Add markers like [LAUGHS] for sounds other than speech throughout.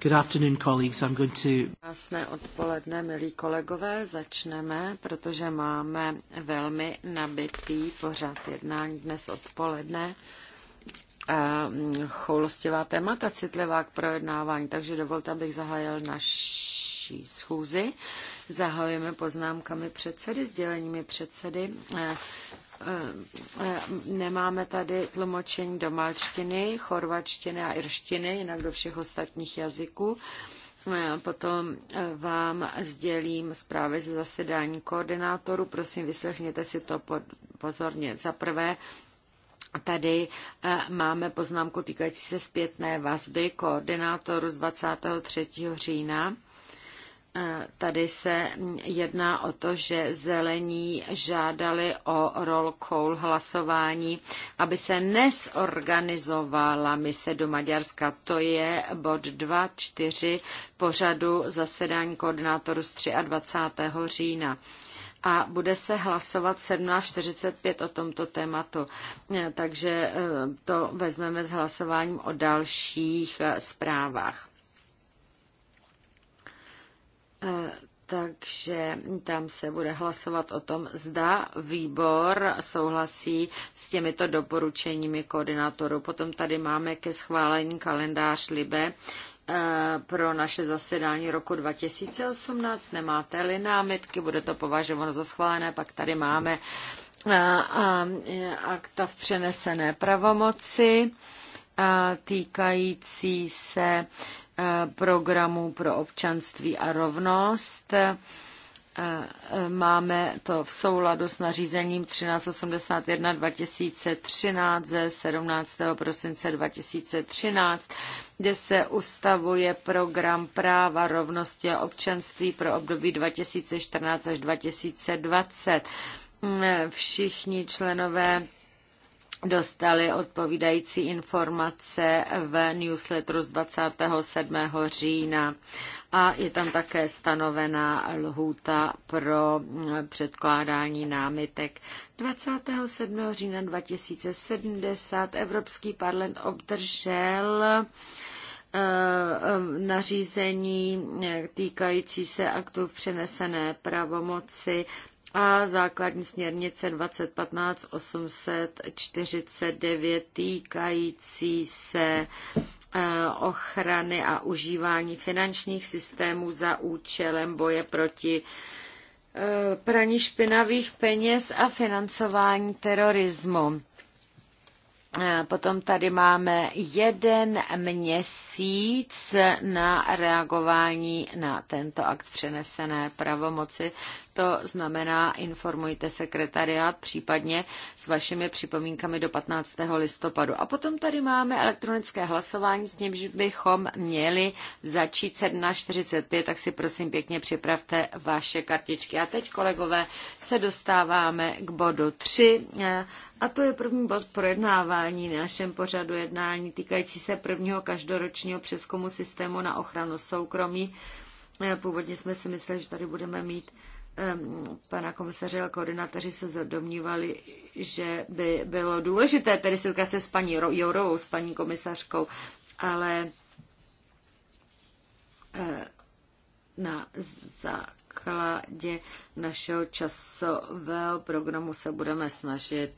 Good afternoon, colleagues. I'm going to... Krásné odpoledne, milí kolegové. Začneme, protože máme velmi nabitý pořád jednání dnes odpoledne. Eh, choulostivá témata, citlivá k projednávání, takže dovolte, abych zahájil naší schůzi. Zahajujeme poznámkami předsedy, sděleními předsedy. Eh, Eh, eh, nemáme tady tlumočení do malčtiny, chorvačtiny a irštiny, jinak do všech ostatních jazyků. Eh, potom vám sdělím zprávy ze zasedání koordinátoru. Prosím, vyslechněte si to pozorně. Za prvé, Tady máme poznámku týkající se zpětné vazby koordinátoru z 23. října Tady se jedná o to, že zelení žádali o roll call hlasování, aby se nesorganizovala mise do Maďarska. To je bod 2.4 pořadu zasedání koordinátoru z 23. října a bude se hlasovat 17.45 o tomto tématu. E, takže e, to vezmeme s hlasováním o dalších e, zprávách. Eh, takže tam se bude hlasovat o tom, zda výbor souhlasí s těmito doporučeními koordinátorů. Potom tady máme ke schválení kalendář Libe eh, pro naše zasedání roku 2018. Nemáte-li námitky, bude to považováno za schválené. Pak tady máme eh, akta v přenesené pravomoci týkající se Programu pro občanství a rovnost. E, e, máme to v souladu s nařízením 1381 2013 ze 17. prosince 2013, kde se ustavuje program práva rovnosti a občanství pro období 2014 až 2020. E, všichni členové dostali odpovídající informace v newsletteru z 27. října a je tam také stanovená lhůta pro předkládání námitek. 27. října 2070 Evropský parlament obdržel eh, nařízení týkající se aktů přenesené pravomoci a základní směrnice 2015-849 týkající se eh, ochrany a užívání finančních systémů za účelem boje proti eh, praní špinavých peněz a financování terorismu. Eh, potom tady máme jeden měsíc na reagování na tento akt přenesené pravomoci to znamená, informujte sekretariát případně s vašimi připomínkami do 15. listopadu. A potom tady máme elektronické hlasování, s nímž bychom měli začít 7.45, tak si prosím pěkně připravte vaše kartičky. A teď, kolegové, se dostáváme k bodu 3. A to je první bod projednávání na našem pořadu jednání týkající se prvního každoročního přeskumu systému na ochranu soukromí. Původně jsme si mysleli, že tady budeme mít pana komisaře a koordinátoři se domnívali, že by bylo důležité tedy setkat se s paní Jourovou, s paní komisařkou, ale eh, na základě našeho časového programu se budeme snažit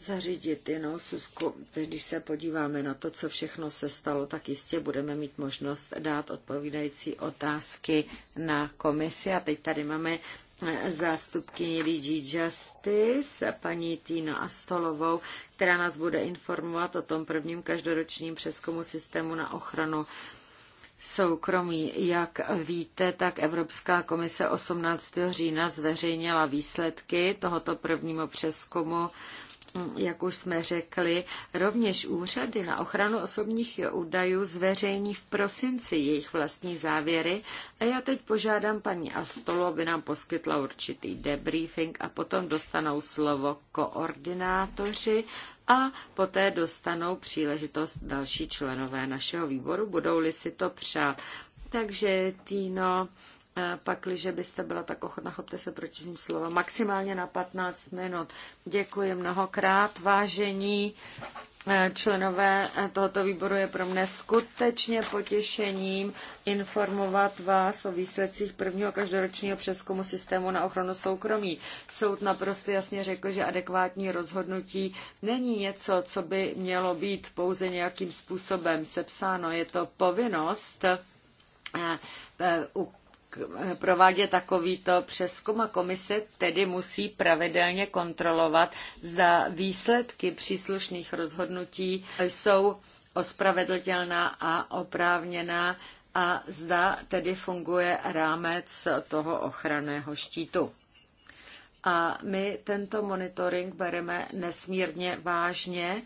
zařídit jenom susku. Když se podíváme na to, co všechno se stalo, tak jistě budeme mít možnost dát odpovídající otázky na komisi. A teď tady máme eh, zástupky DG Justice, paní Týna Astolovou, která nás bude informovat o tom prvním každoročním přeskumu systému na ochranu soukromí. Jak víte, tak Evropská komise 18. října zveřejnila výsledky tohoto prvního přeskumu jak už jsme řekli, rovněž úřady na ochranu osobních údajů zveřejní v prosinci jejich vlastní závěry a já teď požádám paní Astolu, aby nám poskytla určitý debriefing a potom dostanou slovo koordinátoři a poté dostanou příležitost další členové našeho výboru, budou-li si to přát. Takže Týno, pakliže byste byla tak ochotná, chopte se proti svým slova. Maximálně na 15 minut. Děkuji mnohokrát, vážení eh, členové eh, tohoto výboru je pro mne skutečně potěšením informovat vás o výsledcích prvního každoročního přeskumu systému na ochranu soukromí. Soud naprosto jasně řekl, že adekvátní rozhodnutí není něco, co by mělo být pouze nějakým způsobem sepsáno. Je to povinnost eh, Eh, provádět takovýto přeskum a komise tedy musí pravidelně kontrolovat, zda výsledky příslušných rozhodnutí jsou ospravedlitelná a oprávněná a zda tedy funguje rámec toho ochranného štítu. A my tento monitoring bereme nesmírně vážně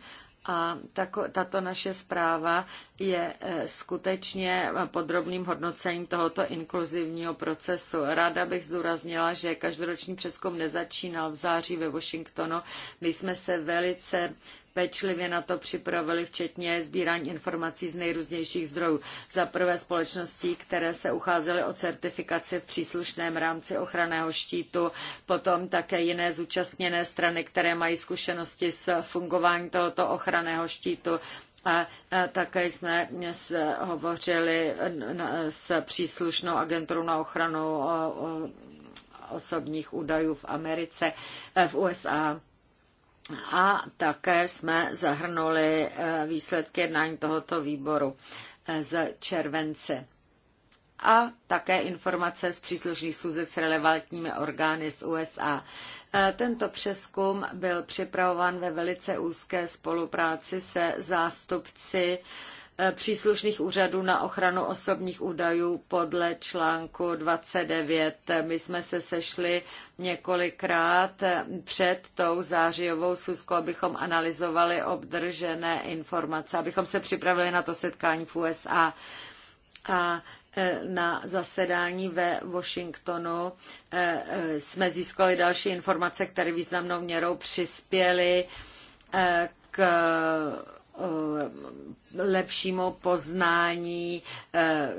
a tako, tato naše zpráva je e, skutečně podrobným hodnocením tohoto inkluzivního procesu. Ráda bych zdůraznila, že každoroční přeskum nezačínal v září ve Washingtonu. My jsme se velice pečlivě na to připravili, včetně sbírání informací z nejrůznějších zdrojů. Za prvé společností, které se ucházely o certifikaci v příslušném rámci ochranného štítu, potom také jiné zúčastněné strany, které mají zkušenosti s fungováním tohoto ochranného štítu, a také jsme hovořili s příslušnou agenturou na ochranu osobních údajů v Americe, v USA a také jsme zahrnuli eh, výsledky jednání tohoto výboru eh, z července a také informace z příslušných sůzek s relevantními orgány z USA. Eh, tento přeskum byl připravován ve velice úzké spolupráci se zástupci uh, Eh, příslušných úřadů na ochranu osobních údajů podle článku 29. My jsme se sešli několikrát před tou zářijovou suskou, abychom analyzovali obdržené informace, abychom se připravili na to setkání v USA. A eh, na zasedání ve Washingtonu eh, jsme získali další informace, které významnou měrou přispěly k Eh, lepšímu poznání eh,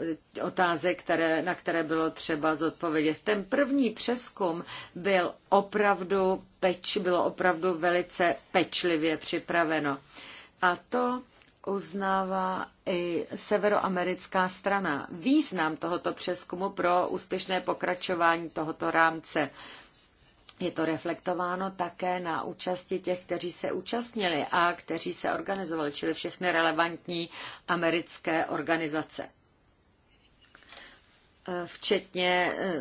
otázek, které, na které bylo třeba zodpovědět. Ten první přeskum byl opravdu peč, bylo opravdu velice pečlivě připraveno. A to uznává i severoamerická strana. Význam tohoto přeskumu pro úspěšné pokračování tohoto rámce. Je to reflektováno také na účasti těch, kteří se účastnili a kteří se organizovali, čili všechny relevantní americké organizace. Eh, včetně eh,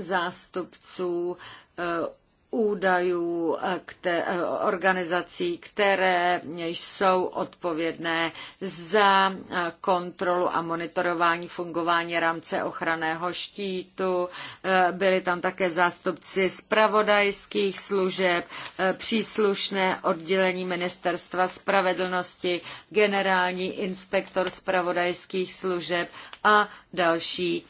zástupců eh, údajů eh, eh, organizací, které jsou odpovědné za eh, kontrolu a monitorování fungování rámce ochranného štítu. Byli tam také zástupci zpravodajských služeb, příslušné oddělení ministerstva spravedlnosti, generální inspektor zpravodajských služeb a další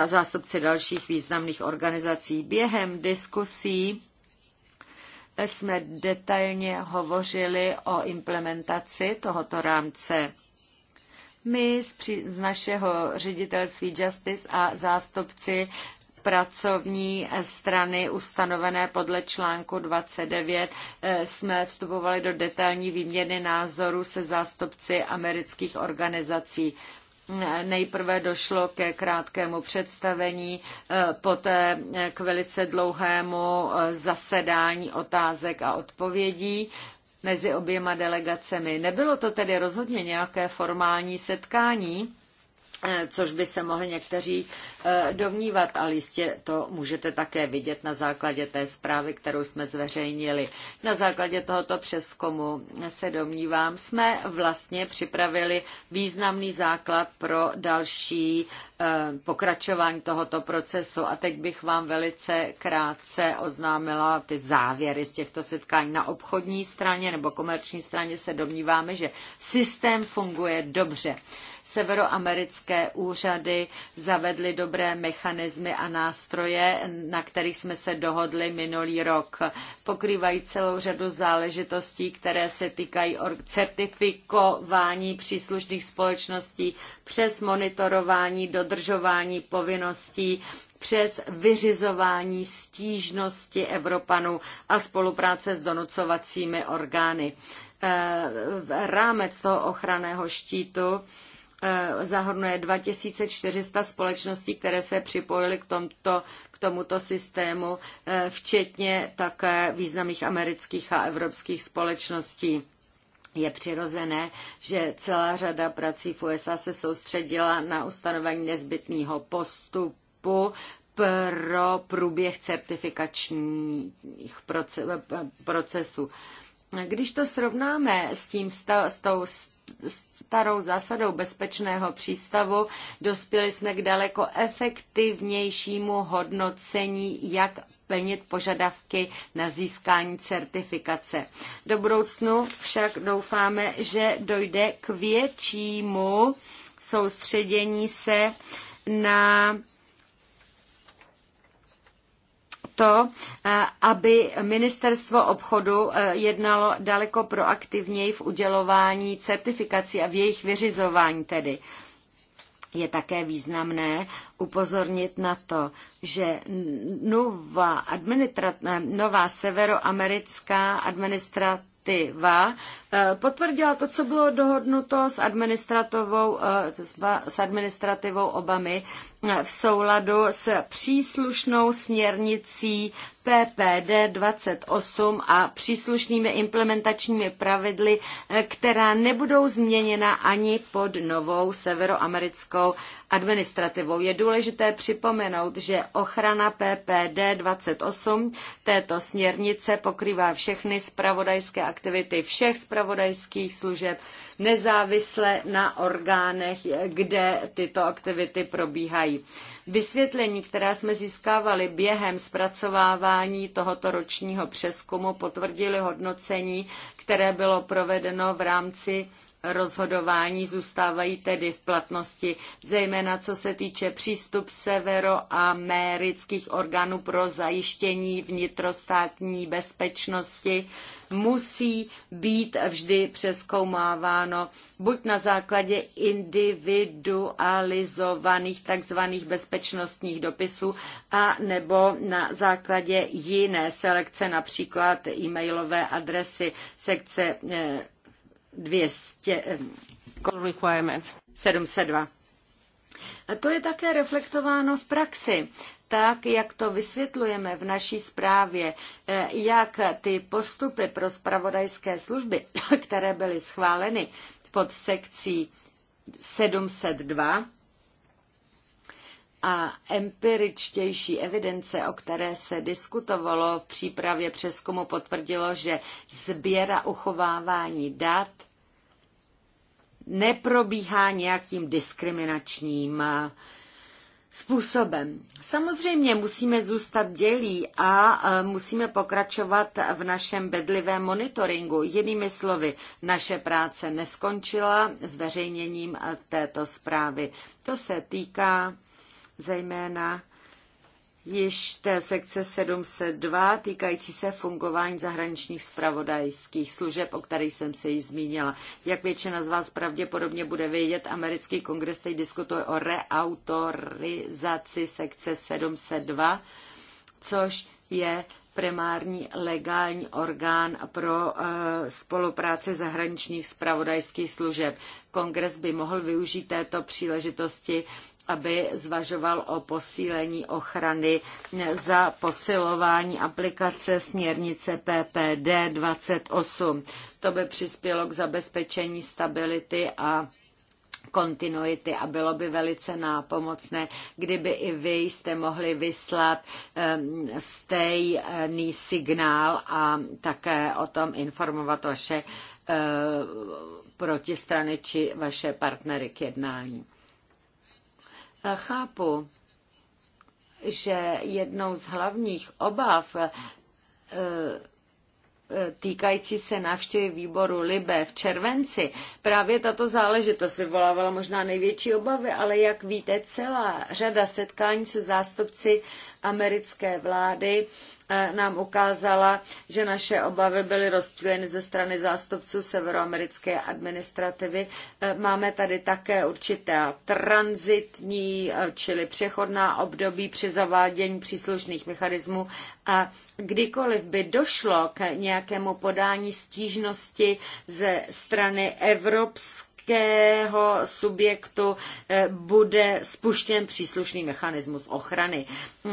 a zástupci dalších významných organizací. Během diskusí jsme detailně hovořili o implementaci tohoto rámce. My z, při, z našeho ředitelství Justice a zástupci pracovní strany ustanovené podle článku 29 eh, jsme vstupovali do detailní výměny názorů se zástupci amerických organizací. Nejprve došlo ke krátkému představení, eh, poté eh, k velice dlouhému eh, zasedání otázek a odpovědí mezi oběma delegacemi. Nebylo to tedy rozhodně nějaké formální setkání, Eh, což by se mohli někteří eh, domnívat, ale jistě to můžete také vidět na základě té zprávy, kterou jsme zveřejnili. Na základě tohoto přeskumu eh, se domnívám, jsme vlastně připravili významný základ pro další pokračování tohoto procesu a teď bych vám velice krátce oznámila ty závěry z těchto setkání. Na obchodní straně nebo komerční straně se domníváme, že systém funguje dobře. Severoamerické úřady zavedly dobré mechanismy a nástroje, na kterých jsme se dohodli minulý rok. Pokrývají celou řadu záležitostí, které se týkají certifikování příslušných společností přes monitorování dodržování povinností přes vyřizování stížnosti Evropanů a spolupráce s donucovacími orgány. Eh, rámec toho ochranného štítu Eh, zahrnuje 2400 společností, které se připojily k, tomto, k tomuto systému, eh, včetně také významných amerických a evropských společností. Je přirozené, že celá řada prací v USA se soustředila na ustanovení nezbytného postupu pro průběh certifikačních procesů. Když to srovnáme s tím, s tou, s starou zásadou bezpečného přístavu dospěli jsme k daleko efektivnějšímu hodnocení, jak plnit požadavky na získání certifikace. Do budoucnu však doufáme, že dojde k většímu soustředění se na to, eh, aby ministerstvo obchodu eh, jednalo daleko proaktivněji v udělování certifikací a v jejich vyřizování tedy. Je také významné upozornit na to, že nová, eh, nová severoamerická administrativa Eh, potvrdila to, co bylo dohodnuto s administrativou, eh, s administrativou Obamy eh, v souladu s příslušnou směrnicí PPD 28 a příslušnými implementačními pravidly, která nebudou změněna ani pod novou severoamerickou administrativou. Je důležité připomenout, že ochrana PPD 28 této směrnice pokrývá všechny spravodajské aktivity všech spravodajských spravodajských služeb, nezávisle na orgánech, kde tyto aktivity probíhají. Vysvětlení, která jsme získávali během zpracovávání tohoto ročního přeskumu, potvrdili hodnocení, které bylo provedeno v rámci rozhodování zůstávají tedy v platnosti, zejména co se týče přístup severoamerických orgánů pro zajištění vnitrostátní bezpečnosti, musí být vždy přeskoumáváno buď na základě individualizovaných takzvaných bezpečnostních dopisů a nebo na základě jiné selekce, například e-mailové adresy sekce eh, 200, 702. Eh, A to je také reflektováno v praxi, tak jak to vysvětlujeme v naší zprávě, eh, jak ty postupy pro spravodajské služby, [COUGHS] které byly schváleny pod sekcí 702, a empiričtější evidence, o které se diskutovalo v přípravě přeskumu, potvrdilo, že sběra uchovávání dat neprobíhá nějakým diskriminačním eh, způsobem. Samozřejmě musíme zůstat dělí a eh, musíme pokračovat v našem bedlivém monitoringu. Jinými slovy, naše práce neskončila zveřejněním eh, této zprávy. To se týká zejména již té sekce 702 týkající se fungování zahraničních spravodajských služeb, o kterých jsem se již zmínila. Jak většina z vás pravděpodobně bude vědět, americký kongres teď diskutuje o reautorizaci sekce 702, což je primární legální orgán pro eh, spolupráci zahraničních spravodajských služeb. Kongres by mohl využít této příležitosti aby zvažoval o posílení ochrany za posilování aplikace směrnice PPD 28. To by přispělo k zabezpečení stability a kontinuity a bylo by velice nápomocné, kdyby i vy jste mohli vyslat um, stejný signál a také o tom informovat vaše uh, protistrany či vaše partnery k jednání. Chápu, že jednou z hlavních obav eh, eh, týkající se návštěvy výboru Libe v červenci. Právě tato záležitost vyvolávala možná největší obavy, ale jak víte, celá řada setkání se zástupci americké vlády eh, nám ukázala, že naše obavy byly rozptýleny ze strany zástupců severoamerické administrativy. Eh, máme tady také určitá transitní, eh, čili přechodná období při zavádění příslušných mechanismů a kdykoliv by došlo k nějakému podání stížnosti ze strany evropské kého subjektu eh, bude spuštěn příslušný mechanismus ochrany.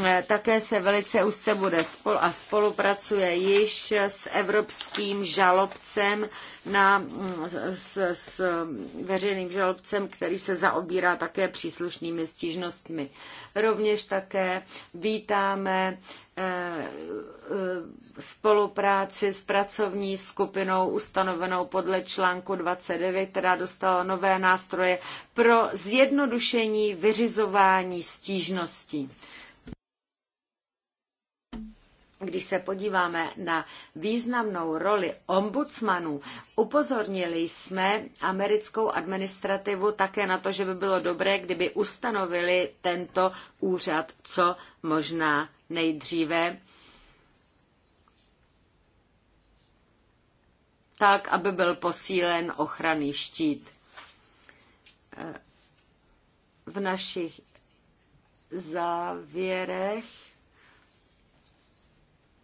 Eh, také se velice úzce bude spol a spolupracuje již s evropským žalobcem na, mm, s, s veřejným žalobcem, který se zaobírá také příslušnými stížnostmi. Rovněž také vítáme Eh, eh, spolupráci s pracovní skupinou ustanovenou podle článku 29, která dostala nové nástroje pro zjednodušení vyřizování stížností když se podíváme na významnou roli ombudsmanů, upozornili jsme americkou administrativu také na to, že by bylo dobré, kdyby ustanovili tento úřad co možná nejdříve, tak, aby byl posílen ochranný štít. V našich závěrech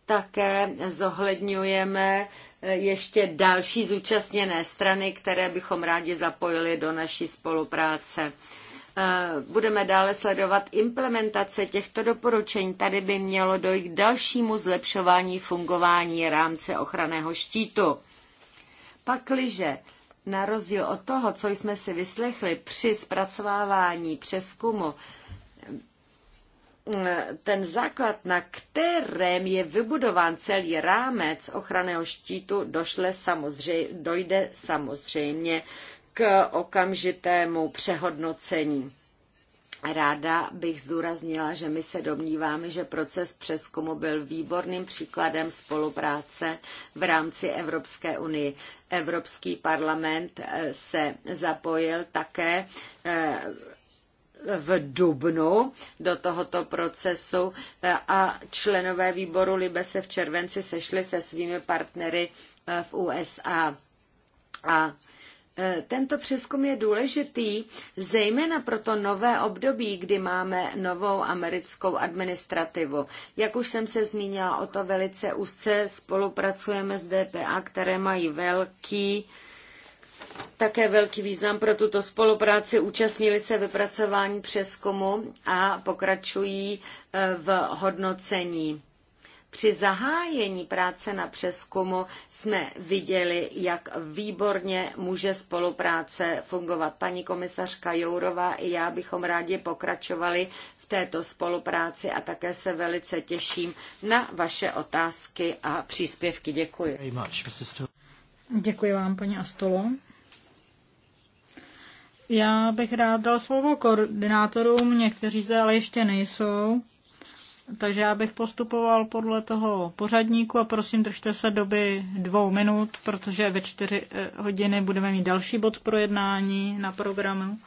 také zohledňujeme eh, ještě další zúčastněné strany, které bychom rádi zapojili do naší spolupráce. Eh, budeme dále sledovat implementace těchto doporučení. Tady by mělo dojít k dalšímu zlepšování fungování rámce ochranného štítu. Pakliže na rozdíl od toho, co jsme si vyslechli při zpracovávání přeskumu, ten základ, na kterém je vybudován celý rámec ochranného štítu, došle samozřejmě, dojde samozřejmě k okamžitému přehodnocení. Ráda bych zdůraznila, že my se domníváme, že proces přeskumu byl výborným příkladem spolupráce v rámci Evropské unie. Evropský parlament eh, se zapojil také eh, v dubnu do tohoto procesu eh, a členové výboru Libe se v červenci sešli se svými partnery eh, v USA. A eh, tento přeskum je důležitý, zejména pro to nové období, kdy máme novou americkou administrativu. Jak už jsem se zmínila, o to velice úzce spolupracujeme s DPA, které mají velký uh, také velký význam pro tuto spolupráci. Účastnili se vypracování přeskumu a pokračují e, v hodnocení. Při zahájení práce na přeskumu jsme viděli, jak výborně může spolupráce fungovat. Paní komisařka Jourová i já bychom rádi pokračovali v této spolupráci a také se velice těším na vaše otázky a příspěvky. Děkuji. Děkuji vám, paní Astolo. Já bych rád dal slovo koordinátorům, někteří zde ale ještě nejsou. Takže já bych postupoval podle toho pořadníku a prosím, držte se doby dvou minut, protože ve čtyři eh, hodiny budeme mít další bod projednání na programu.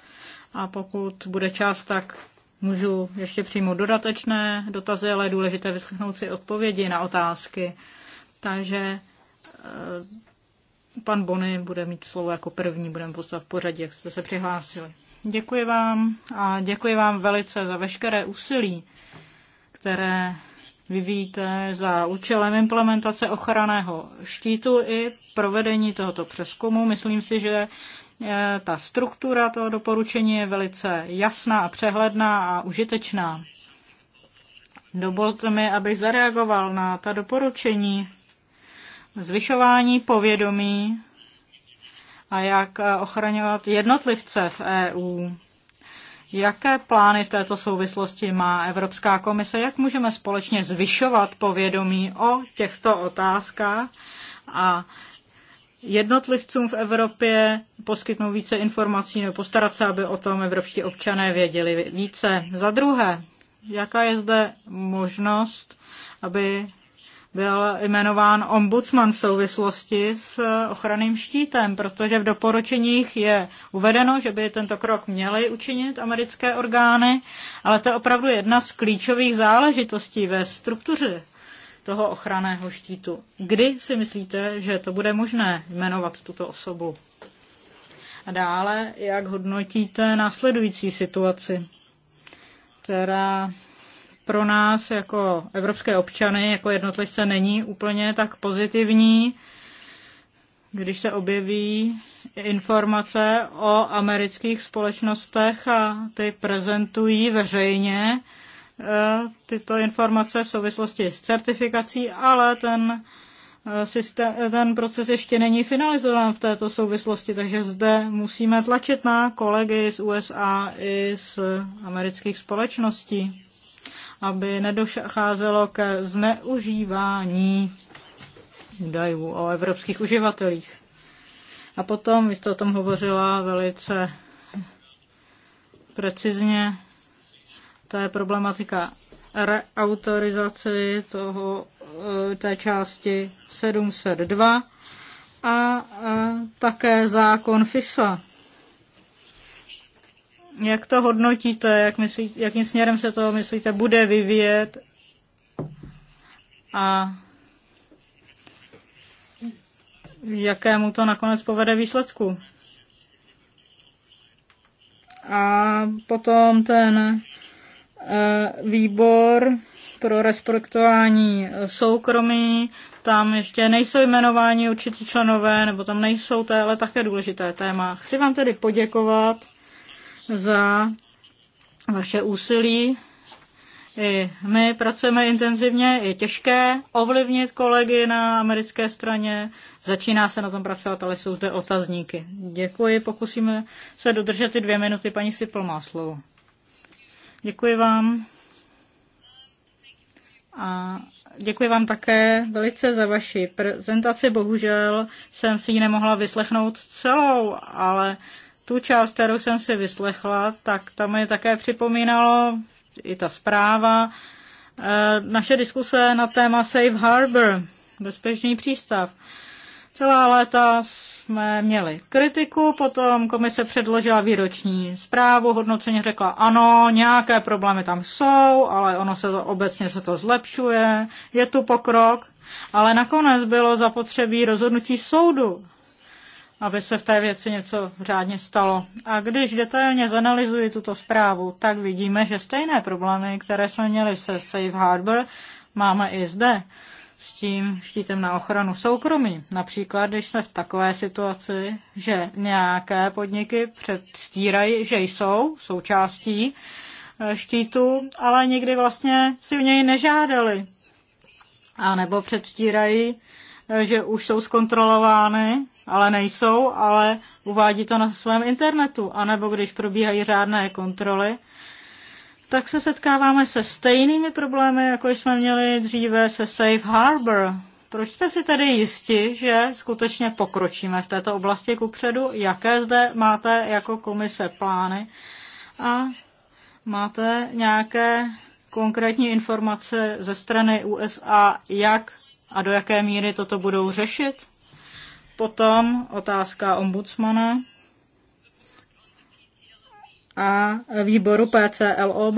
A pokud bude čas, tak můžu ještě přijmout dodatečné dotazy, ale je důležité vyslechnout si odpovědi na otázky. Takže eh, Pan Bony bude mít slovo jako první, budeme postupovat v pořadí, jak jste se přihlásili. Děkuji vám a děkuji vám velice za veškeré úsilí, které vyvíjíte za účelem implementace ochranného štítu i provedení tohoto přeskumu. Myslím si, že eh, ta struktura toho doporučení je velice jasná a přehledná a užitečná. Dovolte mi, abych zareagoval na ta doporučení zvyšování povědomí a jak eh, ochraňovat jednotlivce v EU. Jaké plány v této souvislosti má Evropská komise? Jak můžeme společně zvyšovat povědomí o těchto otázkách a jednotlivcům v Evropě poskytnout více informací nebo postarat se, aby o tom evropští občané věděli více? Za druhé, jaká je zde možnost, aby byl jmenován ombudsman v souvislosti s eh, ochranným štítem, protože v doporučeních je uvedeno, že by tento krok měly učinit americké orgány, ale to je opravdu jedna z klíčových záležitostí ve struktuře toho ochranného štítu. Kdy si myslíte, že to bude možné jmenovat tuto osobu? A dále, jak hodnotíte následující situaci, která pro nás jako evropské občany, jako jednotlivce není úplně tak pozitivní, když se objeví informace o amerických společnostech a ty prezentují veřejně eh, tyto informace v souvislosti s certifikací, ale ten eh, systém, ten proces ještě není finalizován v této souvislosti, takže zde musíme tlačit na kolegy z USA i z amerických společností aby nedocházelo ke zneužívání údajů o evropských uživatelích. A potom, vy jste o tom hovořila velice precizně, to je problematika reautorizace toho, eh, té části 702 a eh, také zákon FISA. Jak to hodnotíte, jak myslí, jakým směrem se to, myslíte, bude vyvíjet? A jakému to nakonec povede výsledku? A potom ten eh, výbor pro respektování soukromí, tam ještě nejsou jmenováni určití členové, nebo tam nejsou, to je ale také důležité téma. Chci vám tedy poděkovat za vaše úsilí. I my pracujeme intenzivně, je těžké ovlivnit kolegy na americké straně, začíná se na tom pracovat, ale jsou zde otazníky. Děkuji, pokusíme se dodržet ty dvě minuty, paní Sipl má slovo. Děkuji vám. A děkuji vám také velice za vaši prezentaci. Bohužel jsem si ji nemohla vyslechnout celou, ale tu část, kterou jsem si vyslechla, tak tam je také připomínalo i ta zpráva, e, naše diskuse na téma Safe Harbor, bezpečný přístav. Celá léta jsme měli kritiku, potom komise předložila výroční zprávu, hodnoceně řekla ano, nějaké problémy tam jsou, ale ono se to obecně se to zlepšuje, je tu pokrok, ale nakonec bylo zapotřebí rozhodnutí soudu aby se v té věci něco řádně stalo. A když detailně zanalizuji tuto zprávu, tak vidíme, že stejné problémy, které jsme měli se Safe Harbor, máme i zde s tím štítem na ochranu soukromí. Například, když jsme v takové situaci, že nějaké podniky předstírají, že jsou součástí eh, štítu, ale nikdy vlastně si v něj nežádali. A nebo předstírají, že už jsou zkontrolovány, ale nejsou, ale uvádí to na svém internetu. A nebo když probíhají řádné kontroly, tak se setkáváme se stejnými problémy, jako jsme měli dříve se Safe Harbor. Proč jste si tedy jisti, že skutečně pokročíme v této oblasti kupředu? Jaké zde máte jako komise plány? A máte nějaké konkrétní informace ze strany USA, jak a do jaké míry toto budou řešit. Potom otázka ombudsmana a výboru PCLOB.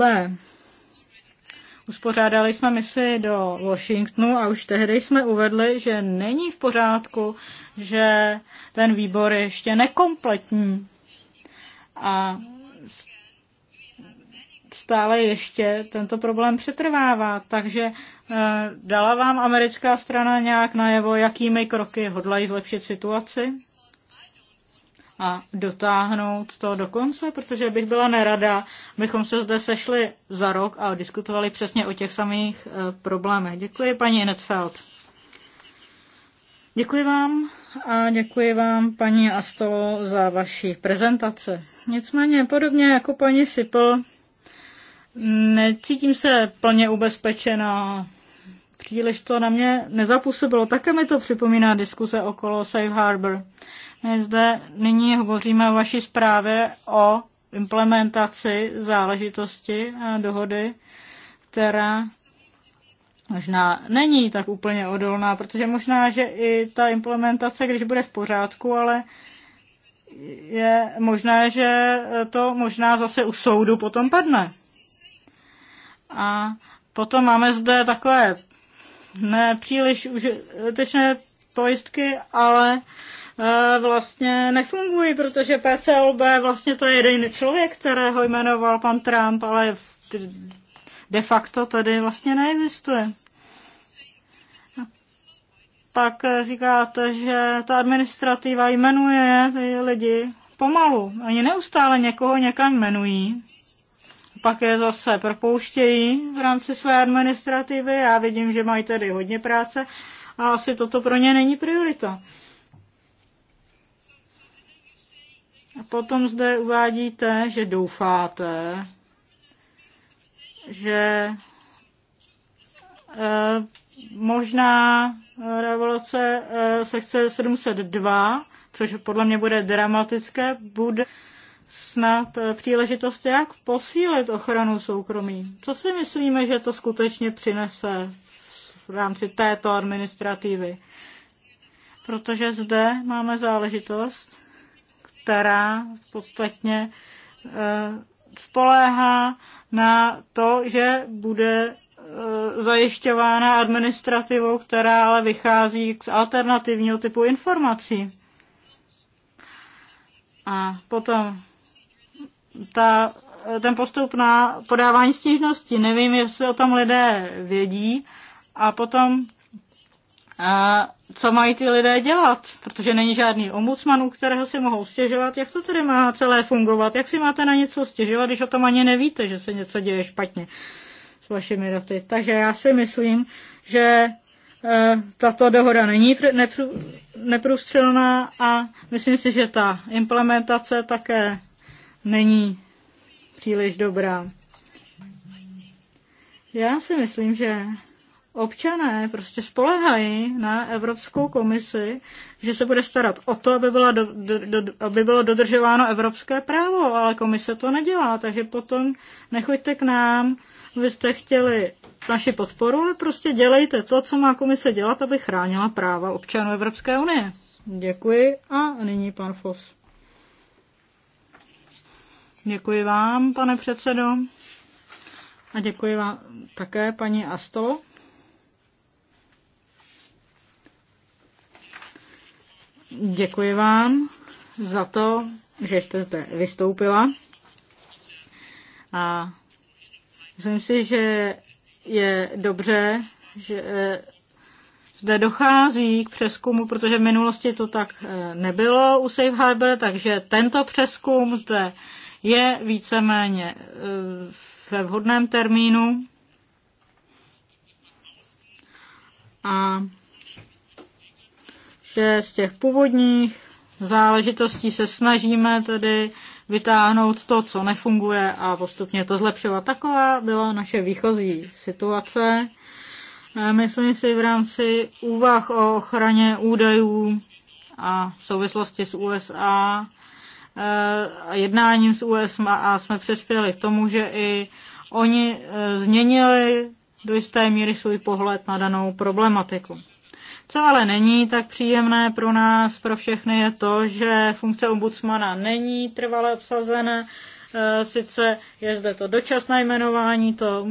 Uspořádali jsme misi do Washingtonu a už tehdy jsme uvedli, že není v pořádku, že ten výbor je ještě nekompletní. A stále ještě tento problém přetrvává. Takže Eh, dala vám americká strana nějak najevo, jakými kroky hodlají zlepšit situaci a dotáhnout to do konce, protože bych byla nerada, bychom se zde sešli za rok a diskutovali přesně o těch samých eh, problémech. Děkuji, paní Netfeld. Děkuji vám a děkuji vám, paní Astolo, za vaši prezentace. Nicméně, podobně jako paní Sipl, necítím se plně ubezpečená příliš to na mě nezapůsobilo. Také mi to připomíná diskuse okolo Safe Harbor. My zde nyní hovoříme o vaší zprávě o implementaci záležitosti a dohody, která možná není tak úplně odolná, protože možná, že i ta implementace, když bude v pořádku, ale je možné, že to možná zase u soudu potom padne. A potom máme zde takové ne příliš užitečné pojistky, ale eh, vlastně nefungují, protože PCLB vlastně to je jeden člověk, kterého jmenoval pan Trump, ale de facto tady vlastně neexistuje. Pak eh, říkáte, že ta administrativa jmenuje ty lidi pomalu. Oni neustále někoho někam jmenují pak je zase propouštějí v rámci své administrativy. Já vidím, že mají tady hodně práce a asi toto pro ně není priorita. A potom zde uvádíte, že doufáte, že eh, možná eh, revoluce eh, sekce 702, což podle mě bude dramatické, bude snad eh, příležitost, jak posílit ochranu soukromí. Co si myslíme, že to skutečně přinese v rámci této administrativy? Protože zde máme záležitost, která podstatně eh, spoléhá na to, že bude eh, zajišťována administrativou, která ale vychází z alternativního typu informací. A potom ta, ten postup na podávání stížnosti. Nevím, jestli o tom lidé vědí a potom a co mají ty lidé dělat, protože není žádný ombudsman, u kterého si mohou stěžovat. Jak to tedy má celé fungovat? Jak si máte na něco stěžovat, když o tom ani nevíte, že se něco děje špatně s vašimi daty? Takže já si myslím, že e, tato dohoda není neprůstřelná a myslím si, že ta implementace také není příliš dobrá. Já si myslím, že občané prostě spolehají na Evropskou komisi, že se bude starat o to, aby, byla do, do, do, aby bylo dodržováno evropské právo, ale komise to nedělá, takže potom nechoďte k nám, vy jste chtěli naši podporu, ale prostě dělejte to, co má komise dělat, aby chránila práva občanů Evropské unie. Děkuji a nyní pan Fos. Děkuji vám, pane předsedo. A děkuji vám také, paní Asto. Děkuji vám za to, že jste zde vystoupila. A myslím si, že je dobře, že eh, zde dochází k přeskumu, protože v minulosti to tak eh, nebylo u Safe Harbor, takže tento přeskum zde je víceméně eh, ve vhodném termínu. A že z těch původních záležitostí se snažíme tedy vytáhnout to, co nefunguje a postupně to zlepšovat. Taková byla naše výchozí situace. Myslím si v rámci úvah o ochraně údajů a v souvislosti s USA Eh, jednáním s USA jsme přispěli k tomu, že i oni eh, změnili do jisté míry svůj pohled na danou problematiku. Co ale není tak příjemné pro nás, pro všechny, je to, že funkce ombudsmana není trvale obsazena. Eh, sice je zde to dočasné jmenování, to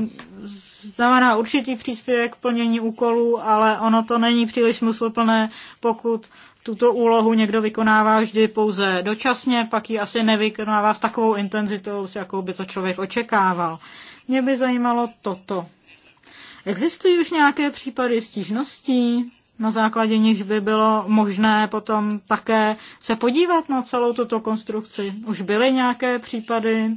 znamená určitý příspěvek k plnění úkolů, ale ono to není příliš smysluplné, pokud tuto úlohu někdo vykonává vždy pouze dočasně, pak ji asi nevykonává s takovou intenzitou, s jakou by to člověk očekával. Mě by zajímalo toto. Existují už nějaké případy stížností, na základě níž by bylo možné potom také se podívat na celou tuto konstrukci? Už byly nějaké případy,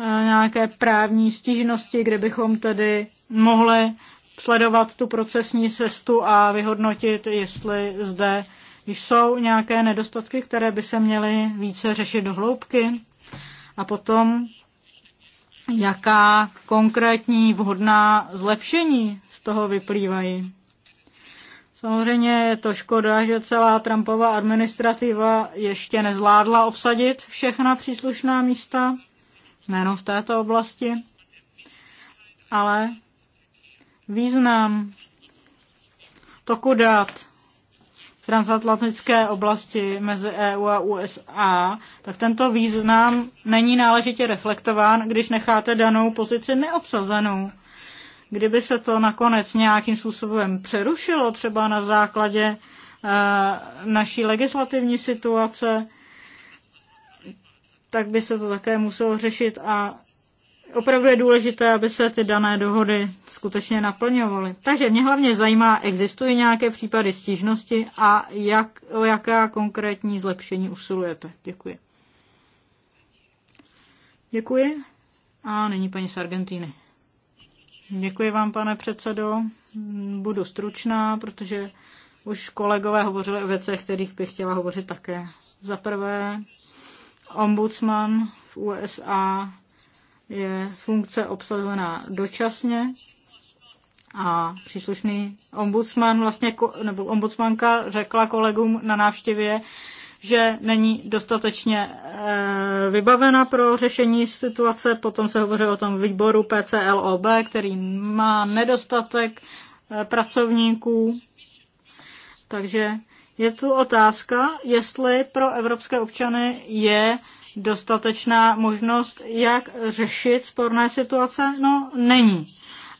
eh, nějaké právní stížnosti, kde bychom tedy mohli sledovat tu procesní cestu a vyhodnotit, jestli zde jsou nějaké nedostatky, které by se měly více řešit do hloubky? A potom, jaká konkrétní vhodná zlepšení z toho vyplývají? Samozřejmě je to škoda, že celá Trumpova administrativa ještě nezvládla obsadit všechna příslušná místa, nejenom v této oblasti, ale význam toku dat v transatlantické oblasti mezi EU a USA, tak tento význam není náležitě reflektován, když necháte danou pozici neobsazenou. Kdyby se to nakonec nějakým způsobem přerušilo, třeba na základě uh, naší legislativní situace, tak by se to také muselo řešit a opravdu je důležité, aby se ty dané dohody skutečně naplňovaly. Takže mě hlavně zajímá, existují nějaké případy stížnosti a jak, o jaká konkrétní zlepšení usilujete. Děkuji. Děkuji. A nyní paní z Argentíny. Děkuji vám, pane předsedo. Budu stručná, protože už kolegové hovořili o věcech, kterých bych chtěla hovořit také. Za prvé, ombudsman v USA je funkce obsazená dočasně a příslušný ombudsman vlastně, nebo ombudsmanka řekla kolegům na návštěvě, že není dostatečně eh, vybavena pro řešení situace. Potom se hovoří o tom výboru PCLOB, který má nedostatek eh, pracovníků. Takže je tu otázka, jestli pro evropské občany je dostatečná možnost, jak řešit sporné situace? No, není.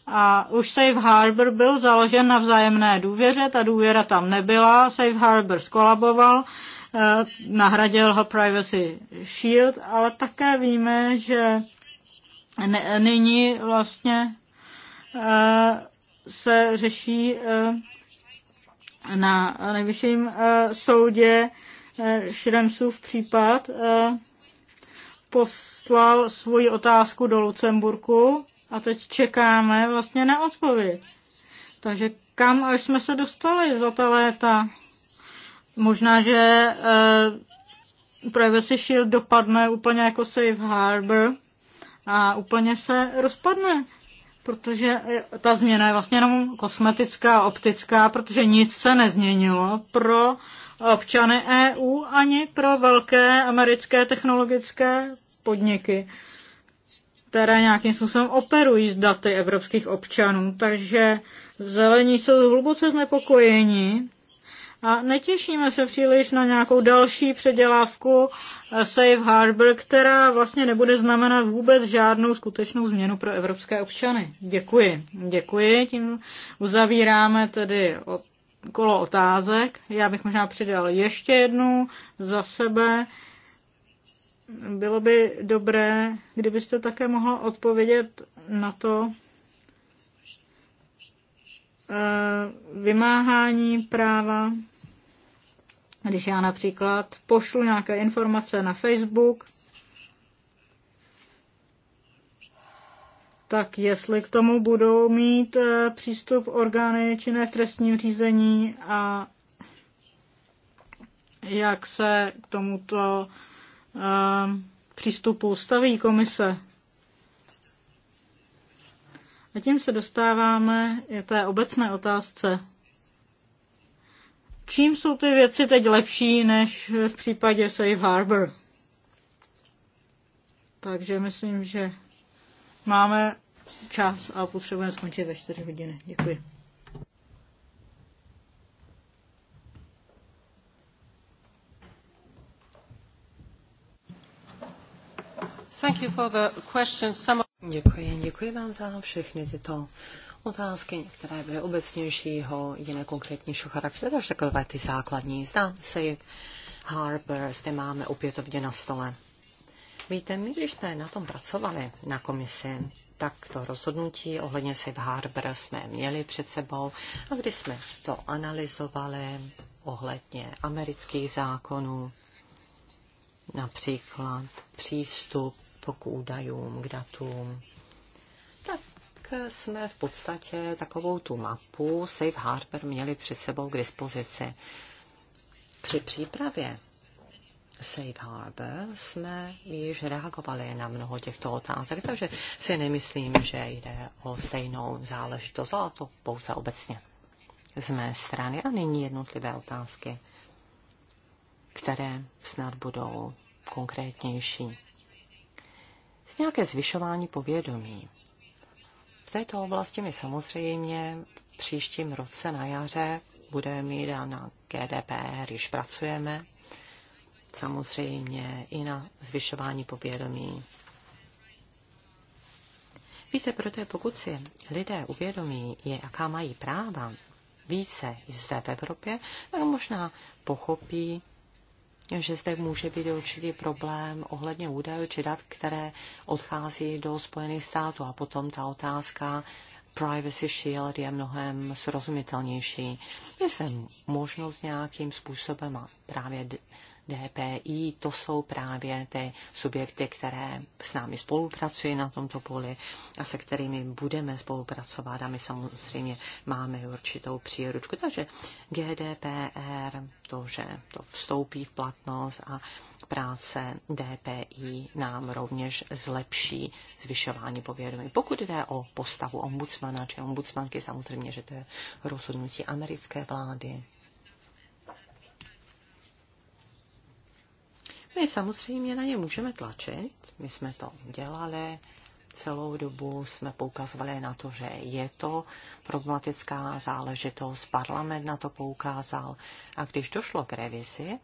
A už Safe Harbor byl založen na vzájemné důvěře, ta důvěra tam nebyla, Safe Harbor skolaboval, eh, nahradil ho Privacy Shield, ale také víme, že nyní vlastně eh, se řeší eh, na nejvyšším soudě Šremsův případ, poslal svoji otázku do Lucemburku a teď čekáme vlastně na odpověď. Takže kam až jsme se dostali za ta léta? Možná, že eh, Privacy Shield dopadne úplně jako Safe Harbor a úplně se rozpadne, protože eh, ta změna je vlastně jenom kosmetická, optická, protože nic se nezměnilo pro občany EU ani pro velké americké technologické podniky, které nějakým způsobem operují z daty evropských občanů. Takže zelení jsou hluboce znepokojeni a netěšíme se příliš na nějakou další předělávku Safe Harbor, která vlastně nebude znamenat vůbec žádnou skutečnou změnu pro evropské občany. Děkuji. Děkuji. Tím uzavíráme tedy kolo otázek. Já bych možná přidal ještě jednu za sebe. Bylo by dobré, kdybyste také mohla odpovědět na to eh, vymáhání práva. Když já například pošlu nějaké informace na Facebook, tak jestli k tomu budou mít eh, přístup orgány činné v trestním řízení a jak se k tomuto eh, přístupu staví komise. A tím se dostáváme je té obecné otázce. Čím jsou ty věci teď lepší než v případě Safe Harbor? Takže myslím, že máme čas a potřebujeme skončit ve 4 hodiny. Děkuji. Thank you for the question. Some... Děkuji, děkuji vám za všechny tyto otázky, některé byly obecnějšího, jiné konkrétnějšího charakteru, takže takové ty základní. Zdá se, Harper zde máme opětovně na stole. Víte, my když jsme na tom pracovali na komisi, tak to rozhodnutí ohledně Safe Harbor jsme měli před sebou a když jsme to analyzovali ohledně amerických zákonů, například přístup k údajům, k datům, tak jsme v podstatě takovou tu mapu Safe Harbor měli před sebou k dispozici. Při přípravě Safe Harbor jsme již reagovali na mnoho těchto otázek, takže si nemyslím, že jde o stejnou záležitost, ale to pouze obecně z mé strany a nyní jednotlivé otázky, které snad budou konkrétnější. Z nějaké zvyšování povědomí. V této oblasti mi samozřejmě v příštím roce na jaře budeme mít a na GDPR když pracujeme, samozřejmě i na zvyšování povědomí. Víte, je, pokud si lidé uvědomí, je, jaká mají práva více zde v Evropě, tak možná pochopí, že zde může být určitý problém ohledně údajů či dat, které odchází do Spojených států. A potom ta otázka Privacy Shield je mnohem srozumitelnější. Je zde možnost nějakým způsobem a právě DPI, to jsou právě ty subjekty, které s námi spolupracují na tomto poli a se kterými budeme spolupracovat a my samozřejmě máme určitou příručku. Takže GDPR, to, že to vstoupí v platnost a práce DPI nám rovněž zlepší zvyšování povědomí. Pokud jde o postavu ombudsmana či ombudsmanky, samozřejmě, že to je rozhodnutí americké vlády, My samozřejmě na ně můžeme tlačit, my jsme to dělali, celou dobu jsme poukazovali na to, že je to problematická záležitost, parlament na to poukázal a když došlo k revizi,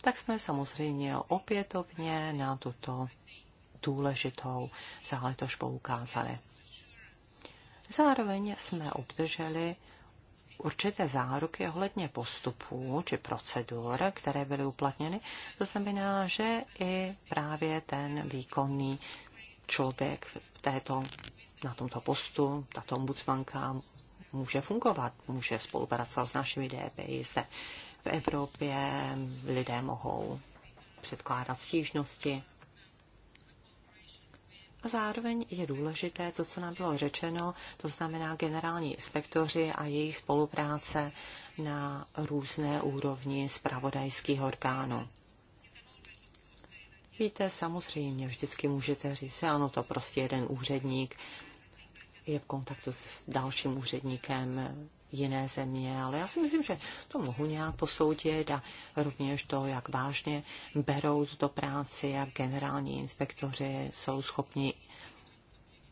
tak jsme samozřejmě opětovně na tuto důležitou záležitost poukázali. Zároveň jsme obdrželi určité záruky ohledně postupů či procedur, které byly uplatněny. To znamená, že i právě ten výkonný člověk v této, na tomto postu, tato ombudsmanka může fungovat, může spolupracovat s našimi DPI zde v Evropě, lidé mohou předkládat stížnosti a zároveň je důležité to, co nám bylo řečeno, to znamená generální inspektoři a jejich spolupráce na různé úrovni zpravodajských orgánů. Víte, samozřejmě, vždycky můžete říct, ano, to prostě jeden úředník je v kontaktu s dalším úředníkem, jiné země, ale já si myslím, že to mohu nějak posoudit a rovněž to, jak vážně berou tuto práci, jak generální inspektoři jsou schopni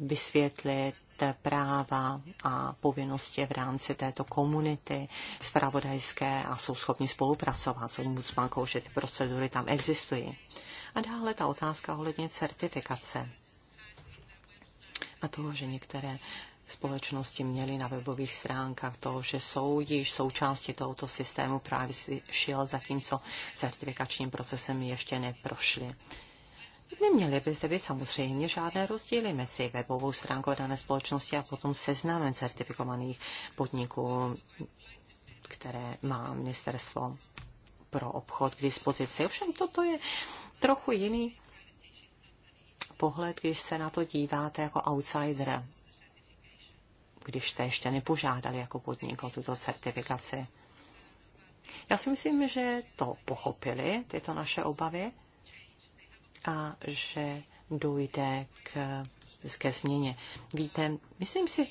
vysvětlit práva a povinnosti v rámci této komunity spravodajské a jsou schopni spolupracovat s ombudsmankou, že ty procedury tam existují. A dále ta otázka ohledně certifikace a toho, že některé společnosti měly na webových stránkách to, že jsou již součástí tohoto systému právě si šil, zatímco certifikačním procesem ještě neprošly. Neměly by zde být samozřejmě žádné rozdíly mezi webovou stránkou dané společnosti a potom seznamem certifikovaných podniků, které má ministerstvo pro obchod k dispozici. Ovšem toto je trochu jiný pohled, když se na to díváte jako outsider když jste ještě nepožádali jako podnik o tuto certifikaci. Já si myslím, že to pochopili, tyto naše obavy, a že dojde k, ke změně. Víte, myslím si,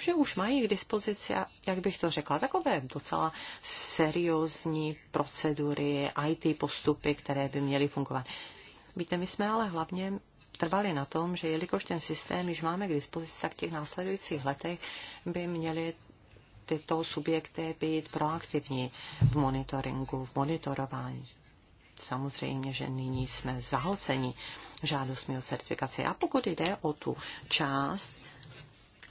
že už mají k dispozici, jak bych to řekla, takové docela seriózní procedury, IT postupy, které by měly fungovat. Víte, my jsme ale hlavně trvali na tom, že jelikož ten systém již máme k dispozici, tak v těch následujících letech by měly tyto subjekty být proaktivní v monitoringu, v monitorování. Samozřejmě, že nyní jsme zahlceni žádostmi o certifikaci. A pokud jde o tu část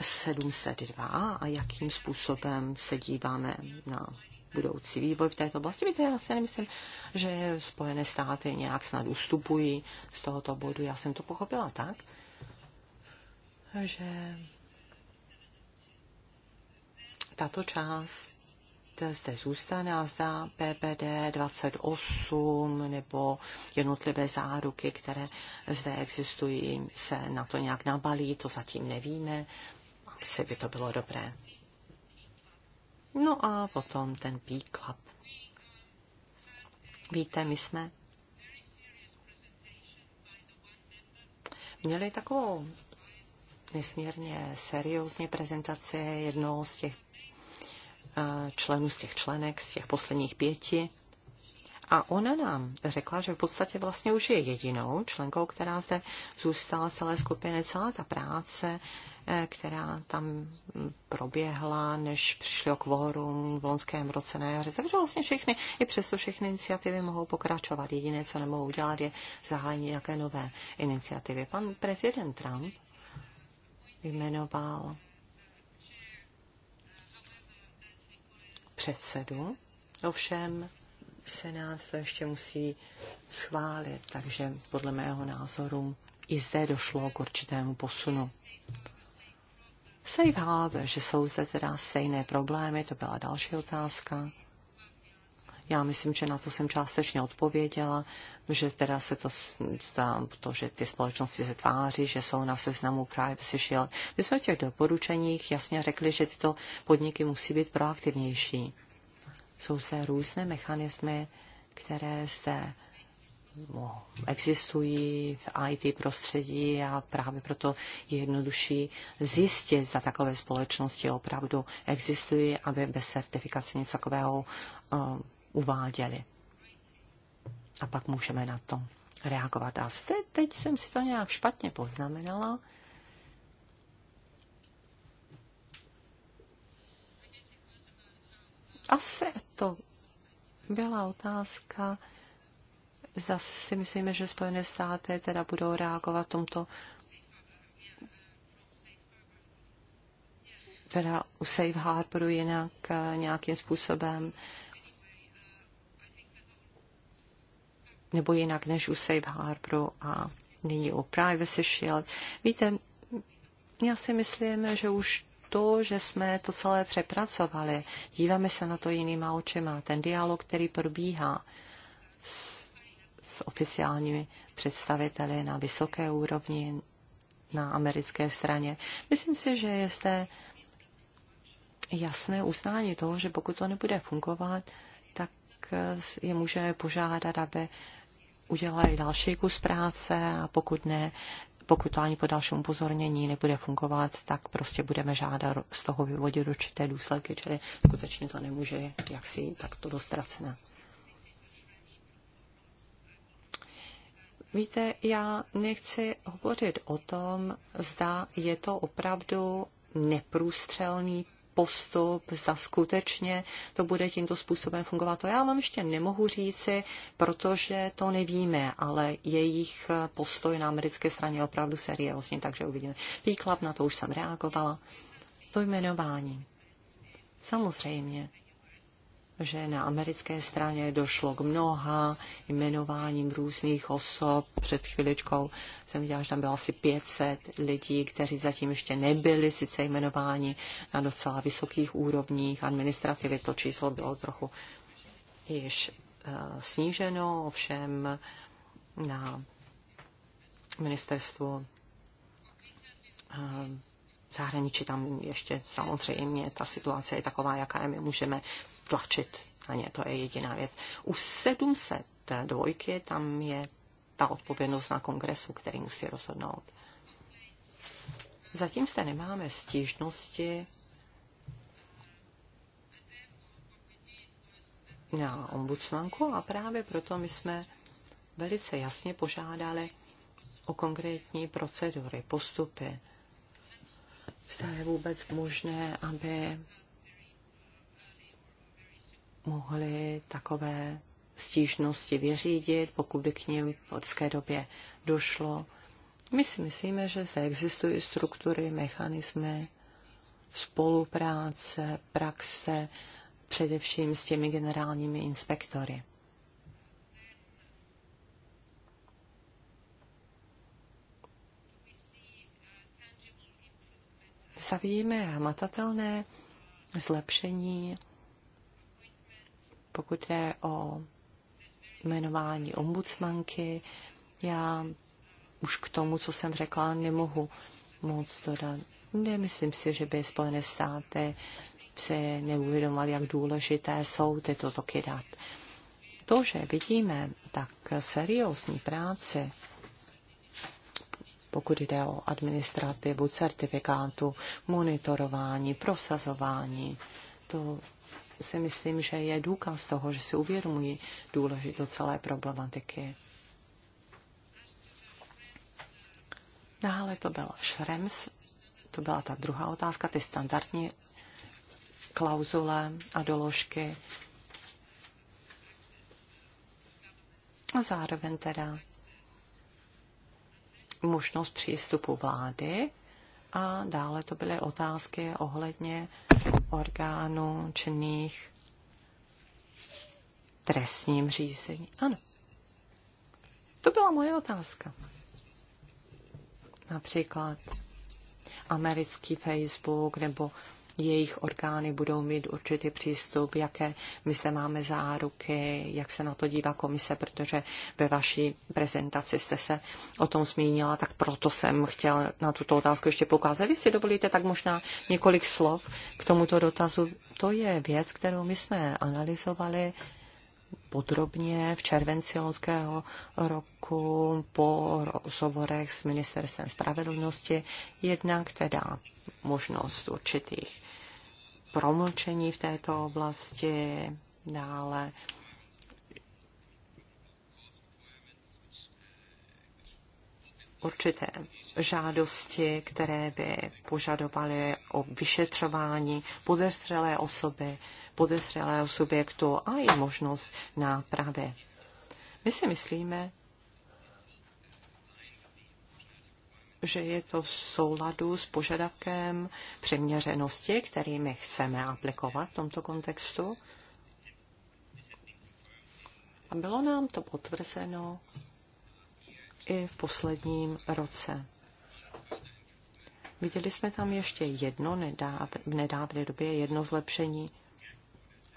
702 a jakým způsobem se díváme na budoucí vývoj v této oblasti. Víte, já si nemyslím, že Spojené státy nějak snad ustupují z tohoto bodu. Já jsem to pochopila tak, že tato část zde zůstane a zdá PPD 28 nebo jednotlivé záruky, které zde existují, se na to nějak nabalí, to zatím nevíme. Asi by to bylo dobré. No a potom ten P-Club. Víte, my jsme měli takovou nesmírně seriózní prezentaci jednoho z těch eh, členů, z těch členek, z těch posledních pěti. A ona nám řekla, že v podstatě vlastně už je jedinou členkou, která zde zůstala celé skupiny, celá ta práce, Eh, která tam proběhla, než přišli o kvórum v loňském roce na jaře. Takže vlastně všechny, i přesto všechny iniciativy mohou pokračovat. Jediné, co nemohou udělat, je zahájení nějaké nové iniciativy. Pan prezident Trump jmenoval předsedu, ovšem Senát to ještě musí schválit, takže podle mého názoru i zde došlo k určitému posunu. Safe Harbor, že jsou zde teda stejné problémy, to byla další otázka. Já myslím, že na to jsem částečně odpověděla, že teda se to, to že ty společnosti se tváří, že jsou na seznamu Privacy Shield. My jsme v těch doporučeních jasně řekli, že tyto podniky musí být proaktivnější. Jsou zde různé mechanismy, které zde existují v IT prostředí a právě proto je jednodušší zjistit, za takové společnosti opravdu existují, aby bez certifikace něco takového eh, uváděli. A pak můžeme na to reagovat. A jste, teď jsem si to nějak špatně poznamenala. Asi to byla otázka zda si myslíme, že Spojené státy teda budou reagovat tomto teda u Safe Harboru jinak eh, nějakým způsobem nebo jinak než u Safe Harboru a nyní u Privacy Shield. Víte, já si myslím, že už to, že jsme to celé přepracovali, díváme se na to jinýma očima, ten dialog, který probíhá s s oficiálními představiteli na vysoké úrovni na americké straně. Myslím si, že je zde jasné uznání toho, že pokud to nebude fungovat, tak eh, je může požádat, aby udělali další kus práce a pokud ne, pokud to ani po dalším upozornění nebude fungovat, tak prostě budeme žádat z toho vyvodit určité důsledky, čili skutečně to nemůže jaksi takto dostracené. Víte, já nechci hovořit o tom, zda je to opravdu neprůstřelný postup, zda skutečně to bude tímto způsobem fungovat. To já vám ještě nemohu říci, protože to nevíme, ale jejich postoj na americké straně je opravdu seriózní, takže uvidíme. Výklad na to už jsem reagovala. To jmenování. Samozřejmě, že na americké straně došlo k mnoha jmenováním různých osob. Před chviličkou jsem viděla, že tam bylo asi 500 lidí, kteří zatím ještě nebyli sice jmenováni na docela vysokých úrovních administrativy. To číslo bylo trochu již eh, sníženo, ovšem na ministerstvu eh, zahraničí tam ještě samozřejmě ta situace je taková, jaká je, my můžeme tlačit na ně. To je jediná věc. U 700 dvojky tam je ta odpovědnost na kongresu, který musí rozhodnout. Zatím se nemáme stížnosti na ombudsmanku a právě proto my jsme velice jasně požádali o konkrétní procedury, postupy. Zda je vůbec možné, aby mohli takové stížnosti vyřídit, pokud by k ním v lidské době došlo. My si myslíme, že zde existují struktury, mechanismy, spolupráce, praxe, především s těmi generálními inspektory. Zavíjíme hmatatelné zlepšení pokud jde o jmenování ombudsmanky, já už k tomu, co jsem řekla, nemohu moc dodat. Nemyslím si, že by Spojené státy se neuvědomovaly, jak důležité jsou tyto toky dat. To, že vidíme tak seriózní práci, pokud jde o administrativu, certifikátu, monitorování, prosazování, to si myslím, že je důkaz toho, že si uvědomují důležitost celé problematiky. Dále to byl Šrems, to byla ta druhá otázka, ty standardní klauzule a doložky. A zároveň teda možnost přístupu vlády a dále to byly otázky ohledně orgánů činných trestním řízení. Ano. To byla moje otázka. Například americký Facebook nebo jejich orgány budou mít určitý přístup, jaké my se máme záruky, jak se na to dívá komise, protože ve vaší prezentaci jste se o tom zmínila, tak proto jsem chtěl na tuto otázku ještě poukázat. Vy si dovolíte tak možná několik slov k tomuto dotazu. To je věc, kterou my jsme analyzovali podrobně v červenci loňského roku Maďarsku po rozhovorech s ministerstvem spravedlnosti, jednak teda možnost určitých promlčení v této oblasti, dále určité žádosti, které by požadovaly o vyšetřování podezřelé osoby, podezřelého subjektu a i možnost nápravy. My si myslíme, že je to v souladu s požadavkem přiměřenosti, který my chceme aplikovat v tomto kontextu. A bylo nám to potvrzeno i v posledním roce. Viděli jsme tam ještě jedno nedáv, v nedávné době jedno zlepšení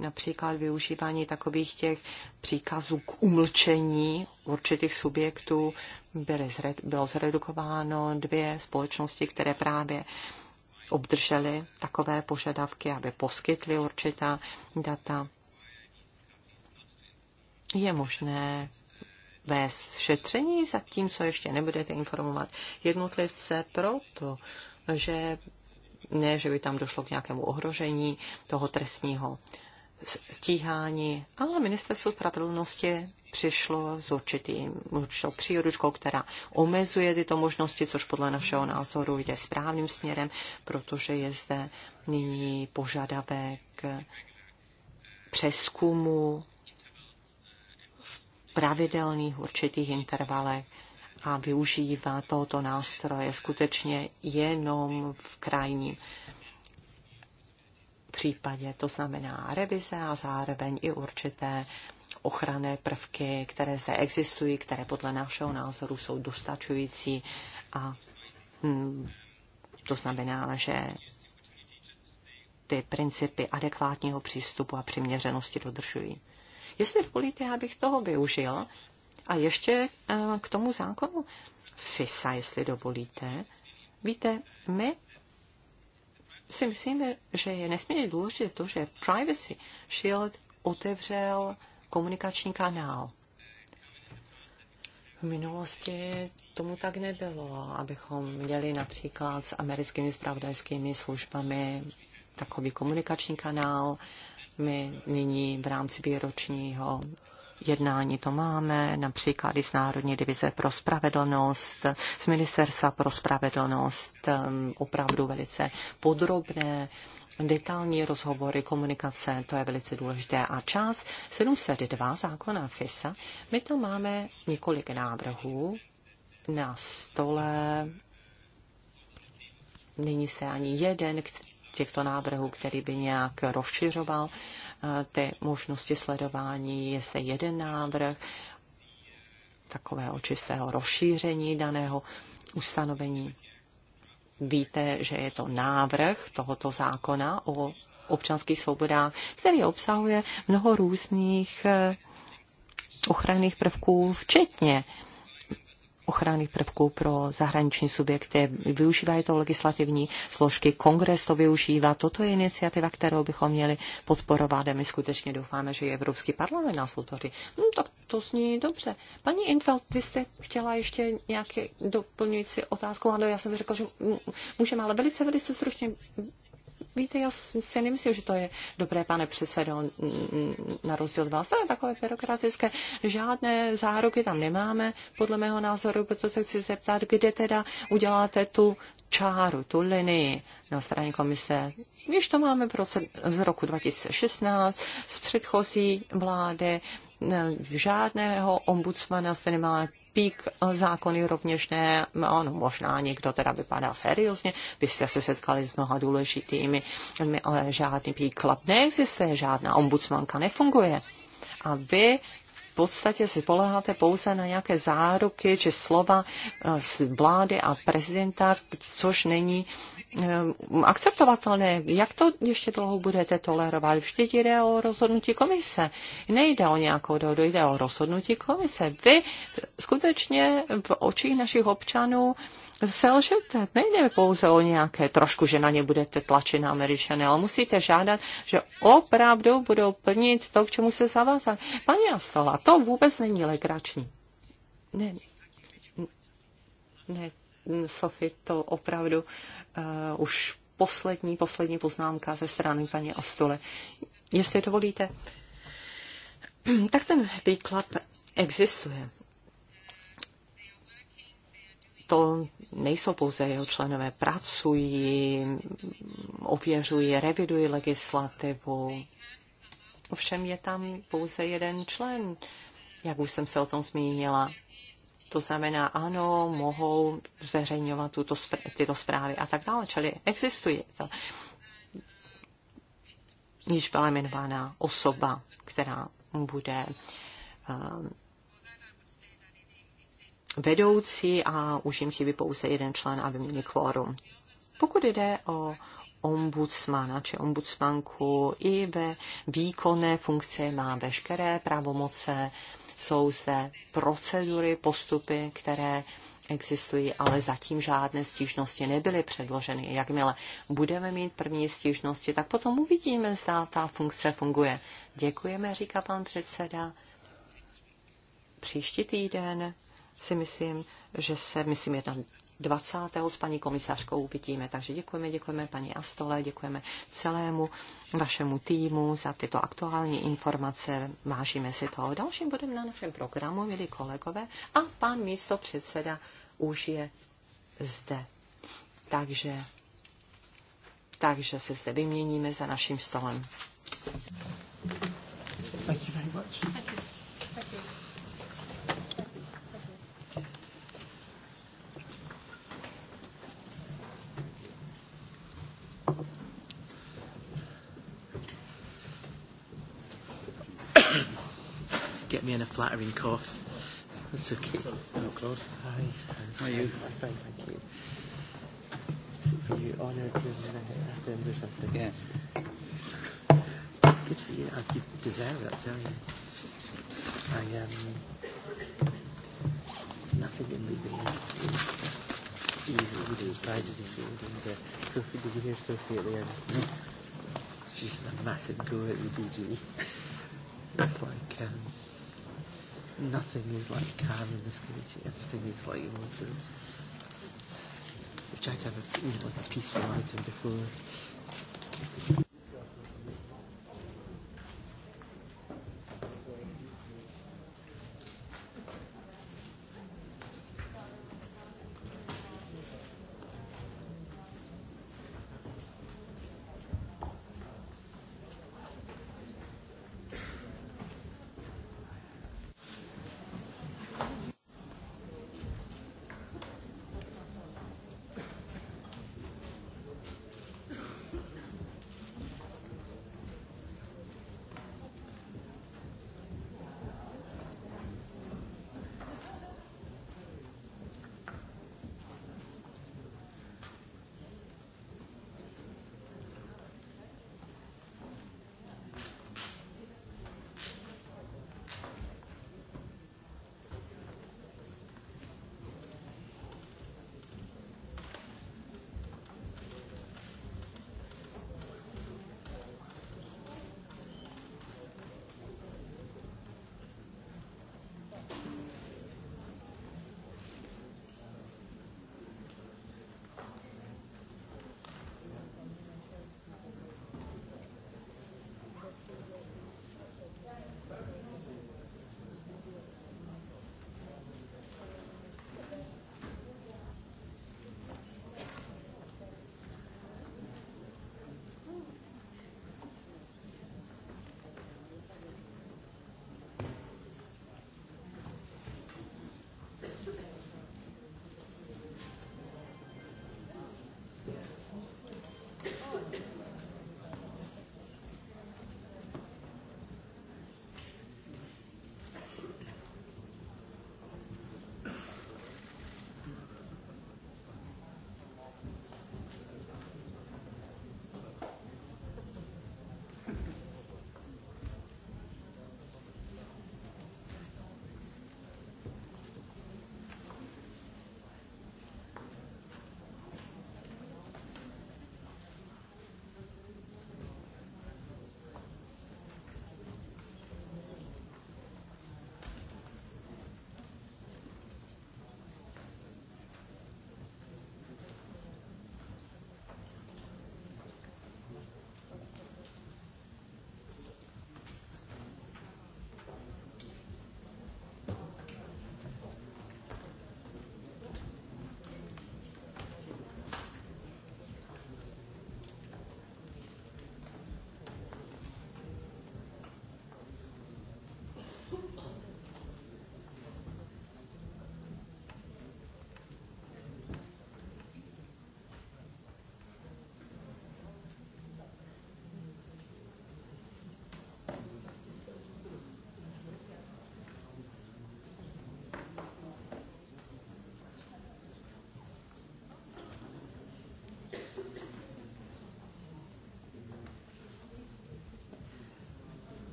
například využívání takových těch příkazů k umlčení určitých subjektů bylo zredukováno dvě společnosti, které právě obdržely takové požadavky, aby poskytly určitá data. Je možné vést šetření, co ještě nebudete informovat jednotlivce, že ne, že by tam došlo k nějakému ohrožení toho trestního stíhání, ale ministerstvo spravedlnosti přišlo s určitým, určitou příručkou, která omezuje tyto možnosti, což podle našeho názoru jde správným směrem, protože je zde nyní požadavek přeskumu v pravidelných určitých intervalech a využívá tohoto nástroje skutečně jenom v krajním případě. To znamená revize a zároveň i určité ochranné prvky, které zde existují, které podle našeho názoru jsou dostačující a hm, to znamená, že ty principy adekvátního přístupu a přiměřenosti dodržují. Jestli dovolíte, já bych toho využil. A ještě eh, k tomu zákonu FISA, jestli dovolíte. Víte, my si myslíme, že je nesmírně důležité to, že Privacy Shield otevřel komunikační kanál. V minulosti tomu tak nebylo, abychom měli například s americkými spravodajskými službami takový komunikační kanál. My nyní v rámci výročního jednání to máme, například i z Národní divize pro spravedlnost, z Ministerstva pro spravedlnost, um, opravdu velice podrobné detailní rozhovory, komunikace, to je velice důležité. A část 702 zákona FISA, my tam máme několik návrhů na stole. Není se ani jeden, těchto návrhů, který by nějak rozšiřoval eh, ty možnosti sledování. Je zde jeden návrh takového čistého rozšíření daného ustanovení. Víte, že je to návrh tohoto zákona o občanských svobodách, který obsahuje mnoho různých eh, ochranných prvků, včetně uh, ochranných prvků pro zahraniční subjekty. Využívají to legislativní složky, kongres to využívá. Toto je iniciativa, kterou bychom měli podporovat a my skutečně doufáme, že Evropský parlament nás podpoří. No tak to zní dobře. Paní Infeld, vy jste chtěla ještě nějaké doplňující otázku? Ano, já jsem řekla, že můžeme, ale velice, velice stručně Víte, já si nemyslím, že to je dobré, pane předsedo, na rozdíl od vás. To je takové byrokratické. Žádné záruky tam nemáme, podle mého názoru, proto se chci zeptat, kde teda uděláte tu čáru, tu linii na straně komise. Když to máme z roku 2016, z předchozí vlády, žádného ombudsmana jste nemá pík e, zákony rovněž ne, ano, možná někdo teda vypadá seriózně, vy jste se setkali s mnoha důležitými, mm, ale žádný pík klap neexistuje, žádná ombudsmanka nefunguje. A vy v podstatě se poleháte pouze na nějaké záruky či slova e, z vlády a prezidenta, což není Ehm, akceptovatelné. Jak to ještě dlouho budete tolerovat? Vždyť jde o rozhodnutí komise. Nejde o nějakou dohodu, jde o rozhodnutí komise. Vy skutečně v očích našich občanů selžete. Nejde pouze o nějaké trošku, že na ně budete tlačit na Američany, ale musíte žádat, že opravdu budou plnit to, k čemu se zavázali. Paní Astola, to vůbec není legrační. Ne, ne, Sofie, to opravdu uh, už poslední, poslední poznámka ze strany paní Ostole. Jestli dovolíte, [CLEARS THROAT] tak ten výklad existuje. To nejsou pouze jeho členové, pracují, ověřují, revidují legislativu. Ovšem je tam pouze jeden člen, jak už jsem se o tom zmínila, to znamená, ano, mohou zveřejňovat tuto, tyto zprávy a tak dále. Čili existuje to již byla jmenována osoba, která bude ehm, vedoucí a už jim chybí pouze jeden člen, aby měli kvórum. Pokud jde o ombudsmana či ombudsmanku, i ve výkonné funkci má veškeré pravomoce, jsou zde procedury, postupy, které existují, ale zatím žádné stížnosti nebyly předloženy. Jakmile budeme mít první stížnosti, tak potom uvidíme, zda ta funkce funguje. Děkujeme, říká pan předseda. Příští týden si myslím, že se, myslím, tam 20. s paní komisařkou uvidíme. Takže děkujeme, děkujeme paní Astole, děkujeme celému vašemu týmu za tyto aktuální informace. Vážíme si toho. Dalším bodem na našem programu, milí kolegové, a pan místo předseda už je zde. Takže, takže se zde vyměníme za naším stolem. Thank you very much. Thank you. get me in a flattering cough. That's okay. Hello, Claude. Hi. How are you? I'm fine, thank you. Are you honoured to have Athens or something? Yes. Good for you. I, oh, You deserve it, I tell you. I, am. um, nothing in living is, is easy. We do. tried to do And, uh, Sophie, did you hear Sophie at the end? No. She's a massive go at the DG. [LAUGHS] It's like, um, nothing is like calm in this committee. Everything is like you want to. We tried to have a, you know, like a peaceful item before.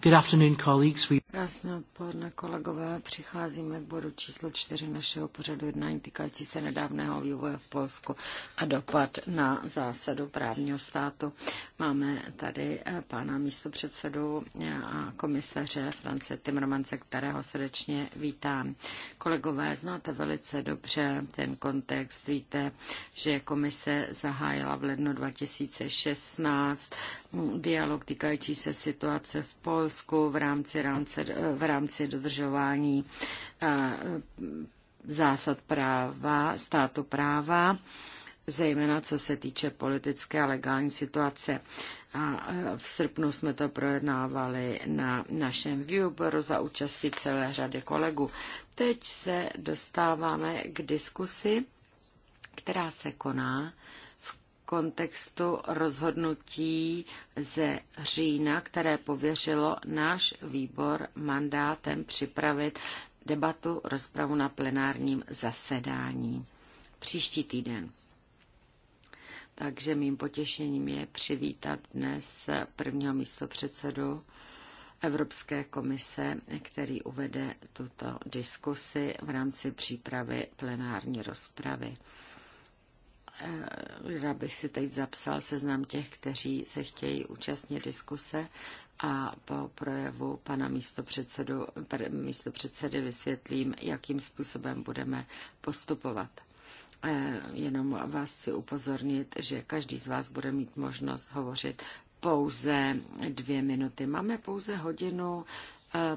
Good afternoon, colleagues. We... Krásné odpoledne, kolegové. Přicházíme k bodu číslo čtyři našeho pořadu jednání týkající se nedávného vývoje v Polsku a dopad na zásadu právního státu. Máme tady eh, pána místopředsedu eh, a komisaře France Timmermanse, kterého srdečně vítám. Kolegové, znáte velice dobře ten kontext. Víte, že komise zahájila v lednu 2016 dialog týkající se situace v Polsku v rámci rámce v rámci dodržování eh, zásad práva, státu práva, zejména co se týče politické a legální situace. A eh, v srpnu jsme to projednávali na našem výboru za účastí celé řady kolegů. Teď se dostáváme k diskusi, která se koná kontextu rozhodnutí ze října, které pověřilo náš výbor mandátem připravit debatu, rozpravu na plenárním zasedání příští týden. Takže mým potěšením je přivítat dnes prvního místopředsedu Evropské komise, který uvede tuto diskusi v rámci přípravy plenární rozpravy. Eh, já bych si teď zapsal seznam těch, kteří se chtějí účastnit diskuse a po projevu pana místopředsedu, místopředsedy vysvětlím, jakým způsobem budeme postupovat. Eh, jenom vás chci upozornit, že každý z vás bude mít možnost hovořit pouze dvě minuty. Máme pouze hodinu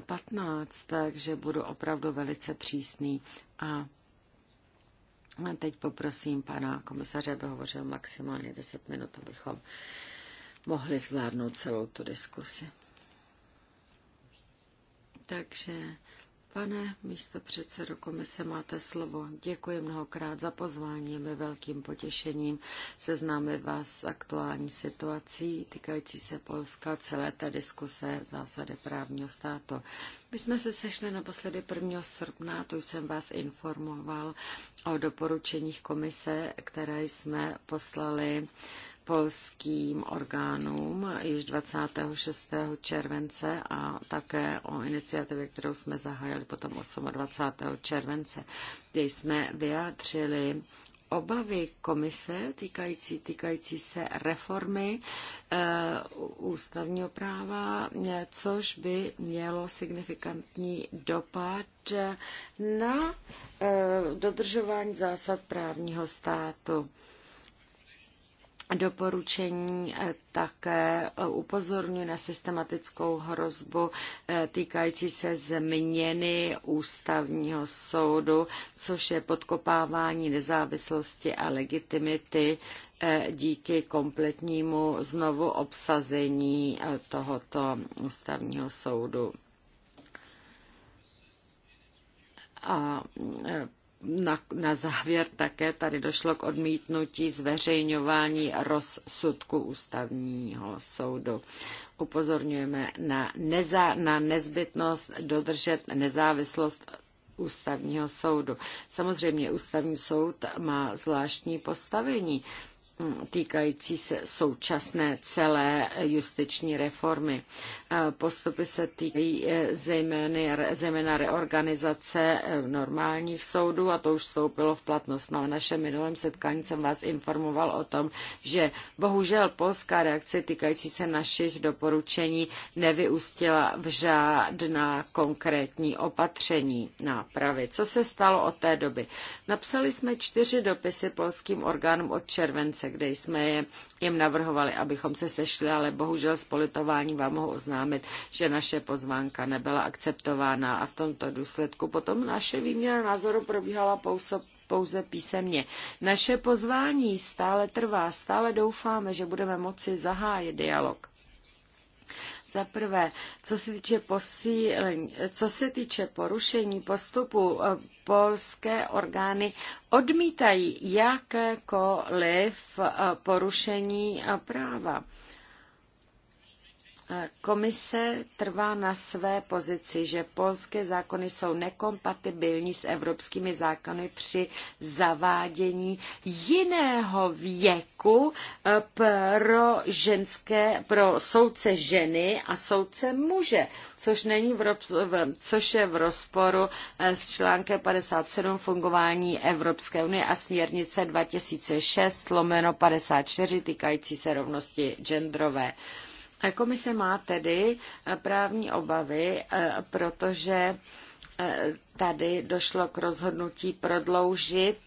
15, eh, takže budu opravdu velice přísný a a teď poprosím pana komisaře, aby hovořil maximálně 10 minut, abychom mohli zvládnout celou tu diskusi. Takže Pane místo předsedo komise, máte slovo. Děkuji mnohokrát za pozvání. Je mi velkým potěšením seznámit vás s aktuální situací týkající se Polska, celé té diskuse zásady právního státu. My jsme se sešli naposledy 1. srpna, tu jsem vás informoval o doporučeních komise, které jsme poslali polským orgánům již 26. července a také o iniciativě, kterou jsme zahájili potom 28. července, kde jsme vyjádřili obavy komise týkající, týkající se reformy e, ústavního práva, což by mělo signifikantní dopad na e, dodržování zásad právního státu. E, doporučení eh, také eh, upozorňuje na systematickou hrozbu eh, týkající se změny ústavního soudu, což je podkopávání nezávislosti a legitimity díky kompletnímu znovu obsazení tohoto ústavního soudu. A na, na závěr také tady došlo k odmítnutí zveřejňování rozsudku ústavního soudu. Upozorňujeme na, neza, na nezbytnost dodržet nezávislost ústavního soudu. Samozřejmě ústavní soud má zvláštní postavení týkající se současné celé justiční reformy. Postupy se týkají e, zejména, zejména reorganizace e, normálních soudů a to už vstoupilo v platnost. No, na našem minulém setkání jsem vás informoval o tom, že bohužel polská reakce týkající se našich doporučení nevyústila v žádná konkrétní opatření nápravy. Co se stalo od té doby? Napsali jsme čtyři dopisy polským orgánům od července komise, kde jsme jim navrhovali, abychom se sešli, ale bohužel s politováním vám mohu oznámit, že naše pozvánka nebyla akceptována a v tomto důsledku potom naše výměna názoru probíhala pouze pouze písemně. Naše pozvání stále trvá, stále doufáme, že budeme moci zahájit dialog. Za prvé, co se týče posílení, co se týče porušení postupu, eh, polské orgány odmítají jakékoliv eh, porušení eh, práva. Komise trvá na své pozici, že polské zákony jsou nekompatibilní s evropskými zákony při zavádění jiného věku eh, pro, ženské, pro soudce ženy a soudce muže, což, není v, což je v rozporu eh, s článkem 57 fungování Evropské unie a směrnice 2006 lomeno 54 týkající se rovnosti genderové. E, komise má tedy e, právní obavy, e, protože tady došlo k rozhodnutí prodloužit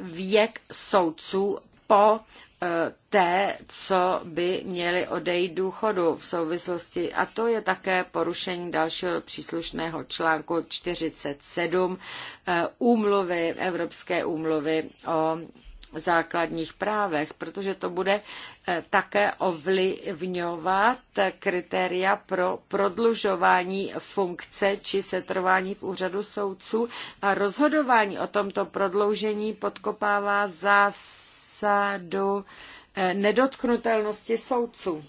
věk soudců po té, co by měli odejít důchodu v souvislosti. A to je také porušení dalšího příslušného článku 47 úmluvy, Evropské úmluvy o základních právech, protože to bude eh, také ovlivňovat kritéria pro prodlužování funkce či setrvání v úřadu soudců a rozhodování o tomto prodloužení podkopává zásadu eh, nedotknutelnosti soudců.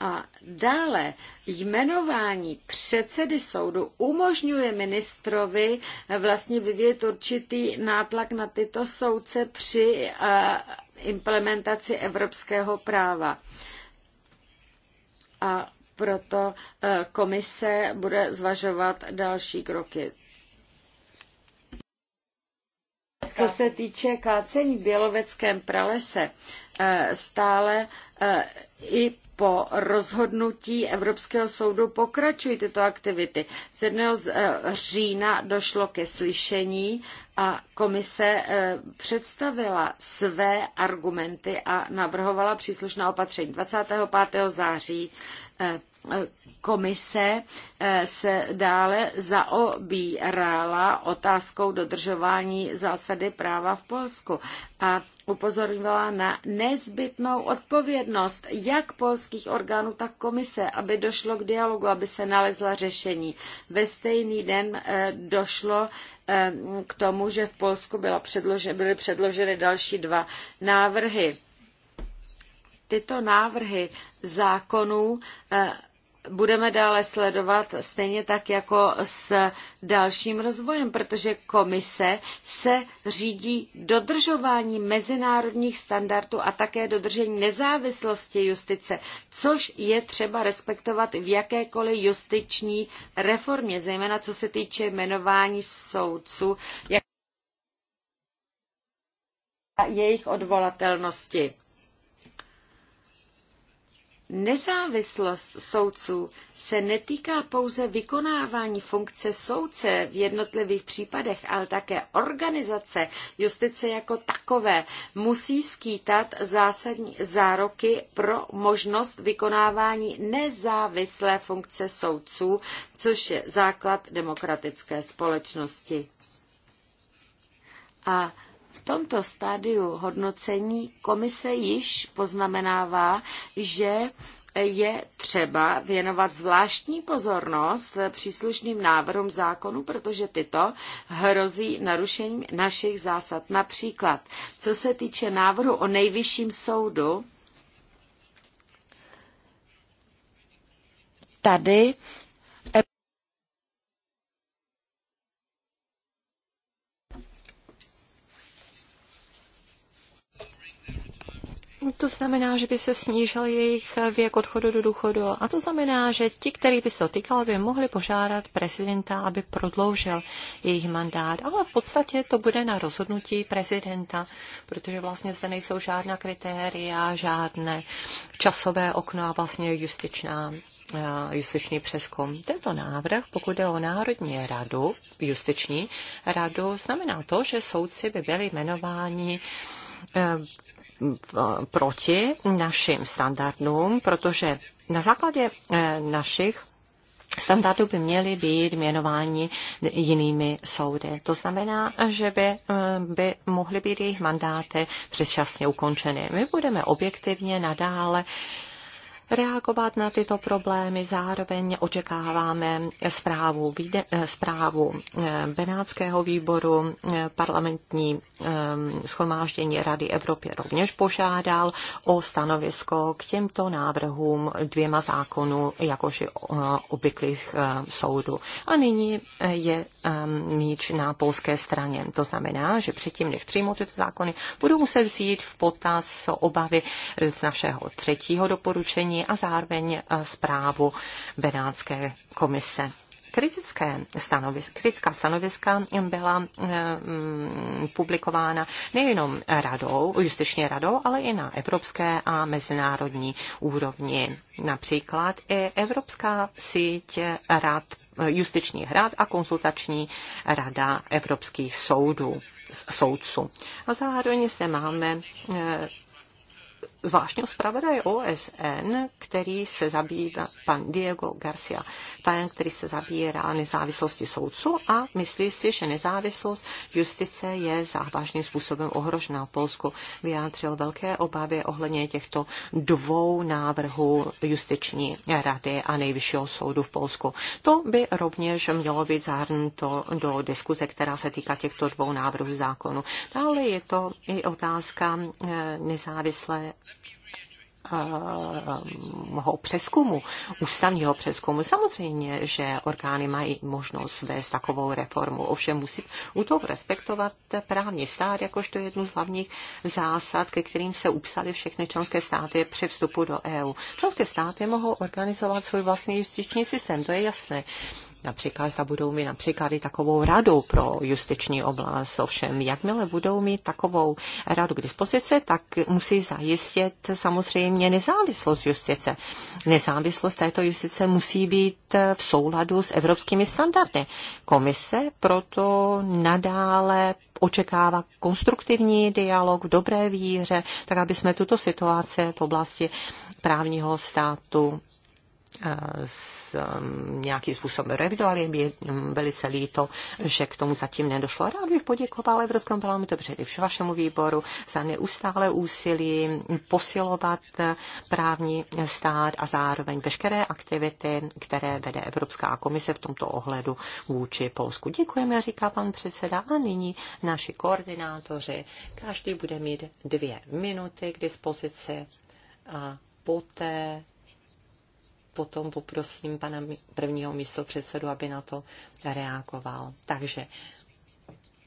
A dále jmenování předsedy soudu umožňuje ministrovi vlastně vyvíjet určitý nátlak na tyto soudce při eh, implementaci evropského práva. A proto eh, komise bude zvažovat další kroky. Co se týče kácení v Běloveckém pralese, eh, stále eh, i po rozhodnutí Evropského soudu pokračují tyto aktivity. 7. Eh, října došlo ke slyšení a komise představila své argumenty a navrhovala příslušná opatření. 25. září komise eh, se dále zaobírala otázkou dodržování zásady práva v Polsku a upozorňovala na nezbytnou odpovědnost jak polských orgánů, tak komise, aby došlo k dialogu, aby se nalezla řešení. Ve stejný den eh, došlo eh, k tomu, že v Polsku bylo předložen, byly předloženy další dva návrhy. Tyto návrhy zákonů budeme dále sledovat stejně tak jako s dalším rozvojem, protože komise se řídí dodržování mezinárodních standardů a také dodržení nezávislosti justice, což je třeba respektovat v jakékoliv justiční reformě, zejména co se týče jmenování soudců a jejich odvolatelnosti. Nezávislost soudců se netýká pouze vykonávání funkce soudce v jednotlivých případech, ale také organizace justice jako takové musí skýtat zásadní zároky pro možnost vykonávání nezávislé funkce soudců, což je základ demokratické společnosti. A v tomto stádiu hodnocení komise již poznamenává, že je třeba věnovat zvláštní pozornost příslušným návrhům zákonu, protože tyto hrozí narušením našich zásad. Například, co se týče návrhu o nejvyšším soudu, tady To znamená, že by se snížil jejich věk odchodu do důchodu. A to znamená, že ti, který by se otýkal, by mohli požádat prezidenta, aby prodloužil jejich mandát. Ale v podstatě to bude na rozhodnutí prezidenta, protože vlastně zde nejsou žádná kritéria, žádné časové okno a vlastně justičná, eh, justiční přeskum. Tento návrh, pokud jde o Národní radu, justiční radu, znamená to, že soudci by byli jmenováni eh, proti našim standardům, protože na základě eh, našich standardů by měly být jmenováni jinými soudy. To znamená, že by, eh, by mohly být jejich mandáty předčasně ukončeny. My budeme objektivně nadále uh, reagovat na tyto problémy. Zároveň očekáváme zprávu, eh, zprávu eh, Benátského výboru. Eh, parlamentní schromáždění Rady Evropy rovněž požádal o stanovisko k těmto návrhům dvěma zákonů, jakož obvyklých soudů. A nyní je míč na polské straně. To znamená, že předtím, než přijmou tyto zákony, budou muset vzít v potaz obavy z našeho třetího doporučení, nařízení a zároveň eh, zprávu Benátské komise kritické stanovis, kritická stanoviska byla um, publikována nejenom radou, justiční radou, ale i na evropské a mezinárodní úrovni. Například i Evropská síť rad, justičních rad a konsultační rada evropských soudů soudců. A zároveň zde máme eh, zvláštního zpravodaje OSN, který se zabývá, pan Diego Garcia pan, který se zabírá nezávislosti soudců a myslí si, že nezávislost justice je závažným způsobem ohrožena. Polsko. vyjádřil velké obavy ohledně těchto dvou návrhů justiční rady a nejvyššího soudu v Polsku. To by rovněž mělo být zahrnuto do diskuze, která se týká těchto dvou návrhů zákonu. Dále je to i otázka eh, nezávislé Um, ho přeskumu, ústavního přeskumu. Samozřejmě, že orgány mají možnost vést takovou reformu, ovšem musí u toho respektovat právní stát jakožto jednu z hlavních zásad, ke kterým se upsaly všechny členské státy při vstupu do EU. Členské státy mohou organizovat svůj vlastní justiční systém, to je jasné například zda budou mít například i takovou radu pro justiční oblast. Ovšem, jakmile budou mít takovou radu k dispozici, tak musí zajistit samozřejmě nezávislost justice. Nezávislost této justice musí být v souladu s evropskými standardy. Komise proto nadále očekává konstruktivní dialog v dobré víře, tak aby jsme tuto situaci v oblasti právního státu s um, nějakým způsobem revidovali, Je mi velice líto, že k tomu zatím nedošlo. Rád bych poděkoval Evropskému parlamentu, především vašemu výboru, za neustále úsilí posilovat právní stát a zároveň veškeré aktivity, které vede Evropská komise v tomto ohledu vůči Polsku. Děkujeme, říká pan předseda. A nyní naši koordinátoři. Každý bude mít dvě minuty k dispozici a poté potom poprosím pana prvního místo předsedu, aby na to reagoval. Takže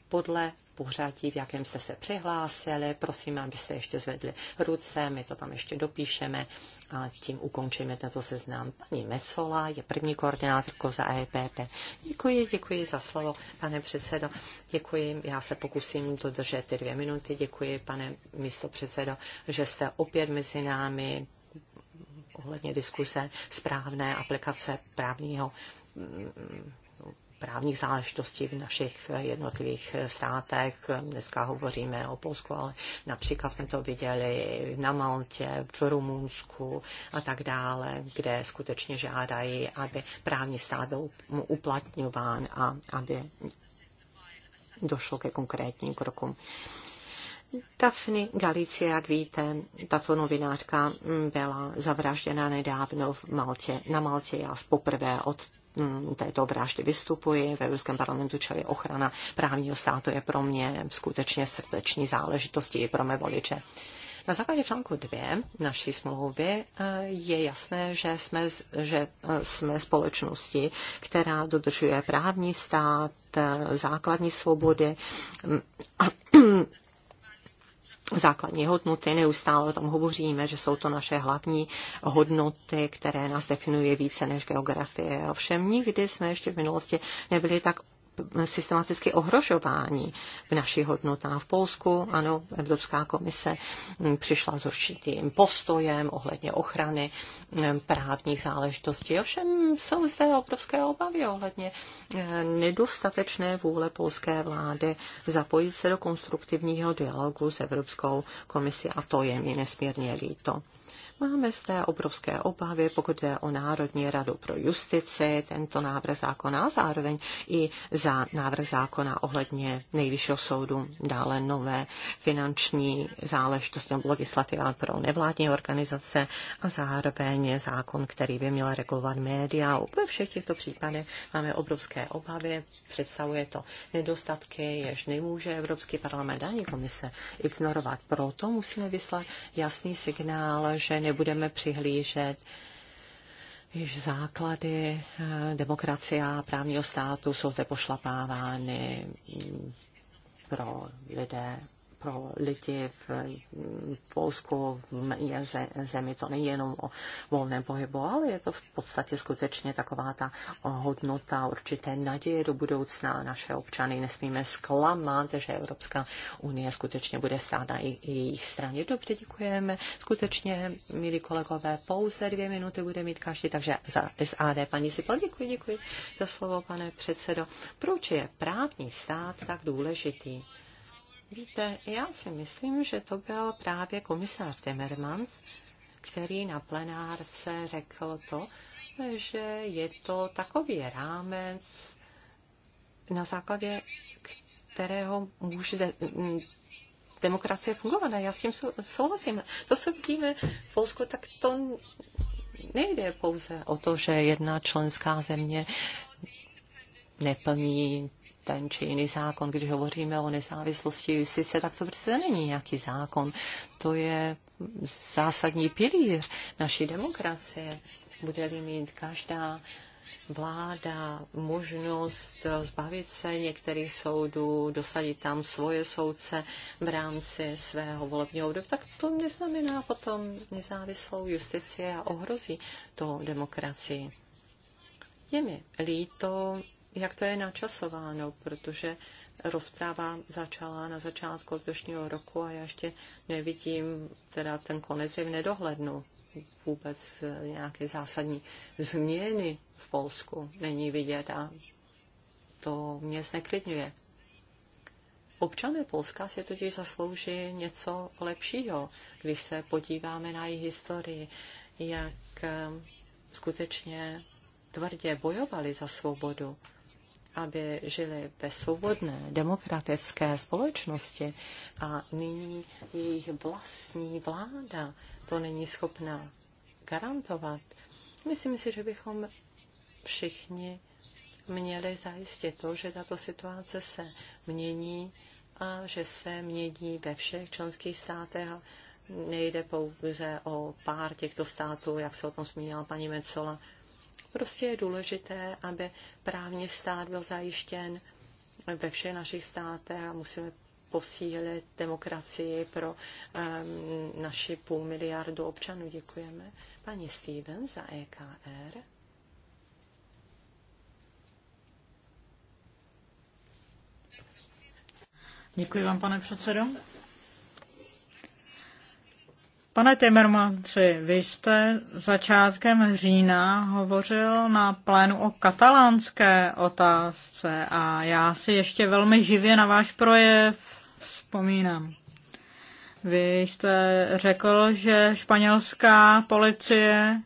podle pořadí, v jakém jste se přihlásili. Prosím, abyste ještě zvedli ruce, my to tam ještě dopíšeme a tím ukončíme tento seznam. Paní Mecola je první koordinátorkou za EPP. Děkuji, děkuji za slovo, pane předsedo. Děkuji, já se pokusím dodržet ty dvě minuty. Děkuji, pane místo předsedo, že jste opět mezi námi ohledně diskuse správné aplikace právního právních záležitostí v našich jednotlivých státech. Dneska hovoříme o Polsku, ale například jsme to viděli na Maltě, v Rumunsku a tak dále, kde skutečně žádají, aby právní stát byl uplatňován a aby došlo ke konkrétním krokům. Daphne Galicia, jak víte, tato novinářka mm, byla zavražděna nedávno v Maltě. Na Maltě já poprvé od mm, této vraždy vystupuji ve Evropském parlamentu, čili ochrana právního státu je pro mě skutečně srdeční záležitostí i pro mé voliče. Na základě článku 2 naší smlouvy eh, je jasné, že jsme, že eh, jsme společnosti, která dodržuje právní stát, eh, základní svobody mm, a základní hodnoty, neustále o tom hovoříme, že jsou to naše hlavní hodnoty, které nás definuje více než geografie. Ovšem nikdy jsme ještě v minulosti nebyli tak systematicky ohrožování v našich hodnotách. V Polsku, ano, Evropská komise mm, přišla s určitým postojem ohledně ochrany mm, právních záležitostí. Ovšem jsou zde obrovské obavy ohledně eh, nedostatečné vůle polské vlády zapojit se do konstruktivního dialogu s Evropskou komisí a to je mi nesmírně líto. Máme zde obrovské obavy, pokud jde o Národní radu pro justici, tento návrh zákona a zároveň i za návrh zákona ohledně nejvyššího soudu, dále nové finanční záležitosti nebo legislativa pro nevládní organizace a zároveň zákon, který by měl regulovat média. Úplně všech těchto případech máme obrovské obavy, představuje to nedostatky, jež nemůže Evropský parlament ani komise ignorovat. Proto musíme vyslat jasný signál, že nebudeme přihlížet když základy eh, demokracie a právního státu jsou zde pošlapávány pro lidé pro lidi v Polsku, je zemi, to není jenom o volném pohybu, ale je to v podstatě skutečně taková ta hodnota určité naděje do budoucna. Naše občany nesmíme zklamat, že Evropská unie skutečně bude stát na jejich straně. Dobře, děkujeme. Skutečně, milí kolegové, pouze dvě minuty bude mít každý, takže za SAD paní Sipel, děkuji, děkuji za slovo, pane předsedo. Proč je právní stát tak důležitý? Víte, já si myslím, že to byl právě komisár Timmermans, který na plenárce řekl to, že je to takový rámec, na základě kterého může demokracie fungovat. A já s tím souhlasím. To, co vidíme v Polsku, tak to nejde pouze o to, že jedna členská země neplní ten či jiný zákon. Když hovoříme o nezávislosti justice, tak to přece není nějaký zákon. To je zásadní pilíř naší demokracie. Bude-li mít každá vláda možnost zbavit se některých soudů, dosadit tam svoje soudce v rámci svého volebního období, tak to neznamená potom nezávislou justici a ohrozí to demokracii. Je mi líto, jak to je načasováno, protože rozpráva začala na začátku letošního roku a já ještě nevidím, teda ten konec je v nedohlednu vůbec eh, nějaké zásadní změny v Polsku není vidět a to mě zneklidňuje. Občané Polska si totiž zaslouží něco lepšího, když se podíváme na jejich historii, jak eh, skutečně tvrdě bojovali za svobodu, aby žili ve svobodné, demokratické společnosti a nyní jejich vlastní vláda to není schopná garantovat. Myslím si, že bychom všichni měli zajistit to, že tato situace se mění a že se mění ve všech členských státech nejde pouze o pár těchto států, jak se o tom zmínila paní Mecola, Prostě je důležité, aby právní stát byl zajištěn ve všech našich státech a musíme posílit demokracii pro um, naši půl miliardu občanů. Děkujeme. Paní Steven za EKR. Děkuji vám, pane předsedo. Pane Timmermansi, vy jste začátkem října hovořil na plénu o katalánské otázce a já si ještě velmi živě na váš projev vzpomínám. Vy jste řekl, že španělská policie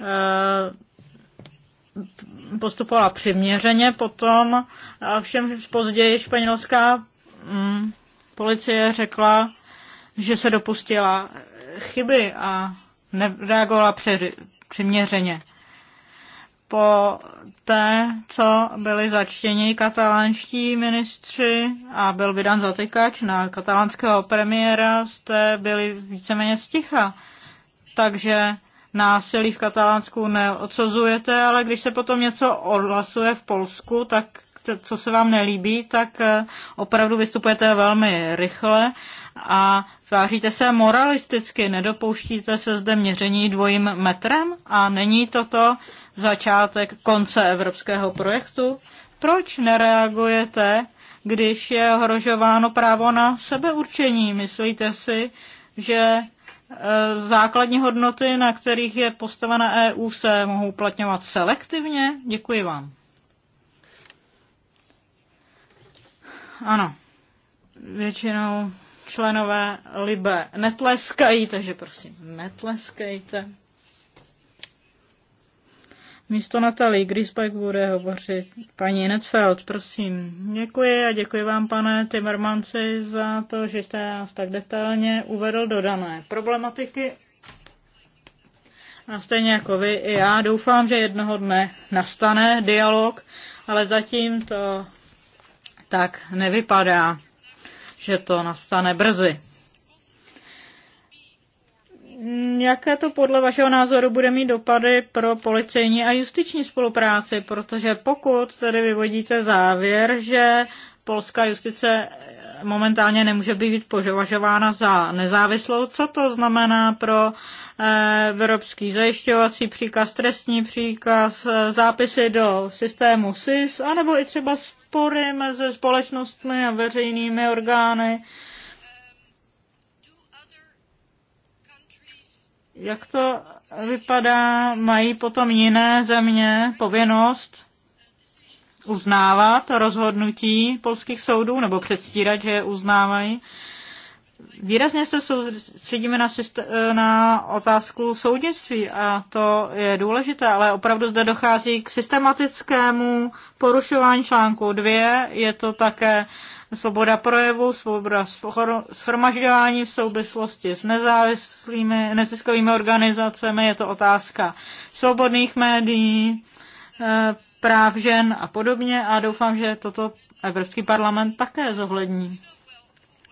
eh, postupovala přiměřeně, potom a všem později španělská mm, policie řekla, že se dopustila chyby a nereagovala při, přiměřeně. Po té, co byli začtěni katalánští ministři a byl vydán zatykač na katalánského premiéra, jste byli víceméně sticha. Takže násilí v Katalánsku neodsuzujete, ale když se potom něco odhlasuje v Polsku, tak co se vám nelíbí, tak eh, opravdu vystupujete velmi rychle a tváříte se moralisticky, nedopouštíte se zde měření dvojím metrem a není toto začátek konce evropského projektu? Proč nereagujete, když je ohrožováno právo na sebeurčení? Myslíte si, že e, základní hodnoty, na kterých je postavena EU, se mohou uplatňovat selektivně? Děkuji vám. Ano. Většinou členové Libe netleskají, takže prosím, netleskejte. Místo Natalie Grisbeck bude hovořit paní Netfeld, prosím. Děkuji a děkuji vám, pane Timmermansi, za to, že jste nás tak detailně uvedl do dané problematiky. A stejně jako vy, i já doufám, že jednoho dne nastane dialog, ale zatím to tak nevypadá že to nastane brzy. Jaké to podle vašeho názoru bude mít dopady pro policejní a justiční spolupráci? Protože pokud tedy vyvodíte závěr, že polská justice momentálně nemůže být požovažována za nezávislou, co to znamená pro eh, evropský zajišťovací příkaz, trestní příkaz, eh, zápisy do systému SIS, anebo i třeba spory mezi společnostmi a veřejnými orgány. Jak to vypadá? Mají potom jiné země povinnost uznávat rozhodnutí polských soudů nebo předstírat, že je uznávají? výrazně se soustředíme na, e, na otázku soudnictví a to je důležité, ale opravdu zde dochází k systematickému porušování článku 2. Je to také svoboda projevu, svoboda shromažďování v souvislosti s nezávislými neziskovými organizacemi, je to otázka svobodných médií, e, práv žen a podobně a doufám, že toto Evropský parlament také zohlední.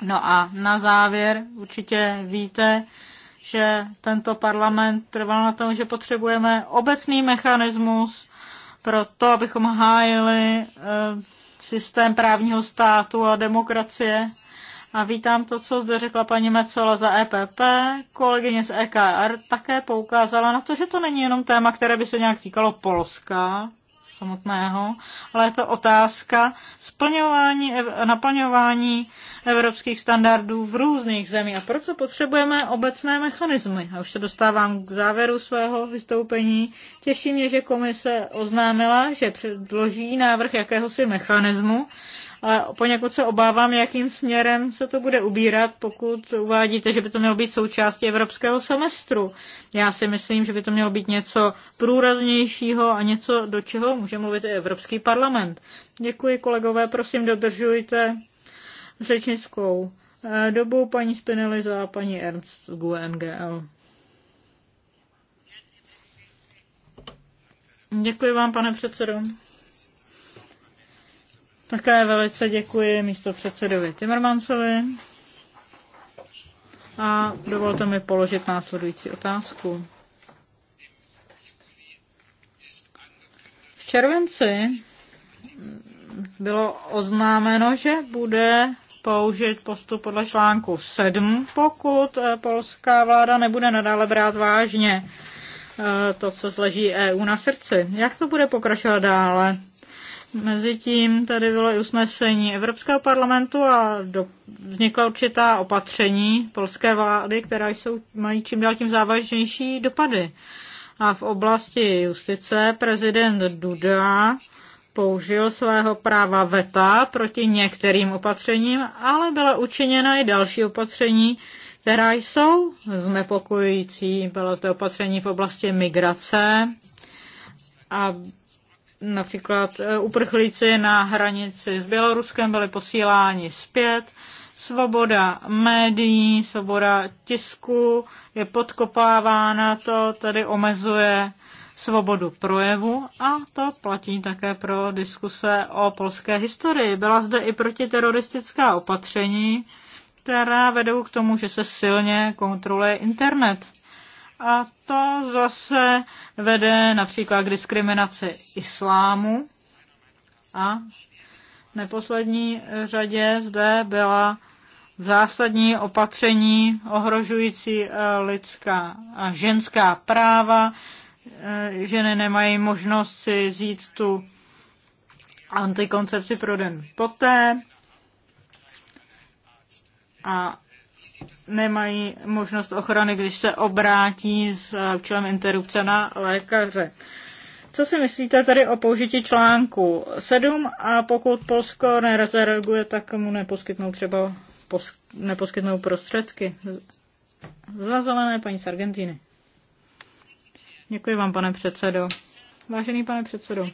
No a na závěr určitě víte, že tento parlament trval na tom, že potřebujeme obecný mechanismus pro to, abychom hájili eh, systém právního státu a demokracie. A vítám to, co zde řekla paní Mecola za EPP. Kolegyně z EKR také poukázala na to, že to není jenom téma, které by se nějak týkalo Polska, samotného, ale je to otázka splňování, naplňování evropských standardů v různých zemích. A proto potřebujeme obecné mechanismy. A už se dostávám k závěru svého vystoupení. Těší mě, že komise oznámila, že předloží návrh jakéhosi mechanismu, ale poněkud se obávám, jakým směrem se to bude ubírat, pokud uvádíte, že by to mělo být součástí evropského semestru. Já si myslím, že by to mělo být něco průraznějšího a něco, do čeho může mluvit i Evropský parlament. Děkuji, kolegové, prosím, dodržujte řečnickou eh, dobu paní Spinelli za paní Ernst z GUNGL. Děkuji vám, pane předsedo. Také velice děkuji místo předsedovi Timmermansovi. A dovolte mi položit následující otázku. V červenci bylo oznámeno, že bude použit postup podle článku 7, pokud eh, polská vláda nebude nadále brát vážně eh, to, co zleží EU na srdci. Jak to bude pokračovat dále? Mezitím tady bylo i usnesení Evropského parlamentu a do, vznikla určitá opatření polské vlády, která jsou, mají čím dál tím závažnější dopady. A v oblasti justice prezident Duda použil svého práva veta proti některým opatřením, ale byla učiněna i další opatření, která jsou znepokojící. Byla to opatření v oblasti migrace, a například eh, uprchlíci na hranici s Běloruskem byli posíláni zpět. Svoboda médií, svoboda tisku je podkopávána, to tedy omezuje svobodu projevu a to platí také pro diskuse o polské historii. Byla zde i protiteroristická opatření, která vedou k tomu, že se silně kontroluje internet. A to zase vede například k diskriminaci islámu. A v neposlední řadě zde byla zásadní opatření ohrožující eh, lidská a ženská práva. Eh, ženy nemají možnost si vzít tu antikoncepci pro den poté. A nemají možnost ochrany, když se obrátí s eh, účelem interrupce na lékaře. Co si myslíte tady o použití článku 7 a pokud Polsko nerezerguje, tak mu neposkytnou třeba pos, neposkytnou prostředky? Za zelené paní z Argentiny. Děkuji vám, pane předsedo. Vážený pane předsedo,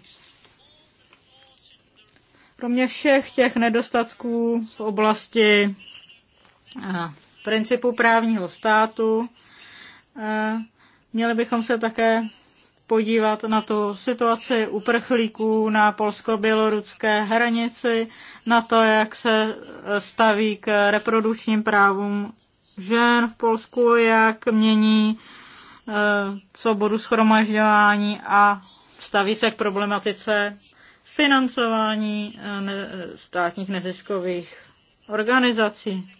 kromě všech těch nedostatků v oblasti eh, principu právního státu. Eh, měli bychom se také podívat na tu situaci uprchlíků na polsko-běloruské hranici, na to, jak se eh, staví k reprodukčním právům žen v Polsku, jak mění svobodu eh, schromažďování a staví se k problematice financování státních neziskových organizací.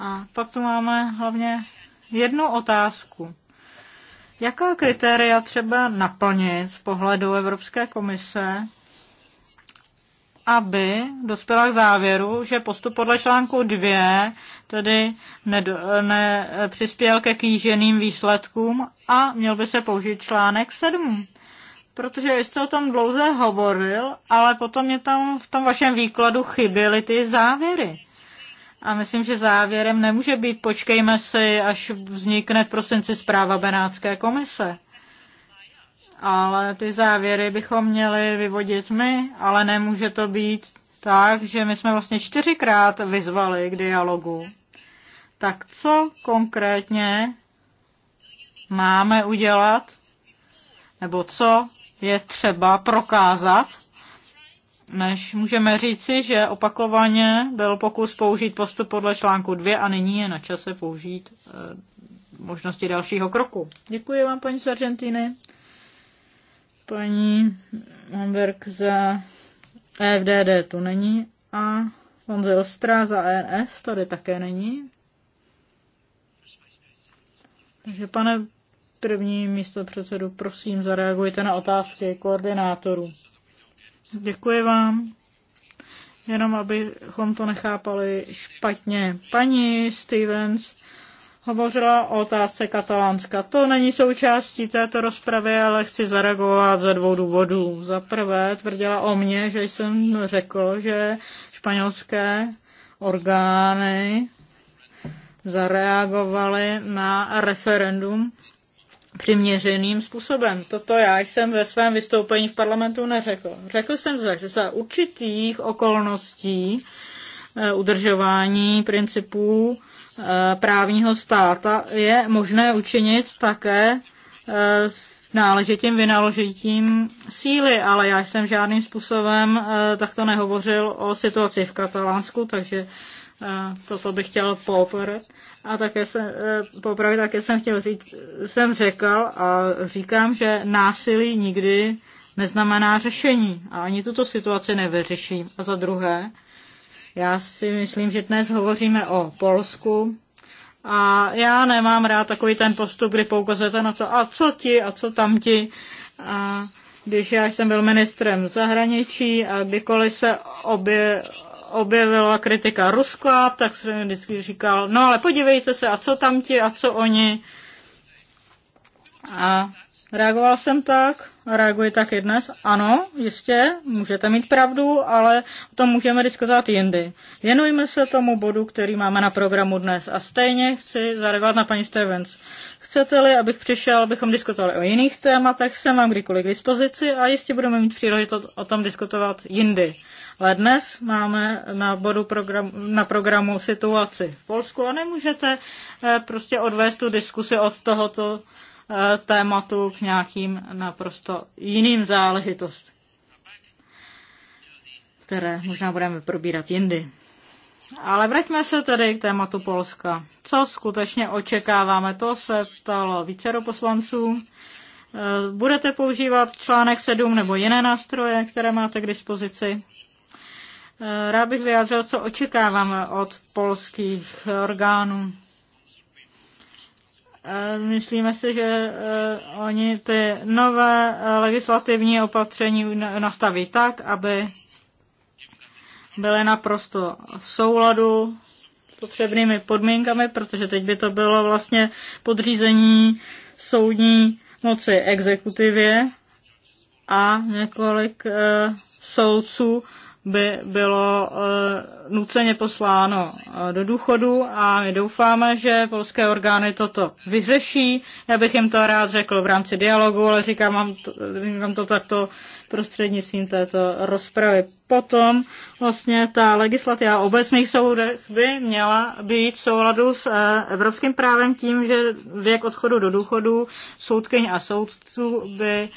A pak tu máme hlavně jednu otázku. Jaká kritéria třeba naplnit z pohledu Evropské komise, aby dospěla k závěru, že postup podle článku 2 tedy nepřispěl ne, ke kýženým výsledkům a měl by se použít článek 7? Protože jste o tom dlouze hovoril, ale potom mě tam v tom vašem výkladu chyběly ty závěry. A myslím, že závěrem nemůže být počkejme si, až vznikne v prosinci zpráva Benátské komise. Ale ty závěry bychom měli vyvodit my, ale nemůže to být tak, že my jsme vlastně čtyřikrát vyzvali k dialogu. Tak co konkrétně máme udělat, nebo co je třeba prokázat, než můžeme říci, že opakovaně byl pokus použít postup podle článku 2 a nyní je na čase použít e, možnosti dalšího kroku. Děkuji vám, paní z Argentiny, paní Monberg za e FDD, tu není a pan Zelstra za ENF tady také není. Takže pane první místo předsedu, prosím, zareagujte na otázky koordinátorů. Děkuji vám. Jenom abychom to nechápali špatně. Paní Stevens hovořila o otázce katalánska. To není součástí této rozpravy, ale chci zareagovat ze dvou důvodů. Za prvé tvrdila o mně, že jsem řekl, že španělské orgány zareagovaly na referendum přiměřeným způsobem. Toto já jsem ve svém vystoupení v parlamentu neřekl. Řekl jsem, že za určitých okolností eh, udržování principů eh, právního státa je možné učinit také eh, s náležitým vynaložitím síly, ale já jsem žádným způsobem takto nehovořil o situaci v Katalánsku, takže a toto bych chtěl popravit. A také jsem, eh, popravit, také jsem chtěl říct, jsem řekl a říkám, že násilí nikdy neznamená řešení a ani tuto situaci nevyřeší. A za druhé, já si myslím, že dnes hovoříme o Polsku a já nemám rád takový ten postup, kdy poukazujete na to, a co ti, a co tam ti. A když já jsem byl ministrem zahraničí a kdykoliv se obě, objevila kritika Ruska, tak jsem vždycky říkal, no ale podívejte se, a co tam ti, a co oni. A reagoval jsem tak, a reaguji tak i dnes. Ano, jistě, můžete mít pravdu, ale o tom můžeme diskutovat jindy. Věnujme se tomu bodu, který máme na programu dnes. A stejně chci zareagovat na paní Stevens. Chcete-li, abych přišel, abychom diskutovali o jiných tématech, jsem vám kdykoliv k dispozici a jistě budeme mít příležitost o tom diskutovat jindy. Ale dnes máme na, bodu program, na programu situaci v Polsku a nemůžete eh, prostě odvést tu diskusi od tohoto eh, tématu k nějakým naprosto jiným záležitostem, které možná budeme probírat jindy. Ale vraťme se tedy k tématu Polska. Co skutečně očekáváme? To se ptalo vícero poslanců. Eh, budete používat článek 7 nebo jiné nástroje, které máte k dispozici? Eh, rád bych vyjádřil, co očekáváme od polských orgánů. Eh, myslíme si, že eh, oni ty nové legislativní opatření nastaví tak, aby byly naprosto v souladu s potřebnými podmínkami, protože teď by to bylo vlastně podřízení soudní moci exekutivě a několik soudců by bylo eh, nuceně posláno eh, do důchodu a my doufáme, že polské orgány toto vyřeší. Já bych jim to rád řekl v rámci dialogu, ale říkám vám to, říkám to takto prostřednictvím této rozpravy. Potom vlastně ta legislativa o obecných soudech by měla být v souladu s eh, evropským právem tím, že věk odchodu do důchodu soudkyň a soudců by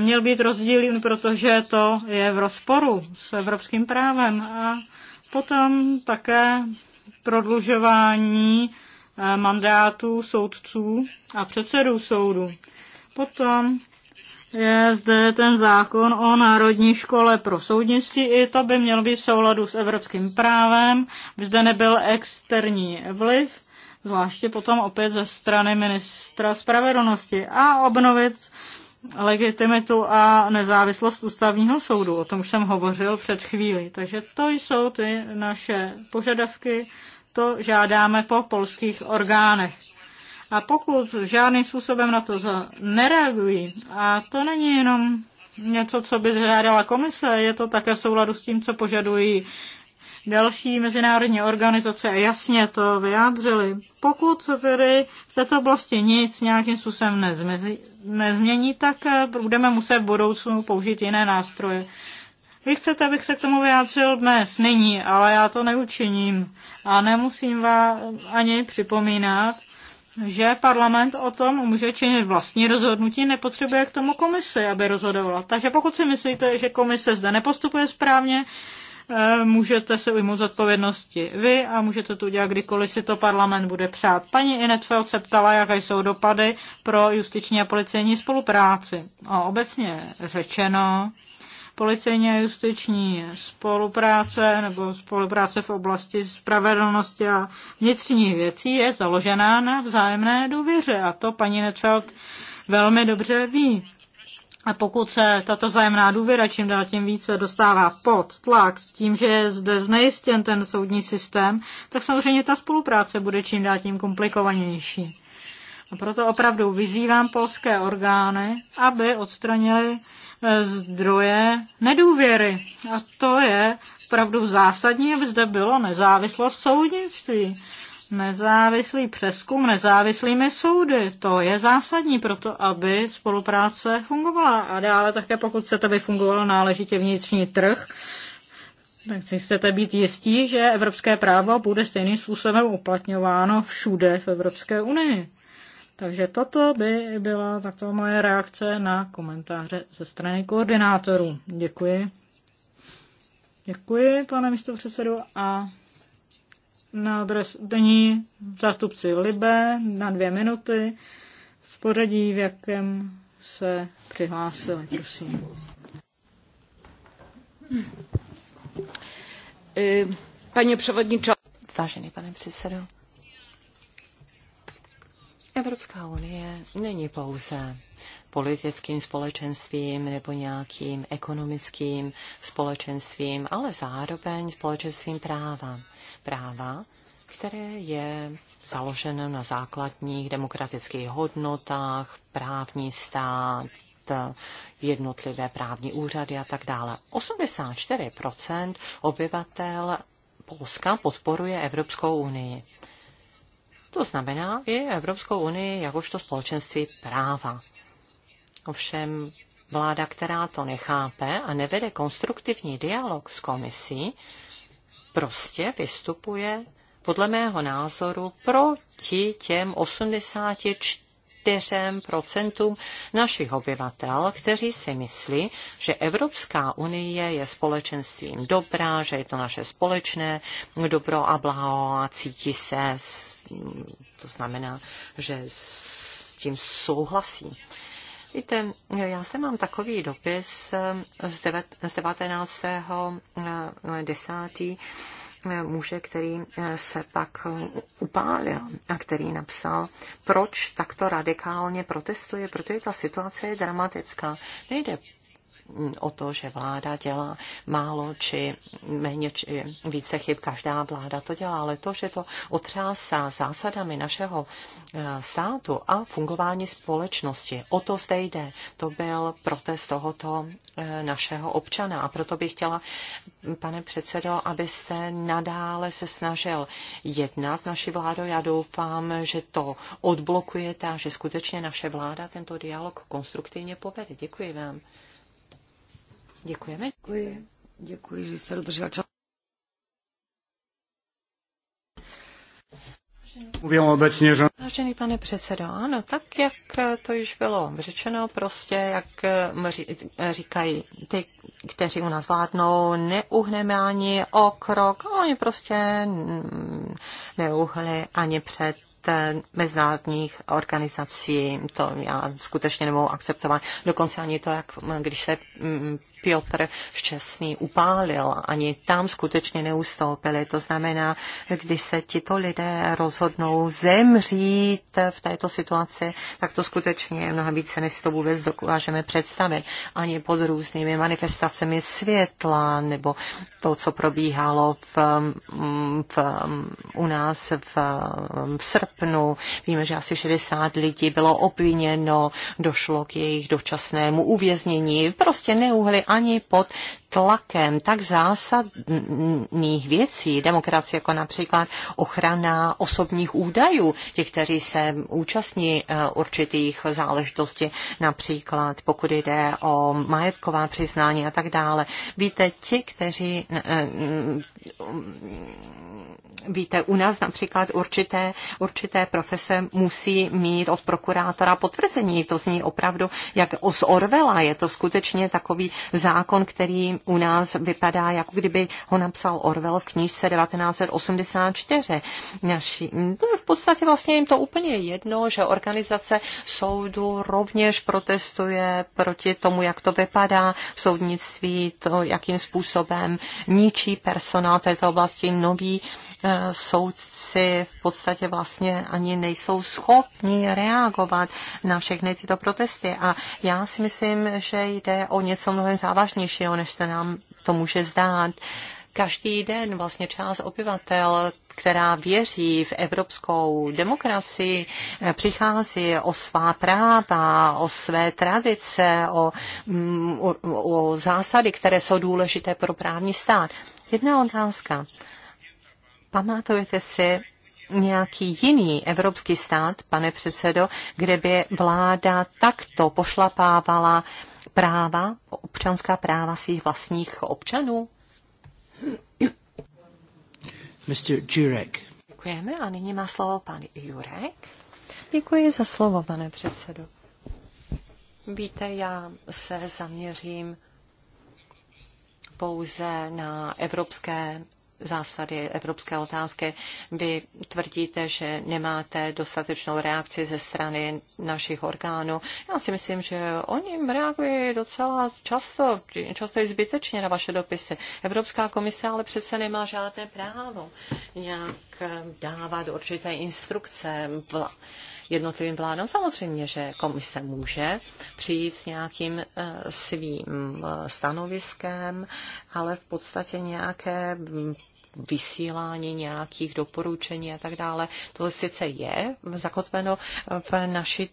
měl být rozdílen, protože to je v rozporu s evropským právem. A potom také prodlužování eh, mandátů soudců a předsedů soudu. Potom je zde ten zákon o Národní škole pro soudnictví. I to by mělo být v souladu s evropským právem, by zde nebyl externí vliv, zvláště potom opět ze strany ministra spravedlnosti a obnovit legitimitu a nezávislost ústavního soudu. O tom už jsem hovořil před chvílí. Takže to jsou ty naše požadavky, to žádáme po polských orgánech. A pokud žádným způsobem na to nereagují, a to není jenom něco, co by žádala komise, je to také v souladu s tím, co požadují další mezinárodní organizace jasně to vyjádřili. Pokud se tedy v této oblasti nic nějakým způsobem nezmizí, nezmění, tak eh, budeme muset v budoucnu použít jiné nástroje. Vy chcete, abych se k tomu vyjádřil dnes, nyní, ale já to neučiním a nemusím vám ani připomínat, že parlament o tom může činit vlastní rozhodnutí, nepotřebuje k tomu komisi, aby rozhodovala. Takže pokud si myslíte, že komise zde nepostupuje správně, Eh, můžete se ujmout zodpovědnosti vy a můžete to udělat kdykoliv si to parlament bude přát. Paní Inetfeld se ptala, jaké jsou dopady pro justiční a policejní spolupráci. A obecně řečeno, policejní a justiční spolupráce nebo spolupráce v oblasti spravedlnosti a vnitřních věcí je založená na vzájemné důvěře a to paní Netfeld velmi dobře ví. A pokud se tato zájemná důvěra čím dál tím více dostává pod tlak, tím, že je zde znejistěn ten soudní systém, tak samozřejmě ta spolupráce bude čím dál tím komplikovanější. A proto opravdu vyzývám polské orgány, aby odstranili e, zdroje nedůvěry. A to je opravdu zásadní, aby zde bylo nezávislost soudnictví. Nezávislý přeskum nezávislými soudy. To je zásadní pro to, aby spolupráce fungovala. A dále také, pokud chcete, aby fungoval náležitě vnitřní trh, tak si chcete být jistí, že evropské právo bude stejným způsobem uplatňováno všude v Evropské unii. Takže toto by byla takto moje reakce na komentáře ze strany koordinátorů. Děkuji. Děkuji, pane předsedu, a na denní zástupci Libe na dvě minuty v pořadí, v jakém se přihlásili. Prosím. Eh, paní převodničo. Vážený pane předsedo. Evropská unie není pouze politickým společenstvím nebo nějakým ekonomickým společenstvím, ale zároveň společenstvím práva. Práva, které je založeno na základních demokratických hodnotách, právní stát, jednotlivé právní úřady a tak dále. 84% obyvatel Polska podporuje Evropskou unii. To znamená i Evropskou unii jakožto společenství práva. Ovšem vláda, která to nechápe a nevede konstruktivní dialog s komisí, prostě vystupuje podle mého názoru proti těm 84% našich obyvatel, kteří si myslí, že Evropská unie je společenstvím dobrá, že je to naše společné dobro a blaho a cítí se, to znamená, že s tím souhlasí. Víte, já zde mám takový dopis ehm, z, z 19. 10 ehm, no, ehm, muže, který se pak upálil a který napsal, proč takto radikálně protestuje, protože ta situace je dramatická. Nejde Mm, o to, že vláda dělá málo či méně či více chyb. Každá vláda to dělá, ale to, že to otřásá zásadami našeho eh, státu a fungování společnosti, o to zde jde. To byl protest tohoto eh, našeho občana a proto bych chtěla, pane předsedo, abyste nadále se snažil jednat s naší vládou. Já doufám, že to odblokujete a že skutečně naše vláda tento dialog konstruktivně povede. Děkuji vám. Děkujeme. Děkuji. Děkuji, že jste dodržela čas. Mluvím obecně, že... Vážený pane předsedo, ano, tak jak to již bylo řečeno, prostě jak říkají ty, kteří u nás vládnou, neuhneme ani o krok, a oni prostě neuhli ani před eh, mezinárodních organizací. To já skutečně nemohu akceptovat. Dokonce ani to, jak když se Piotr Šťastný upálil. Ani tam skutečně neustoupili. To znamená, když se tito lidé rozhodnou zemřít v této situaci, tak to skutečně je mnohem více, než to vůbec dokážeme představit. Ani pod různými manifestacemi světla, nebo to, co probíhalo v, v, u nás v, v srpnu. Víme, že asi 60 lidí bylo obviněno, došlo k jejich dočasnému uvěznění. Prostě neuhli ani pod tlakem tak zásadních věcí demokracie, jako například ochrana osobních údajů, těch, kteří se účastní eh, určitých záležitostí, například pokud jde o majetková přiznání a tak dále. Víte, ti, kteří eh, mm, víte, u nás například určité, určité profese musí mít od prokurátora potvrzení. To zní opravdu jak z Orvela. Je to skutečně takový zákon, který u nás vypadá, jako kdyby ho napsal Orwell v knížce 1984. Naši, no, v podstatě vlastně jim to úplně jedno, že organizace soudu rovněž protestuje proti tomu, jak to vypadá v soudnictví, to, jakým způsobem ničí personál této oblasti nový Eh, soudci v podstatě vlastně ani nejsou schopni reagovat na všechny tyto protesty. A já si myslím, že jde o něco mnohem závažnějšího, než se nám to může zdát každý den vlastně část obyvatel, která věří v evropskou demokracii, eh, přichází o svá práva, o své tradice, o, mm, o, o zásady, které jsou důležité pro právní stát. Jedna otázka. Pamatujete si nějaký jiný evropský stát, pane předsedo, kde by vláda takto pošlapávala práva, občanská práva svých vlastních občanů? Mr. Jurek. Děkujeme a nyní má slovo pan Jurek. Děkuji za slovo, pane předsedo. Víte, já se zaměřím pouze na evropské zásady evropské otázky. Vy tvrdíte, že nemáte dostatečnou reakci ze strany našich orgánů. Já si myslím, že oni reagují docela často, často i zbytečně na vaše dopisy. Evropská komise ale přece nemá žádné právo nějak dávat určité instrukce jednotlivým vládám. Samozřejmě, že komise může přijít s nějakým eh, svým eh, stanoviskem, ale v podstatě nějaké mm, vysílání nějakých doporučení a tak dále. To sice je zakotveno v naší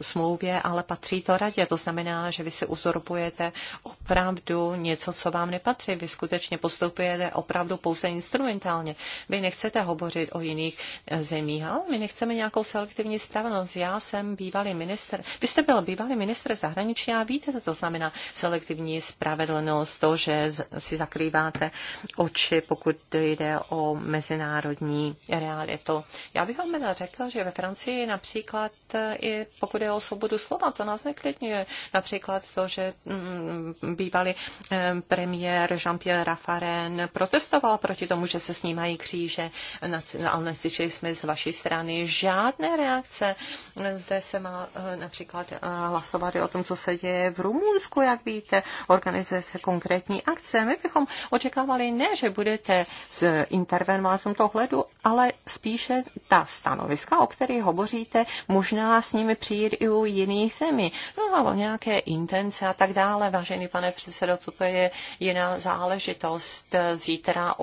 smlouvě, ale patří to radě. To znamená, že vy si uzorpujete opravdu něco, co vám nepatří. Vy skutečně postupujete opravdu pouze instrumentálně. Vy nechcete hovořit o jiných eh, zemích, ale my nechceme nějakou selektivní spravedlnost. Já jsem bývalý minister, vy jste byl bývalý minister zahraničí a víte, co to znamená selektivní spravedlnost, to, že si zakrýváte oči pokud jde o mezinárodní realitu. Já bych vám teda řekla, že ve Francii například eh, i pokud je o svobodu slova, to nás neklidňuje. Například to, že mm, bývalý eh, premiér Jean-Pierre Raffarin protestoval proti tomu, že se snímají kříže, ale neslyšeli jsme z vaší strany žádné reakce. Zde se má eh, například hlasovat o tom, co se děje v Rumunsku, jak víte, organizuje se konkrétní akce. My bychom očekávali ne, že bude budete intervenovat v tomto ohledu, ale spíše ta stanoviska, o kterých hovoříte, možná s nimi přijít i u jiných zemí. No a nějaké intence a tak dále, vážený pane předsedo, toto je jiná záležitost. Zítra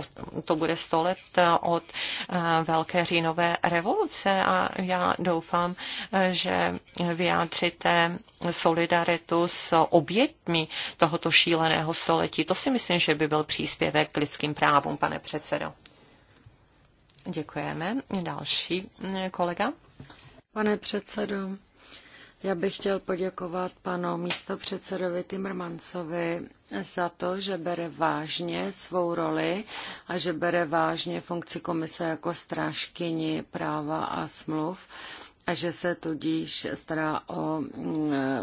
to bude 100 let od eh, Velké říjnové revoluce a já doufám, eh, že vyjádříte solidaritu s oběťmi tohoto šíleného století. To si myslím, že by byl příspěvek k lidským právům zprávům, pane předsedo. Děkujeme. Další eh, kolega. Pane předsedo, já bych chtěl poděkovat panu místopředsedovi Timrmancovi za to, že bere vážně svou roli a že bere vážně funkci komise jako strážkyni práva a smluv a že se tudíž stará o mm, eh,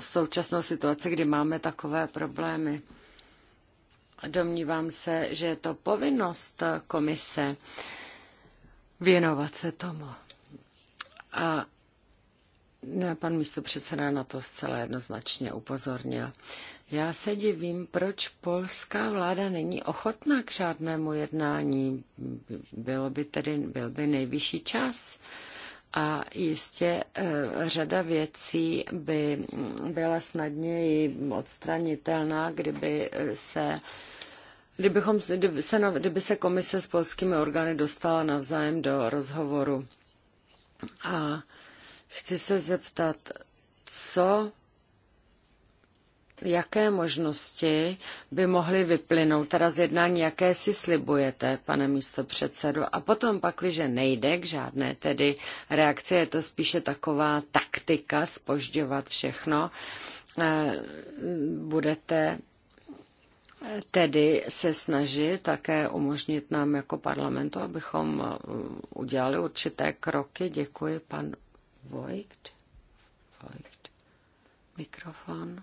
současnou situaci, kdy máme takové problémy. Domnívám se, že je to povinnost komise věnovat se tomu. A pan místo předseda na to zcela jednoznačně upozornil. Já se divím, proč polská vláda není ochotná k žádnému jednání. Bylo by tedy, byl by nejvyšší čas. Uh, a jistě eh, řada věcí by byla snadněji odstranitelná, kdyby se Kdybychom, kdyby, se, kdyby se komise s polskými orgány dostala navzájem do rozhovoru. A chci se zeptat, co jaké možnosti by mohly vyplynout, teda z jednání, jaké si slibujete, pane místo předsedu. A potom pak, když nejde k žádné tedy reakci, je to spíše taková taktika spožďovat všechno, eh, budete eh, tedy se snažit také umožnit nám jako parlamentu, abychom eh, udělali určité kroky. Děkuji, pan Vojt. Vojt. Mikrofon.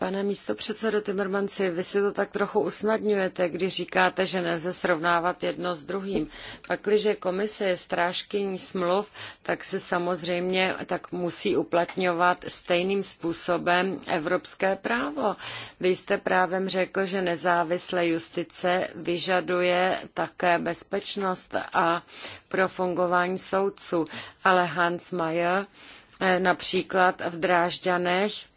Pane místo předsedo Timmermansi, vy si to tak trochu usnadňujete, když říkáte, že nelze srovnávat jedno s druhým. Pakliže komise je strážkyní smluv, tak se samozřejmě tak musí uplatňovat stejným způsobem evropské právo. Vy jste právem řekl, že nezávislé justice vyžaduje také bezpečnost a pro fungování soudců. Ale Hans Mayer eh, například v Drážďanech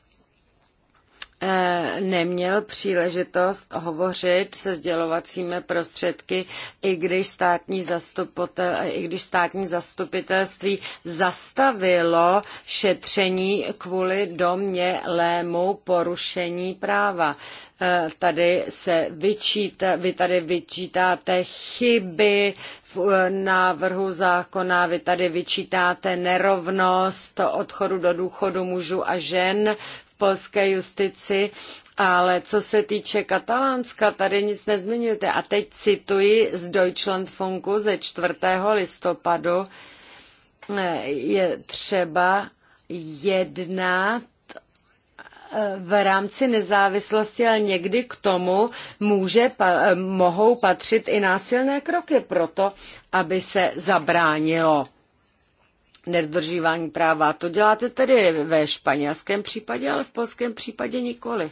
Eh, neměl příležitost hovořit se sdělovacími prostředky, i když státní, zastupitel, eh, i když státní zastupitelství zastavilo šetření kvůli domnělému porušení práva. Eh, tady se vyčíta, vy tady vyčítáte chyby v návrhu zákona, vy tady vyčítáte nerovnost odchodu do důchodu mužů a žen polské justici, ale co se týče Katalánska, tady nic nezmiňujete. A teď cituji z Deutschlandfunku ze 4. listopadu. Je třeba jednat eh, v rámci nezávislosti, ale někdy k tomu může, eh, mohou patřit i násilné kroky proto, aby se zabránilo nedodržívání práva. To děláte tedy ve španělském případě, ale v polském případě nikoliv.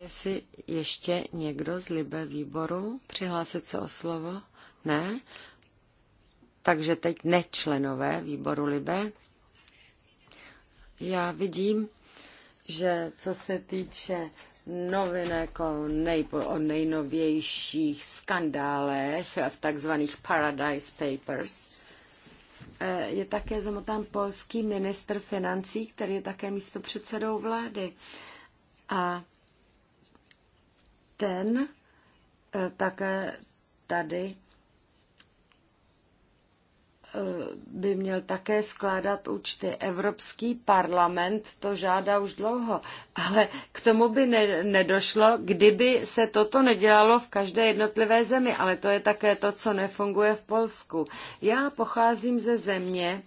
Jestli ještě někdo z Libe výboru přihlásit se o slovo? Ne? Takže teď nečlenové výboru Libe. Já vidím, že co se týče novinek o, nejpo, o nejnovějších skandálech v takzvaných Paradise Papers, E, je také zamotán polský ministr financí, který je také místopředsedou vlády. A ten e, také tady Eh, by měl také skládat účty. Evropský parlament to žádá už dlouho, ale k tomu by ne, nedošlo, kdyby se toto nedělalo v každé jednotlivé zemi, ale to je také to, co nefunguje v Polsku. Já pocházím ze země,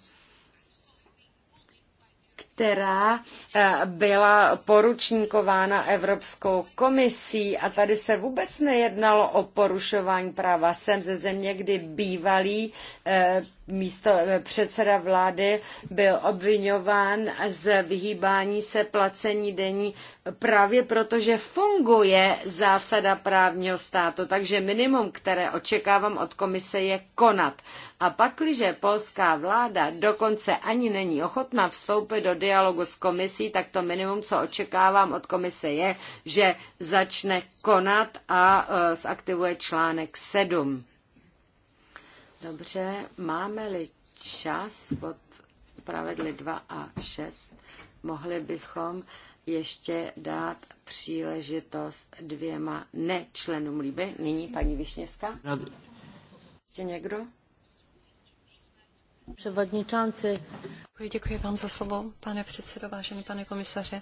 která eh, byla poručníkována Evropskou komisí a tady se vůbec nejednalo o porušování práva. Jsem ze země, kdy bývalý eh, místo eh, předseda vlády byl obvinován z vyhýbání se placení denní právě proto, že funguje zásada právního státu. Takže minimum, které očekávám od komise, je konat. A pakliže polská vláda dokonce ani není ochotná vstoupit do dialogu s komisí, tak to minimum, co očekávám od komise, je, že začne konat a eh, zaktivuje článek 7. Dobře, máme-li čas pod pravidly 2 a 6, mohli bychom ještě dát příležitost dvěma nečlenům líby. Nyní paní Višněvská. Ještě někdo? Převodničanci. Děkuji vám za slovo, pane předsedo, vážený pane komisaře.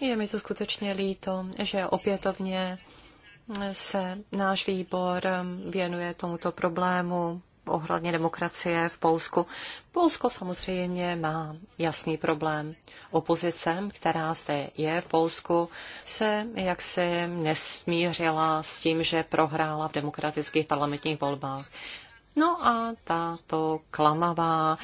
Je mi to skutečně líto, že opětovně se náš výbor věnuje tomuto problému ohledně demokracie v Polsku. Polsko samozřejmě má jasný problém. Opozice, která zde je v Polsku, se jaksi nesmířila s tím, že prohrála v demokratických parlamentních volbách. No a tato klamavá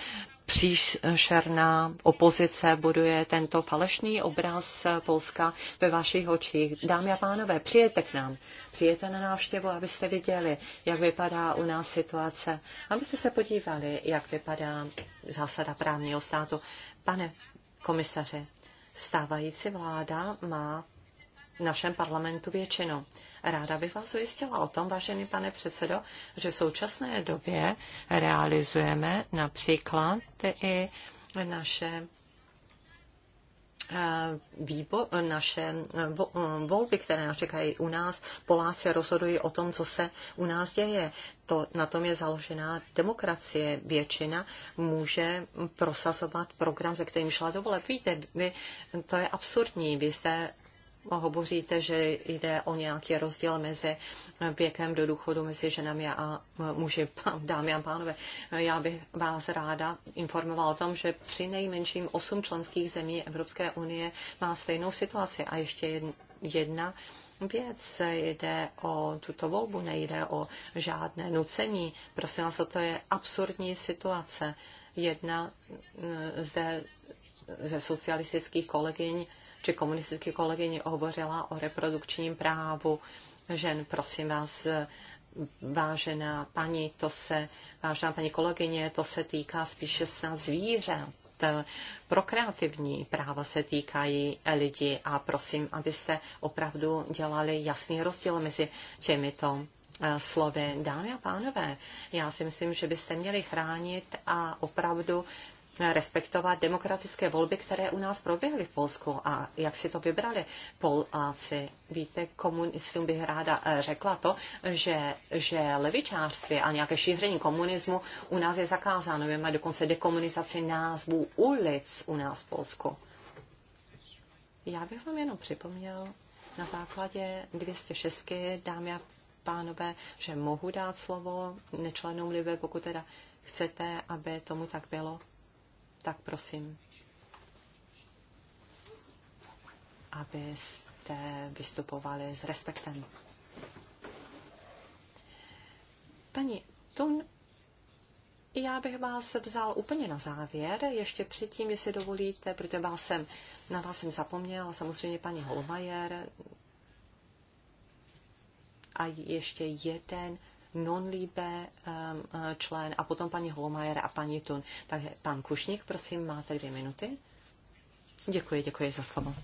příšerná opozice buduje tento falešný obraz Polska ve vašich očích. Dámy a pánové, přijete k nám, přijete na návštěvu, abyste viděli, jak vypadá u nás situace, abyste se podívali, jak vypadá zásada právního státu. Pane komisaře, stávající vláda má v našem parlamentu většinu. Ráda bych vás ujistila o tom, vážený pane předsedo, že v současné době realizujeme například i naše eh, výbo, naše eh, eh, volby, které nás čekají u nás. Poláci rozhodují o tom, co se u nás děje. To, na tom je založená demokracie. Většina může prosazovat program, ze kterým šla do voleb. Víte, vy, to je absurdní. Vy jste hovoříte, že jde o nějaký rozdíl mezi věkem do důchodu mezi ženami a muži, [LAUGHS] dámy a pánové. Já bych vás ráda informovala o tom, že při nejmenším osm členských zemí Evropské unie má stejnou situaci. A ještě jedna věc. Jde o tuto volbu, nejde o žádné nucení. Prosím vás, to je absurdní situace. Jedna eh, zde ze socialistických kolegyň či komunistické kolegyně hovořila o reprodukčním právu žen. Prosím vás, vážená paní, to se, vážená paní kolegyně, to se týká spíše snad zvířat. Prokreativní práva se týkají lidí a prosím, abyste opravdu dělali jasný rozdíl mezi těmito eh, slovy. Dámy a pánové, já si myslím, že byste měli chránit a opravdu respektovat demokratické volby, které u nás proběhly v Polsku a jak si to vybrali Poláci. Víte, komunistům bych ráda eh, řekla to, že, že levičářství a nějaké šíření komunismu u nás je zakázáno. My máme dokonce dekomunizaci názvů ulic u nás v Polsku. Já bych vám jenom připomněl na základě 206, dámy a pánové, že mohu dát slovo nečlenům Libe, pokud teda chcete, aby tomu tak bylo tak prosím, abyste vystupovali s respektem. Paní Tun, já bych vás vzal úplně na závěr, ještě předtím, jestli dovolíte, protože vás jsem, na vás jsem zapomněl, samozřejmě paní Holmajer a ještě jeden non um, uh, člen a potom paní Holmajer a paní Tun. Takže pan Kušník, prosím, máte dvě minuty. Děkuji, děkuji za slovo.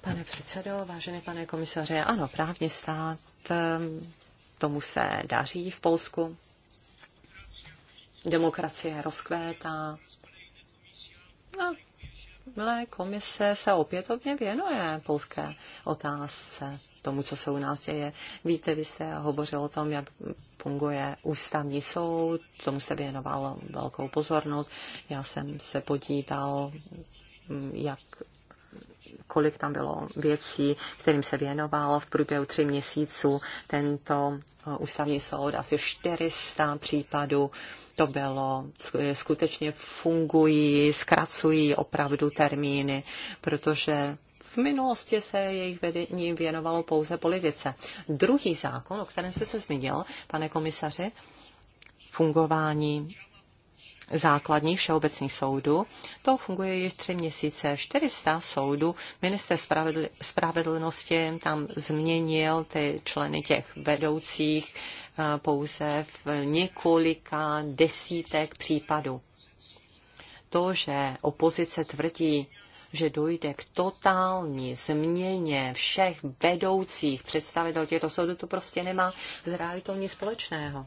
Pane předsedo, vážený pane komisaře, ano, právní stát, um, tomu se daří v Polsku. Demokracie rozkvétá. A Milé komise se opětovně věnuje polské otázce, tomu, co se u nás děje. Víte, vy jste hovořil o tom, jak funguje ústavní soud, tomu jste věnoval velkou pozornost. Já jsem se podíval, jak kolik tam bylo věcí, kterým se věnoval v průběhu tři měsíců tento ústavní soud, asi 400 případů to bylo, eh, skutečně fungují, zkracují opravdu termíny, protože v minulosti se jejich vedení věnovalo pouze politice. Druhý zákon, o kterém jste se zmínil, pane komisaři, fungování základních všeobecných soudů. To funguje již tři měsíce. 400 soudů. Minister spravedl- spravedlnosti tam změnil ty členy těch vedoucích eh, pouze v několika desítek případů. To, že opozice tvrdí, že dojde k totální změně všech vedoucích představitelů těchto soudů, to prostě nemá s realitou nic společného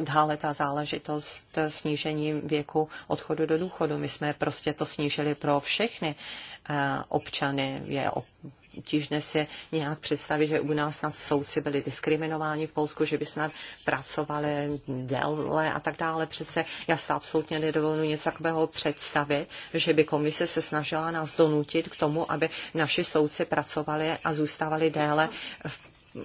dále ta záležitost snížení věku odchodu do důchodu. My jsme prostě to snížili pro všechny eh, občany. Je obtížné si nějak představit, že u nás snad soudci byli diskriminováni v Polsku, že by snad pracovali déle a tak dále. Přece já se absolutně nedovolnu něco takového představit, že by komise se snažila nás donutit k tomu, aby naši soudci pracovali a zůstávali déle v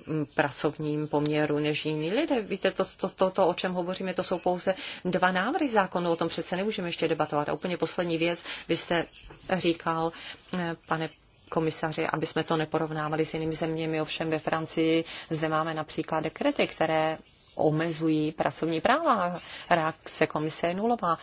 Mm, pracovním poměru než jiní lidé. Víte, to, to, to, to, o čem hovoříme, to jsou pouze dva návrhy zákonu, o tom přece nemůžeme ještě debatovat. A úplně poslední věc, vy jste říkal, eh, pane komisaři, aby jsme to neporovnávali s jinými zeměmi. Ovšem ve Francii zde máme například dekrety, které omezují pracovní práva. Reakce komise je nulová.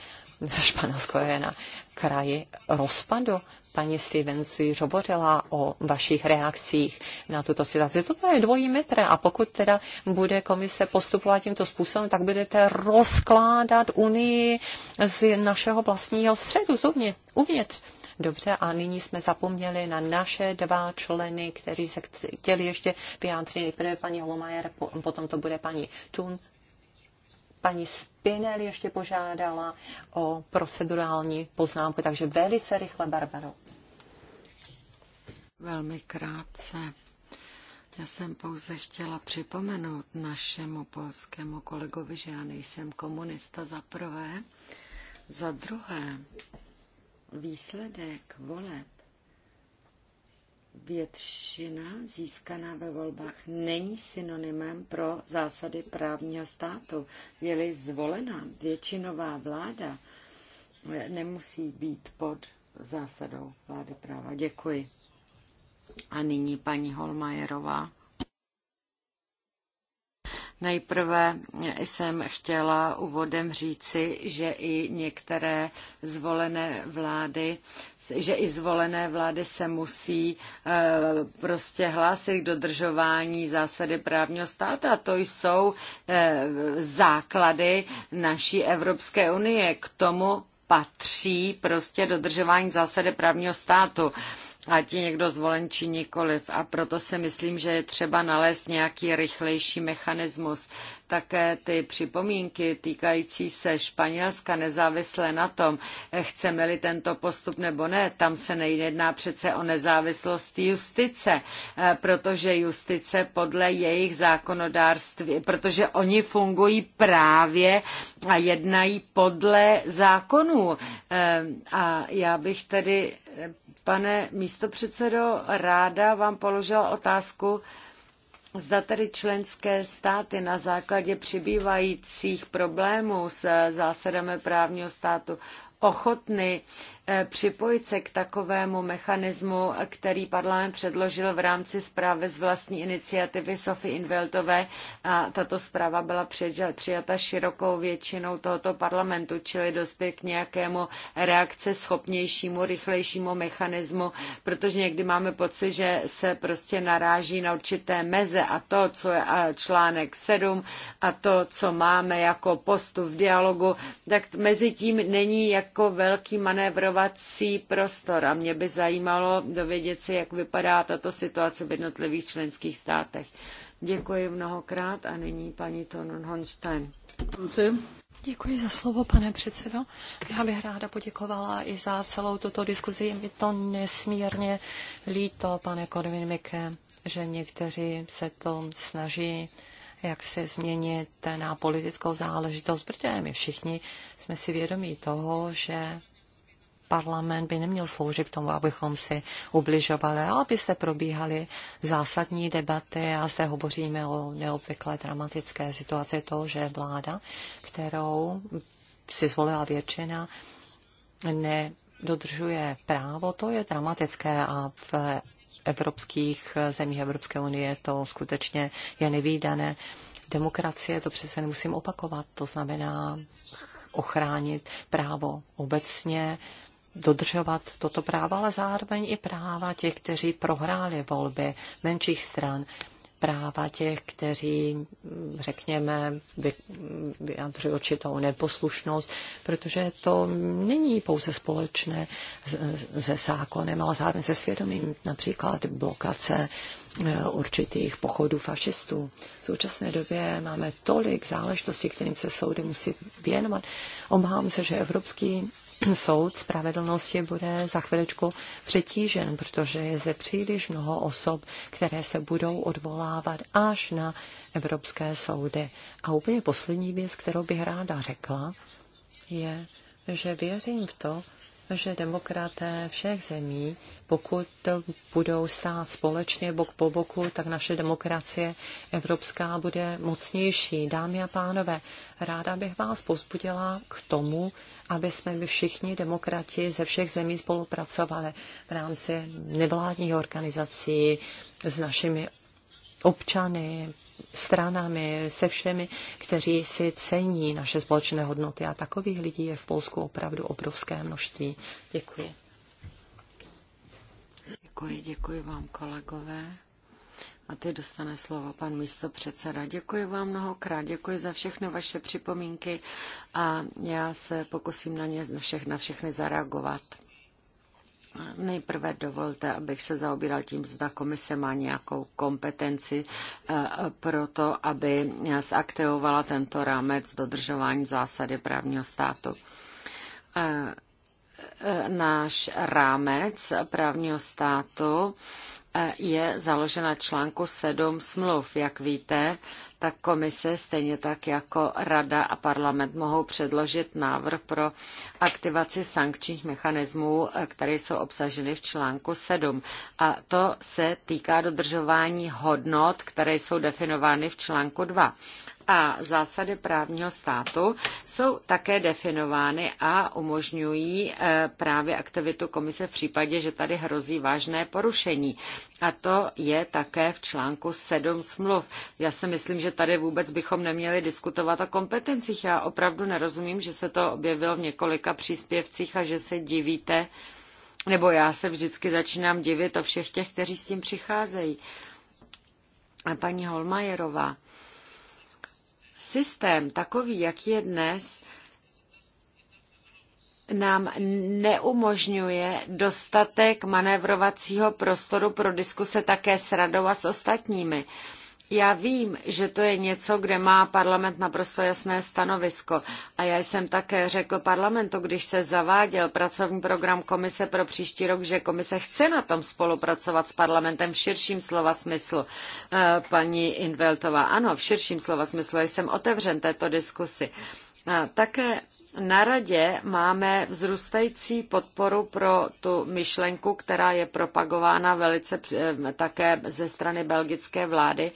Španělsko je na kraji rozpadu. Paní Stevens již hovořila o vašich reakcích na tuto situaci. Toto je dvojí metr a pokud teda bude komise postupovat tímto způsobem, tak budete rozkládat Unii z našeho vlastního středu, z uvnitř. Dobře, a nyní jsme zapomněli na naše dva členy, kteří se chtěli ještě vyjádřit. Nejprve paní Holomajer, potom to bude paní Tun, paní Spinel ještě požádala o procedurální poznámku, takže velice rychle, Barbaro. Velmi krátce. Já jsem pouze chtěla připomenout našemu polskému kolegovi, že já nejsem komunista za prvé. Za druhé, výsledek voleb většina získaná ve volbách není synonymem pro zásady právního státu. Je-li zvolena většinová vláda, nemusí být pod zásadou vlády práva. Děkuji. A nyní paní Holmajerová. Nejprve jsem chtěla úvodem říci, že i některé zvolené vlády, že i zvolené vlády se musí eh, prostě hlásit k dodržování zásady právního státu. A to jsou eh, základy naší Evropské unie. K tomu patří prostě dodržování zásady právního státu ať je někdo zvolen či nikoliv. A proto si myslím, že je třeba nalézt nějaký rychlejší mechanismus. Také ty připomínky týkající se Španělska nezávisle na tom, eh, chceme-li tento postup nebo ne, tam se nejedná přece o nezávislost justice, eh, protože justice podle jejich zákonodárství, protože oni fungují právě a jednají podle zákonů. Eh, a já bych tedy Pane místopředsedo, ráda vám položila otázku, Zda tedy členské státy na základě přibývajících problémů s zásadami právního státu ochotny E, připojit se k takovému mechanismu, který parlament předložil v rámci zprávy z vlastní iniciativy Sofie Inveltové a tato zpráva byla přijata širokou většinou tohoto parlamentu, čili dospět k nějakému reakce schopnějšímu, rychlejšímu mechanismu, protože někdy máme pocit, že se prostě naráží na určité meze a to, co je článek 7 a to, co máme jako postup v dialogu, tak mezi tím není jako velký manévrovací manévrovací prostor a mě by zajímalo dovědět se, jak vypadá tato situace v jednotlivých členských státech. Děkuji mnohokrát a nyní paní Tonon Honstein. Děkuji za slovo, pane předsedo. Já bych ráda poděkovala i za celou tuto diskuzi. Je mi to nesmírně líto, pane Korvin že někteří se to snaží jak se změnit na politickou záležitost, protože my všichni jsme si vědomí toho, že parlament by neměl sloužit k tomu, abychom si ubližovali, ale aby se probíhaly zásadní debaty a zde hovoříme o neobvykle dramatické situaci toho, že vláda, kterou si zvolila většina, nedodržuje právo, to je dramatické a v evropských zemích Evropské unie to skutečně je nevýdané. Demokracie, to přece nemusím opakovat, to znamená ochránit právo obecně, dodržovat toto právo, ale zároveň i práva těch, kteří prohráli volby menších stran, práva těch, kteří, řekněme, vyjadřují určitou neposlušnost, protože to není pouze společné se zákonem, ale zároveň se svědomím, například blokace e, určitých pochodů fašistů. V současné době máme tolik záležitostí, kterým se soudy musí věnovat. Obávám se, že Evropský [CLEARS THROAT] soud spravedlnosti bude za chviličku přetížen, protože je zde příliš mnoho osob, které se budou odvolávat až na evropské soudy. A úplně poslední věc, kterou bych ráda řekla, je, že věřím v to, že demokraté všech zemí, pokud budou stát společně bok po boku, tak naše demokracie evropská bude mocnější. Dámy a pánové, ráda bych vás pozbudila k tomu, aby jsme my všichni demokrati ze všech zemí spolupracovali v rámci nevládních organizací s našimi občany, stranami, se všemi, kteří si cení naše společné hodnoty. A takových lidí je v Polsku opravdu obrovské množství. Děkuji. Děkuji, děkuji vám, kolegové. A teď dostane slovo pan místo předseda. Děkuji vám mnohokrát, děkuji za všechny vaše připomínky a já se pokusím na ně na, všech, na všechny zareagovat. Nejprve dovolte, abych se zaobíral tím, zda komise má nějakou kompetenci eh, pro to, aby zaktivovala tento rámec dodržování zásady právního státu eh, eh, náš rámec právního státu je založena článku 7 smluv, jak víte, tak komise, stejně tak jako rada a parlament, mohou předložit návrh pro aktivaci sankčních mechanismů, eh, které jsou obsaženy v článku 7. A to se týká dodržování hodnot, které jsou definovány v článku 2 a zásady právního státu jsou také definovány a umožňují eh, právě aktivitu komise v případě, že tady hrozí vážné porušení. A to je také v článku 7 smluv. Já si myslím, že že tady vůbec bychom neměli diskutovat o kompetencích. Já opravdu nerozumím, že se to objevilo v několika příspěvcích a že se divíte, nebo já se vždycky začínám divit o všech těch, kteří s tím přicházejí. A paní Holmajerová, systém takový, jaký je dnes, nám neumožňuje dostatek manévrovacího prostoru pro diskuse také s radou a s ostatními. Já vím, že to je něco, kde má parlament naprosto jasné stanovisko. A já jsem také řekl parlamentu, když se zaváděl pracovní program komise pro příští rok, že komise chce na tom spolupracovat s parlamentem v širším slova smyslu. Eh, paní Inveltová, ano, v širším slova smyslu jsem otevřen této diskusi. Také na radě máme vzrůstající podporu pro tu myšlenku, která je propagována velice eh, také ze strany belgické vlády,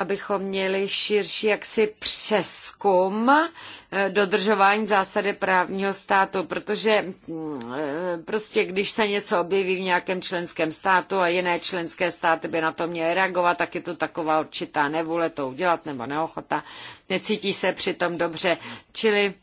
abychom měli širší jaksi přeskum eh, dodržování zásady právního státu, protože mm, eh, prostě když se něco objeví v nějakém členském státu a jiné členské státy by na to měly reagovat, tak je to taková určitá nevůle to udělat nebo neochota, necítí se přitom dobře. Čili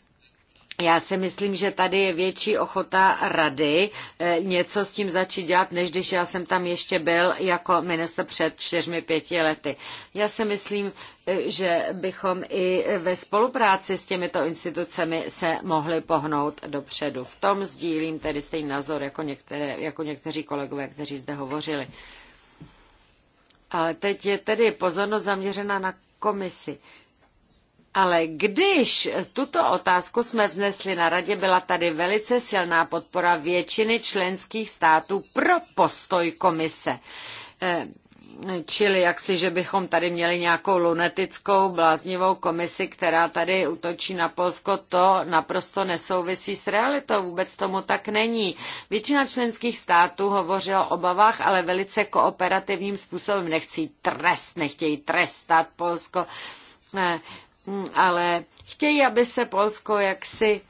já si myslím, že tady je větší ochota rady eh, něco s tím začít dělat, než když já jsem tam ještě byl jako minister před čtyřmi, pěti lety. Já si myslím, eh, že bychom i ve spolupráci s těmito institucemi se mohli pohnout dopředu. V tom sdílím tedy stejný názor jako, některé, jako někteří kolegové, kteří zde hovořili. Ale teď je tedy pozornost zaměřena na komisi. Ale když tuto otázku jsme vznesli na radě, byla tady velice silná podpora většiny členských států pro postoj komise. Eh, čili jaksi, že bychom tady měli nějakou lunetickou, bláznivou komisi, která tady útočí na Polsko, to naprosto nesouvisí s realitou. Vůbec tomu tak není. Většina členských států hovořila o obavách, ale velice kooperativním způsobem. Nechcí trest, nechtějí trestat Polsko eh, Hmm, ale chtějí, aby se Polsko jaksi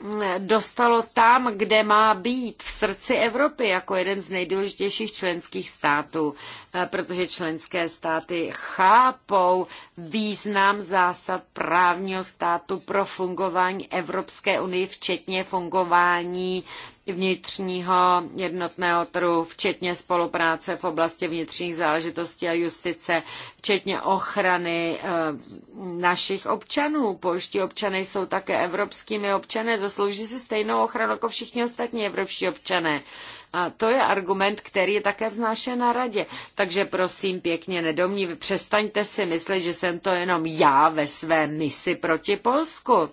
hmm, dostalo tam, kde má být, v srdci Evropy, jako jeden z nejdůležitějších členských států, eh, protože členské státy chápou význam zásad právního státu pro fungování Evropské unie, včetně fungování vnitřního jednotného trhu, včetně spolupráce v oblasti vnitřních záležitostí a justice, včetně ochrany eh, našich občanů. Polští občany jsou také evropskými občany, zaslouží si stejnou ochranu jako všichni ostatní evropští občané. A to je argument, který je také vznášen na radě. Takže prosím pěkně, nedomní, přestaňte si myslet, že jsem to jenom já ve své misi proti Polsku.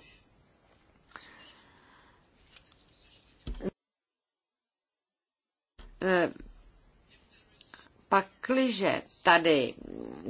Eh, pakliže tady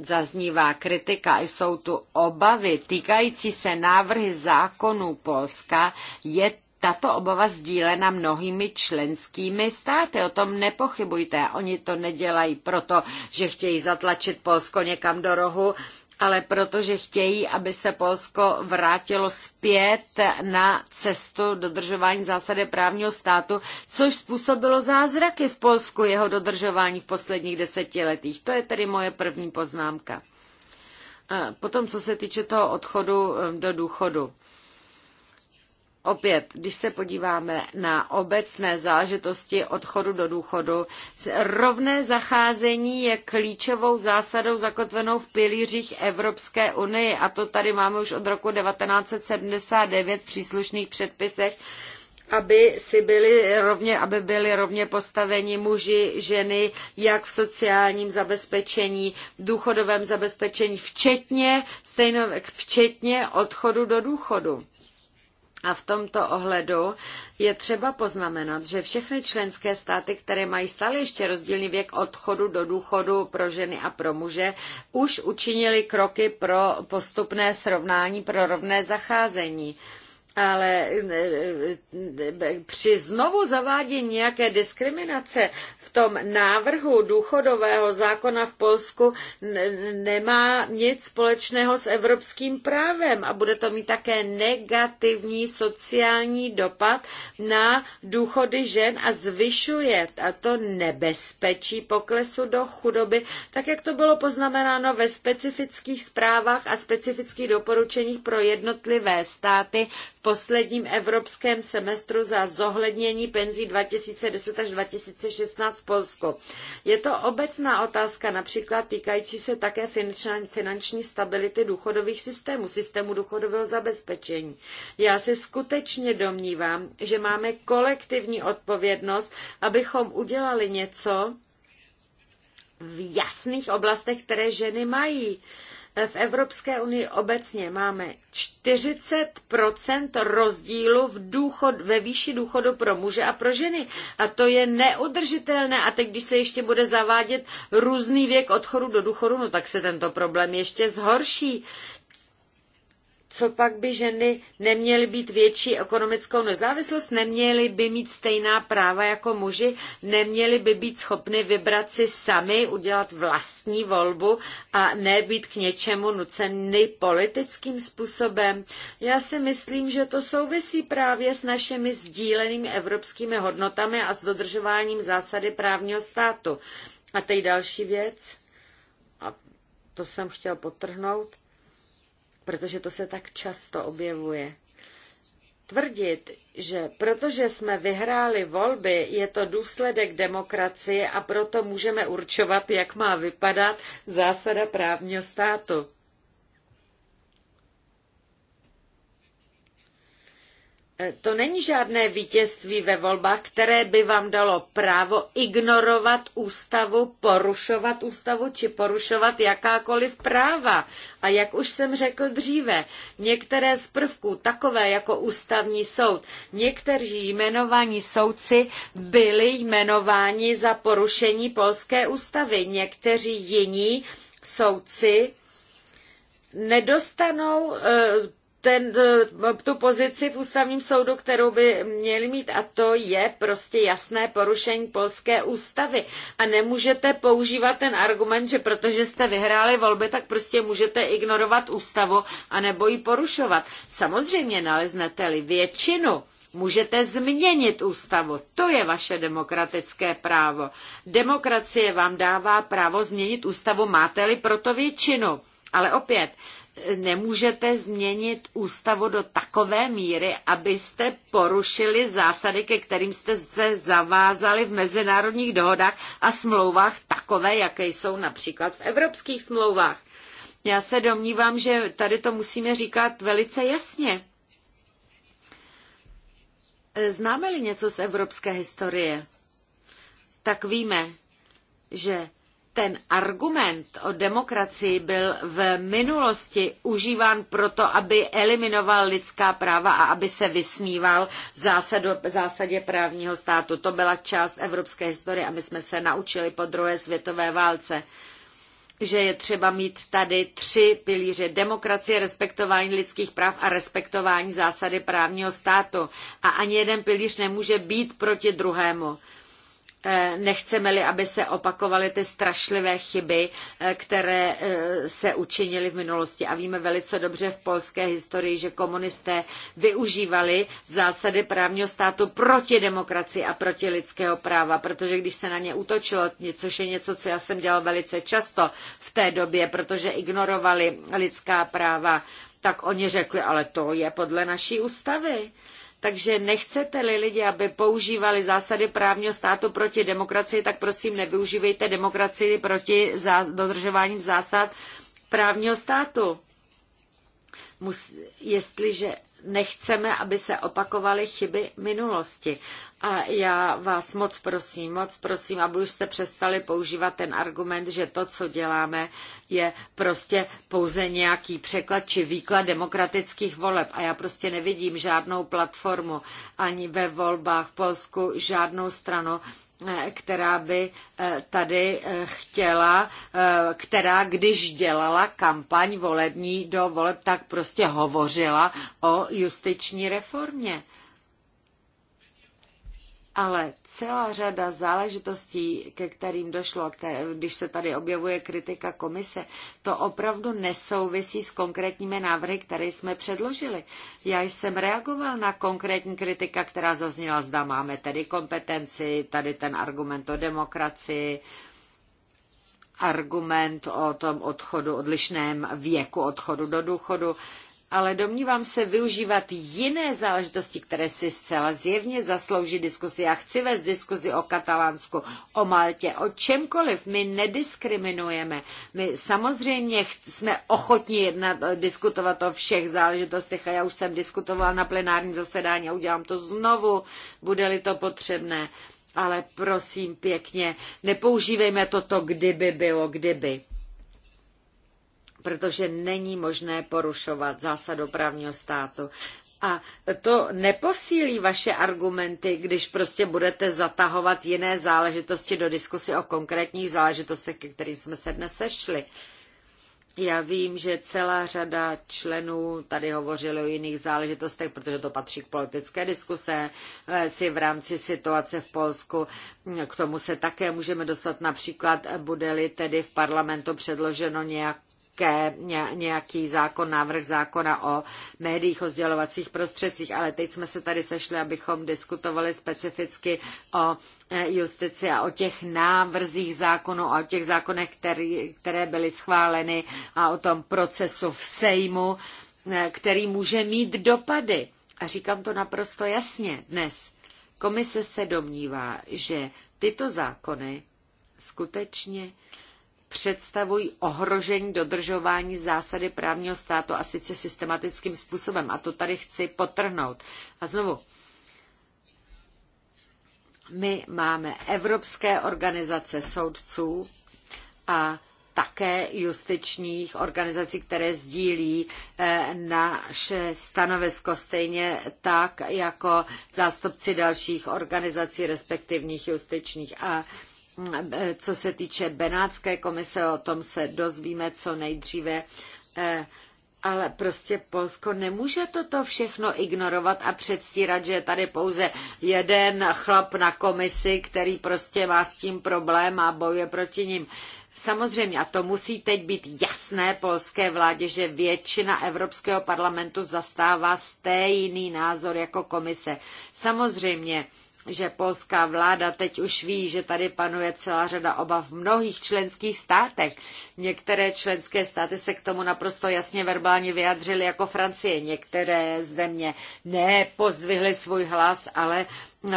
zaznívá kritika a jsou tu obavy týkající se návrhy zákonů Polska, je tato obava sdílena mnohými členskými státy. O tom nepochybujte. Oni to nedělají proto, že chtějí zatlačit Polsko někam do rohu, ale protože chtějí, aby se Polsko vrátilo zpět na cestu dodržování zásady právního státu, což způsobilo zázraky v Polsku jeho dodržování v posledních desetiletích. To je tedy moje první poznámka. Potom, co se týče toho odchodu eh, do důchodu. Opět, když se podíváme na obecné záležitosti odchodu do důchodu, rovné zacházení je klíčovou zásadou zakotvenou v pilířích Evropské unie a to tady máme už od roku 1979 v příslušných předpisech aby, si byli rovně, aby byli rovně postaveni muži, ženy, jak v sociálním zabezpečení, důchodovém zabezpečení, včetně, stejno, včetně odchodu do důchodu. A v tomto ohledu je třeba poznamenat, že všechny členské státy, které mají stále ještě rozdílný věk odchodu do důchodu pro ženy a pro muže, už učinili kroky pro postupné srovnání, pro rovné zacházení ale eh, eh, při znovu zavádění nějaké diskriminace v tom návrhu důchodového zákona v Polsku nemá nic společného s evropským právem a bude to mít také negativní sociální dopad na důchody žen a zvyšuje a to nebezpečí poklesu do chudoby, tak jak to bylo poznamenáno ve specifických zprávách a specifických doporučeních pro jednotlivé státy posledním evropském semestru za zohlednění penzí 2010 až 2016 v Polsku. Je to obecná otázka, například týkající se také finanční stability důchodových systémů, systému důchodového zabezpečení. Já se skutečně domnívám, že máme kolektivní odpovědnost, abychom udělali něco v jasných oblastech, které ženy mají v Evropské unii obecně máme 40 rozdílu v důchod, ve výši důchodu pro muže a pro ženy. A to je neudržitelné. A teď, když se ještě bude zavádět různý věk odchodu do důchodu, no tak se tento problém ještě zhorší co pak by ženy neměly být větší ekonomickou nezávislost, neměly by mít stejná práva jako muži, neměly by být schopny vybrat si sami, udělat vlastní volbu a nebýt k něčemu nuceny politickým způsobem. Já si myslím, že to souvisí právě s našimi sdílenými evropskými hodnotami a s dodržováním zásady právního státu. A teď další věc, a to jsem chtěl potrhnout, protože to se tak často objevuje. Tvrdit, že protože jsme vyhráli volby, je to důsledek demokracie a proto můžeme určovat, jak má vypadat zásada právního státu. E, to není žádné vítězství ve volbách, které by vám dalo právo ignorovat ústavu, porušovat ústavu či porušovat jakákoliv práva. A jak už jsem řekl dříve, některé z prvků, takové jako ústavní soud, někteří jmenovaní soudci byli jmenováni za porušení polské ústavy, někteří jiní soudci nedostanou e, ten, eh, tu pozici v ústavním soudu, kterou by měli mít a to je prostě jasné porušení polské ústavy. A nemůžete používat ten argument, že protože jste vyhráli volby, tak prostě můžete ignorovat ústavu a nebo ji porušovat. Samozřejmě naleznete-li většinu, Můžete změnit ústavu, to je vaše demokratické právo. Demokracie vám dává právo změnit ústavu, máte-li proto většinu. Ale opět, nemůžete změnit ústavu do takové míry, abyste porušili zásady, ke kterým jste se zavázali v mezinárodních dohodách a smlouvách takové, jaké jsou například v evropských smlouvách. Já se domnívám, že tady to musíme říkat velice jasně. Známe-li něco z evropské historie, tak víme, že ten argument o demokracii byl v minulosti užíván proto, aby eliminoval lidská práva a aby se vysmíval zásadu, zásadě právního státu. To byla část evropské historie a my jsme se naučili po druhé světové válce že je třeba mít tady tři pilíře demokracie, respektování lidských práv a respektování zásady právního státu. A ani jeden pilíř nemůže být proti druhému. Eh, nechceme-li, aby se opakovaly ty strašlivé chyby, eh, které eh, se učinily v minulosti. A víme velice dobře v polské historii, že komunisté využívali zásady právního státu proti demokracii a proti lidského práva, protože když se na ně útočilo, což je něco, co já jsem dělal velice často v té době, protože ignorovali lidská práva, tak oni řekli, ale to je podle naší ústavy. Takže nechcete-li lidi, aby používali zásady právního státu proti demokracii, tak prosím nevyužívejte demokracii proti dodržování zásad právního státu. Mus, jestliže nechceme, aby se opakovaly chyby minulosti. A já vás moc prosím, moc prosím, aby už jste přestali používat ten argument, že to, co děláme, je prostě pouze nějaký překlad či výklad demokratických voleb. A já prostě nevidím žádnou platformu ani ve volbách v Polsku, žádnou stranu, která by eh, tady eh, chtěla, eh, která když dělala kampaň volební do voleb, tak prostě hovořila o justiční reformě. Ale celá řada záležitostí, ke kterým došlo, a když se tady objevuje kritika komise, to opravdu nesouvisí s konkrétními návrhy, které jsme předložili. Já jsem reagoval na konkrétní kritika, která zazněla, zda máme tedy kompetenci, tady ten argument o demokracii, argument o tom odchodu, odlišném věku odchodu do důchodu ale domnívám se využívat jiné záležitosti, které si zcela zjevně zaslouží diskusi. Já chci vést diskuzi o Katalánsku, o Maltě, o čemkoliv. My nediskriminujeme. My samozřejmě jsme ochotni jednat, eh, diskutovat o všech záležitostech a já už jsem diskutovala na plenárním zasedání a udělám to znovu, bude-li to potřebné. Ale prosím pěkně, nepoužívejme toto kdyby bylo kdyby protože není možné porušovat zásadu právního státu. A to neposílí vaše argumenty, když prostě budete zatahovat jiné záležitosti do diskusy o konkrétních záležitostech, ke kterým jsme se dnes sešli. Já vím, že celá řada členů tady hovořili o jiných záležitostech, protože to patří k politické diskuse eh, si v rámci situace v Polsku. K tomu se také můžeme dostat například, bude-li tedy v parlamentu předloženo nějak nějaké, nějaký zákon, návrh zákona o médiích, o sdělovacích prostředcích, ale teď jsme se tady sešli, abychom diskutovali specificky o e, justici a o těch návrzích zákonů a o těch zákonech, který, které byly schváleny a o tom procesu v Sejmu, e, který může mít dopady. A říkám to naprosto jasně dnes. Komise se domnívá, že tyto zákony skutečně představují ohrožení dodržování zásady právního státu a sice systematickým způsobem. A to tady chci potrhnout. A znovu, my máme evropské organizace soudců a také justičních organizací, které sdílí eh, naše stanovisko, stejně tak jako zástupci dalších organizací, respektivních justičních. A Mm, eh, co se týče Benátské komise, o tom se dozvíme co nejdříve. Eh, ale prostě Polsko nemůže toto všechno ignorovat a předstírat, že je tady pouze jeden chlap na komisi, který prostě má s tím problém a bojuje proti ním. Samozřejmě, a to musí teď být jasné polské vládě, že většina Evropského parlamentu zastává stejný názor jako komise. Samozřejmě, že polská vláda teď už ví, že tady panuje celá řada obav v mnohých členských státech. Některé členské státy se k tomu naprosto jasně verbálně vyjadřily jako Francie, některé země ne, pozdvihly svůj hlas, ale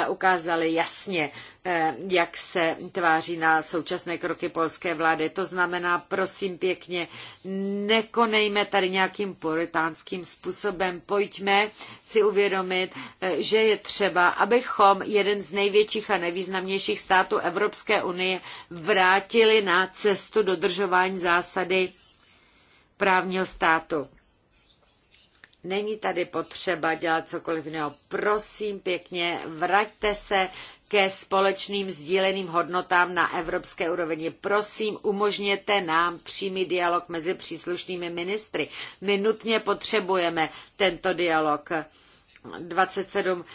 ukázali jasně, eh, jak se tváří na současné kroky polské vlády. To znamená, prosím pěkně, nekonejme tady nějakým puritánským způsobem. Pojďme si uvědomit, eh, že je třeba, abychom jeden z největších a nejvýznamnějších států Evropské unie vrátili na cestu dodržování zásady právního státu. Není tady potřeba dělat cokoliv jiného. Prosím pěkně, vraťte se ke společným sdíleným hodnotám na evropské úrovni. Prosím, umožněte nám přímý dialog mezi příslušnými ministry. My nutně potřebujeme tento dialog. 27,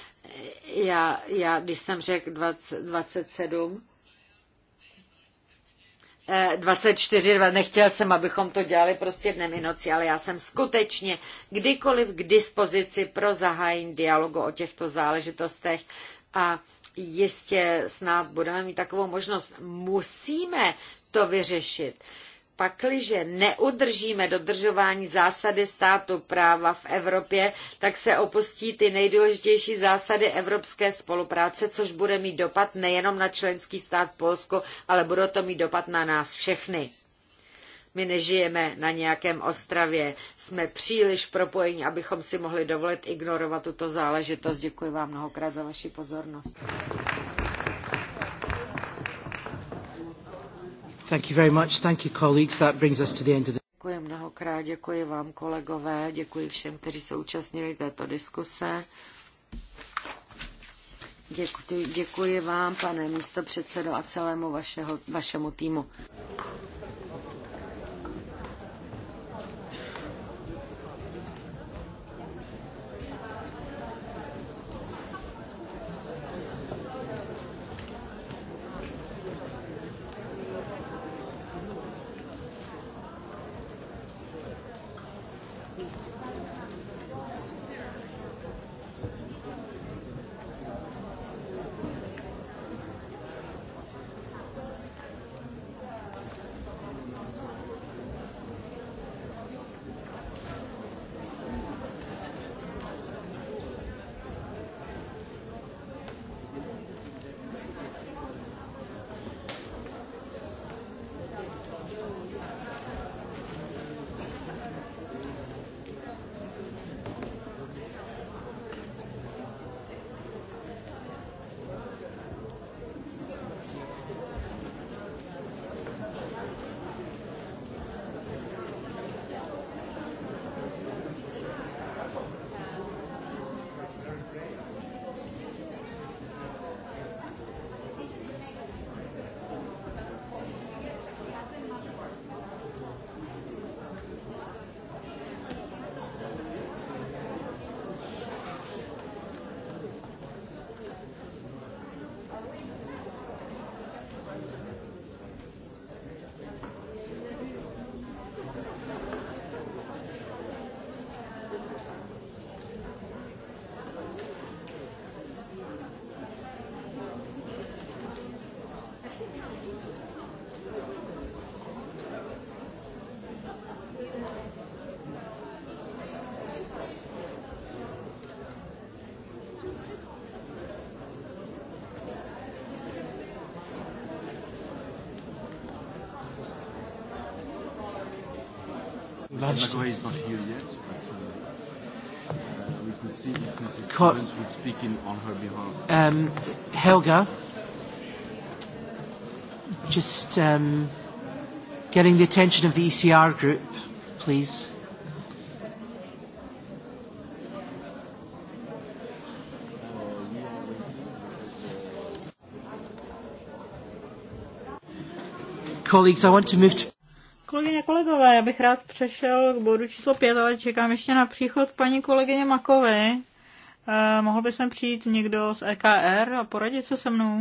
já, já když jsem řekl 20, 27, 24, eh, nechtěl jsem, abychom to dělali prostě dnem i noci, ale já jsem skutečně kdykoliv k dispozici pro zahájení dialogu o těchto záležitostech a jistě snad budeme mít takovou možnost. Musíme to vyřešit pakliže neudržíme dodržování zásady státu práva v Evropě, tak se opustí ty nejdůležitější zásady evropské spolupráce, což bude mít dopad nejenom na členský stát Polsko, ale bude to mít dopad na nás všechny. My nežijeme na nějakém ostravě, jsme příliš propojeni, abychom si mohli dovolit ignorovat tuto záležitost. Děkuji vám mnohokrát za vaši pozornost. Děkuji mnohokrát, děkuji vám kolegové, děkuji všem, kteří se účastnili této diskuse. Děkuji, děkuji vám, pane předsedo, a celému vašeho, vašemu týmu. Uh, uh, could on her Um, Helga, just um, getting the attention of the ECR group, please. Colleagues, I want to move to kolegové, já bych rád přešel k bodu číslo pět, ale čekám ještě na příchod paní kolegyně Makové. Eh, mohl by sem přijít někdo z EKR a poradit se se mnou?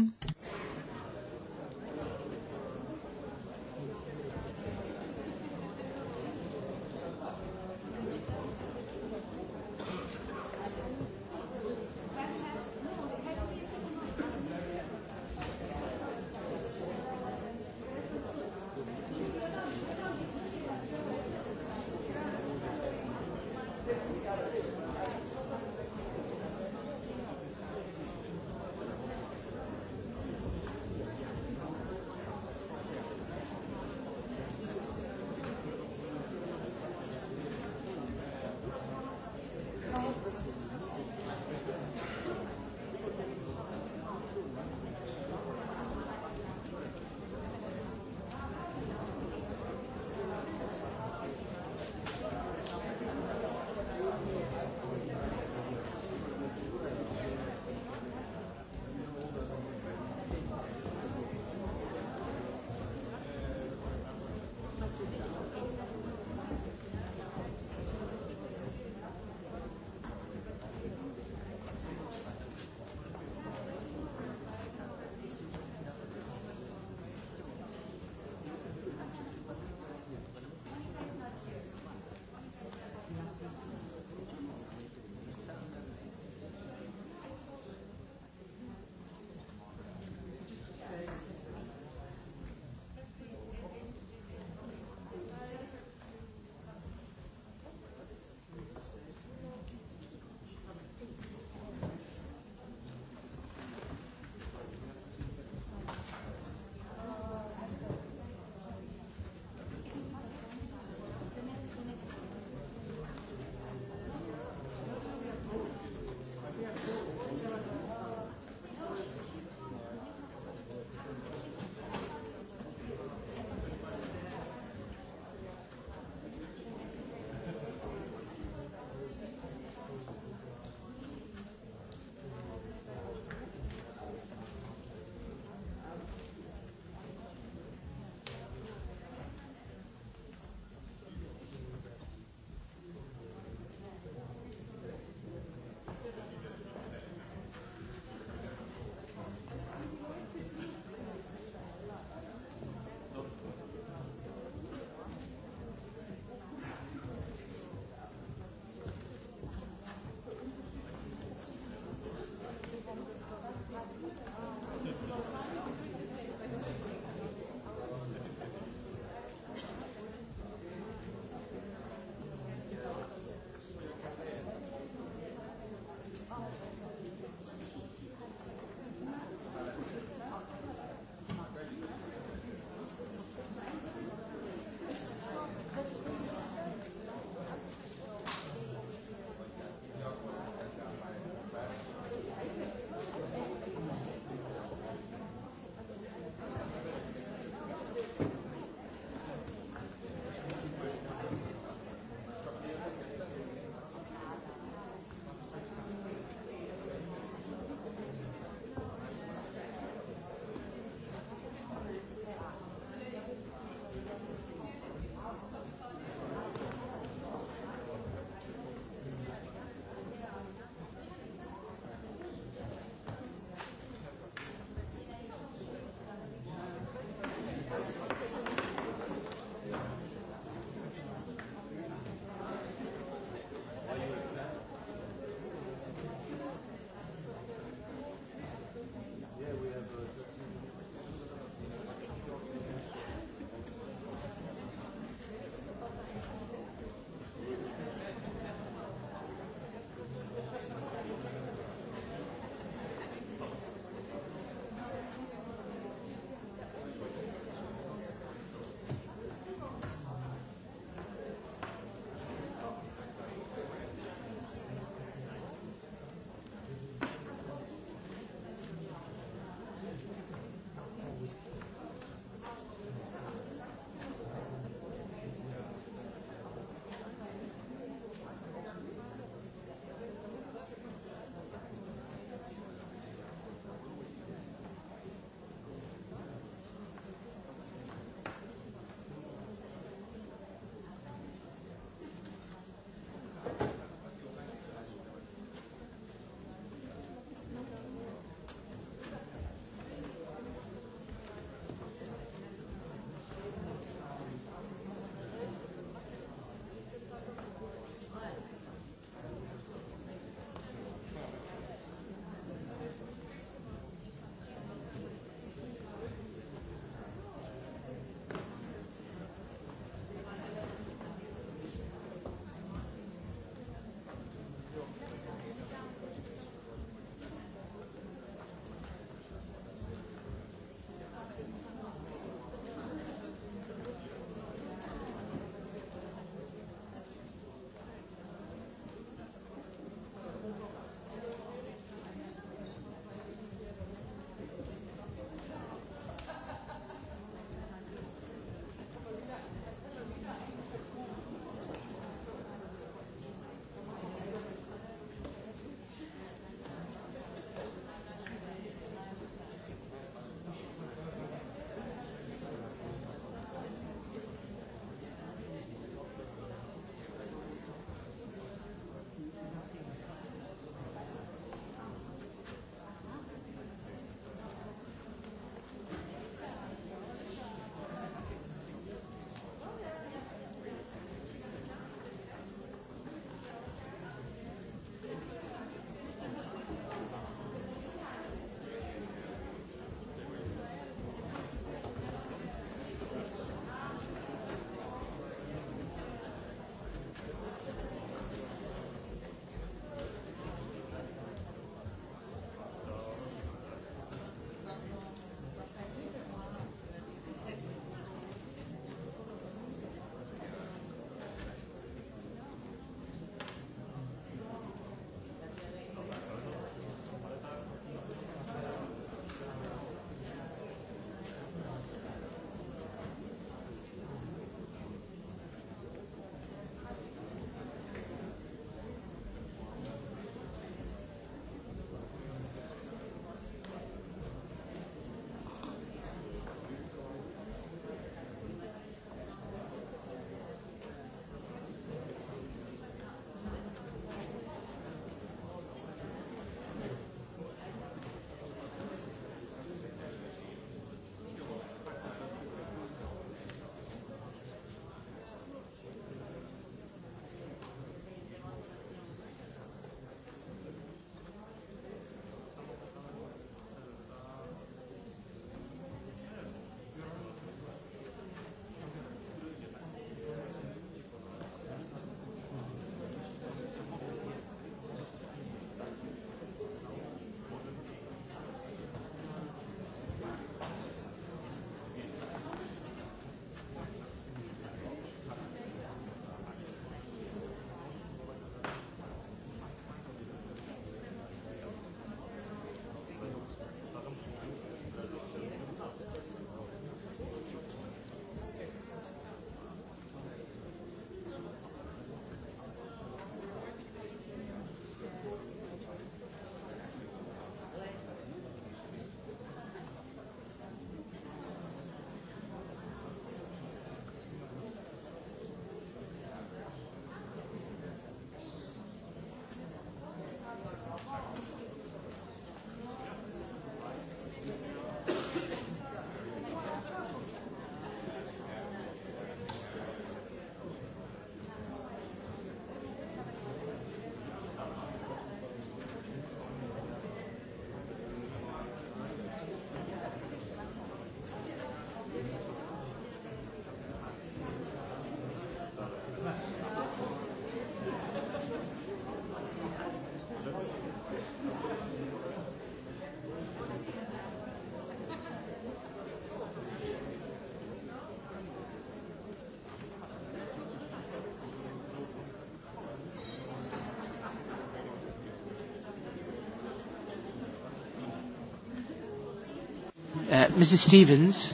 Uh, Mrs. Stevens,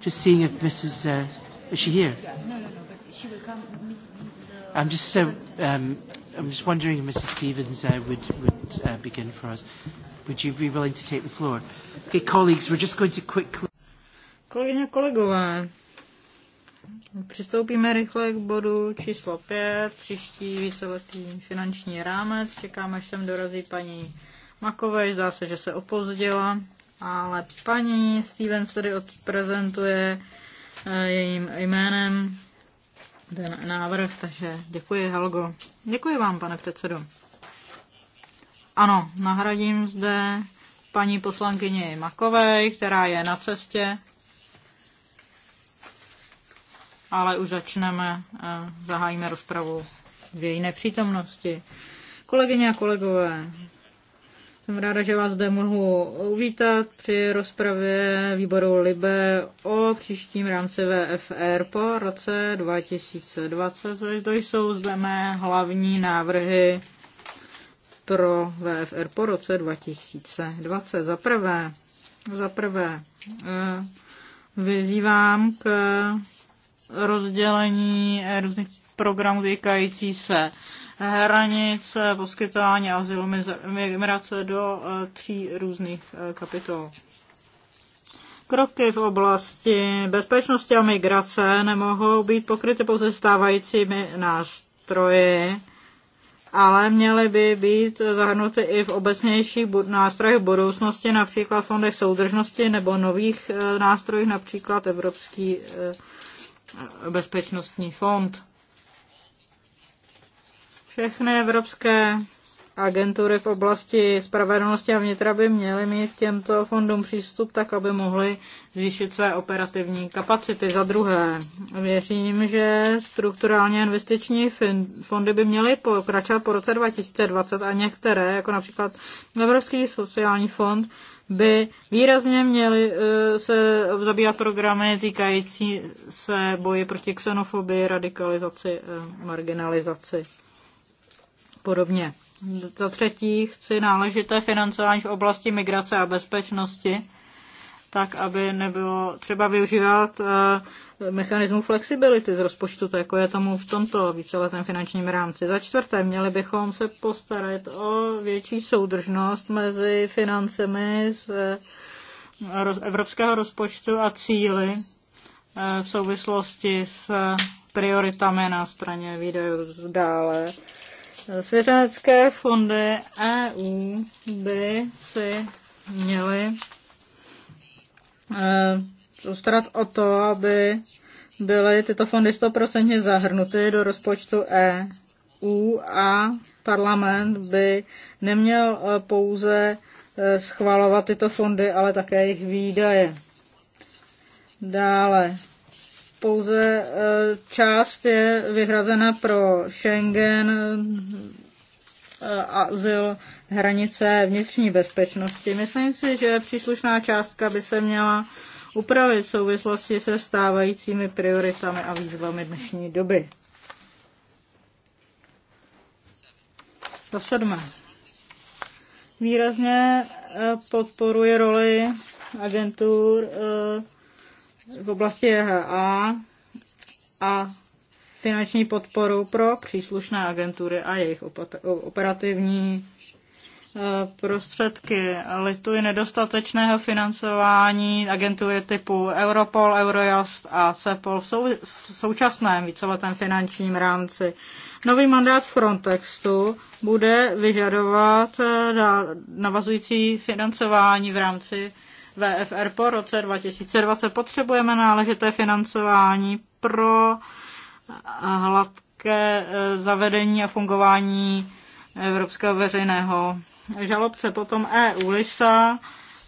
just seeing if Mrs. Uh, is she here? No, no, no, but she will come. Ms. Ms. Uh, I'm just, uh, um, I'm just wondering if Mrs. Stevens uh, would would uh, begin for us. Would you be willing to take the floor? Okay, colleagues, we're just going to quickly. Kolegyně, kolegové, Přistoupíme rychle k bodu číslo 5, příští víceletý finanční rámec. Čekáme, až sem dorazí paní Makové, zdá se, že se opozdila ale paní Stevens tady odprezentuje eh, jejím jménem ten návrh, takže děkuji Helgo. Děkuji vám, pane předsedo. Ano, nahradím zde paní poslankyni Makovej, která je na cestě, ale už začneme, eh, zahájíme rozpravu v její nepřítomnosti. Kolegyně a kolegové, jsem ráda, že vás zde mohu uvítat při rozpravě výboru Libe o příštím rámci VFR po roce 2020. To jsou zde mé hlavní návrhy pro VFR po roce 2020. Za prvé, za prvé eh, vyzývám k rozdělení různých programů týkající se Hranice, poskytování azylu, migrace do e, tří různých e, kapitol. Kroky v oblasti bezpečnosti a migrace nemohou být pokryty pouze stávajícími nástroji, ale měly by být zahrnuty i v obecnějších nástrojích budoucnosti, například v fondech soudržnosti nebo nových e, nástrojích, například Evropský bezpečnostní fond. Všechny evropské agentury v oblasti spravedlnosti a vnitra by měly mít těmto fondům přístup tak, aby mohly zvýšit své operativní kapacity. Za druhé, věřím, že strukturálně investiční fondy by měly pokračovat po roce 2020 a některé, jako například Evropský sociální fond, by výrazně měly eh, se zabývat programy týkající se boji proti xenofobii, radikalizaci, eh, marginalizaci podobně. Za třetí chci náležité financování v oblasti migrace a bezpečnosti, tak aby nebylo třeba využívat eh, mechanismu flexibility z rozpočtu, tak jako je tomu v tomto víceletém finančním rámci. Za čtvrté, měli bychom se postarat o větší soudržnost mezi financemi z eh, evropského rozpočtu a cíly eh, v souvislosti s prioritami na straně výdajů dále Svěřenecké fondy EU by si měly eh, postarat o to, aby byly tyto fondy 100% zahrnuty do rozpočtu EU a parlament by neměl eh, pouze eh, schvalovat tyto fondy, ale také jejich výdaje. Dále pouze e, část je vyhrazena pro Schengen, e, azyl, hranice vnitřní bezpečnosti. Myslím si, že příslušná částka by se měla upravit v souvislosti se stávajícími prioritami a výzvami dnešní doby. Za sedmé. Výrazně e, podporuje roli agentur v oblasti EHA a finanční podporu pro příslušné agentury a jejich operativní e, prostředky. Lituji nedostatečného financování agentury typu Europol, Eurojust a CEPOL v současném víceletém finančním rámci. Nový mandát Frontextu bude vyžadovat e, navazující financování v rámci VFR po roce 2020. Potřebujeme náležité financování pro eh, hladké eh, zavedení a fungování Evropského veřejného žalobce. Potom EU LISA,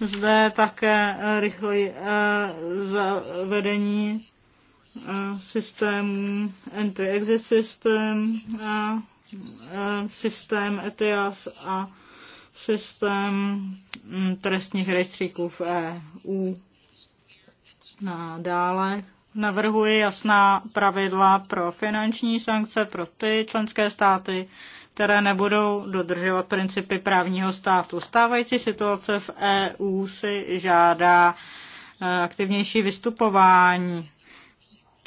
zde také eh, rychlé zavedení systému anti-exit systém, systém ETIAS a systém mm, trestních rejstříků v EU. Nadále navrhuji jasná pravidla pro finanční sankce pro ty členské státy, které nebudou dodržovat principy právního státu. Stávající situace v EU si žádá eh, aktivnější vystupování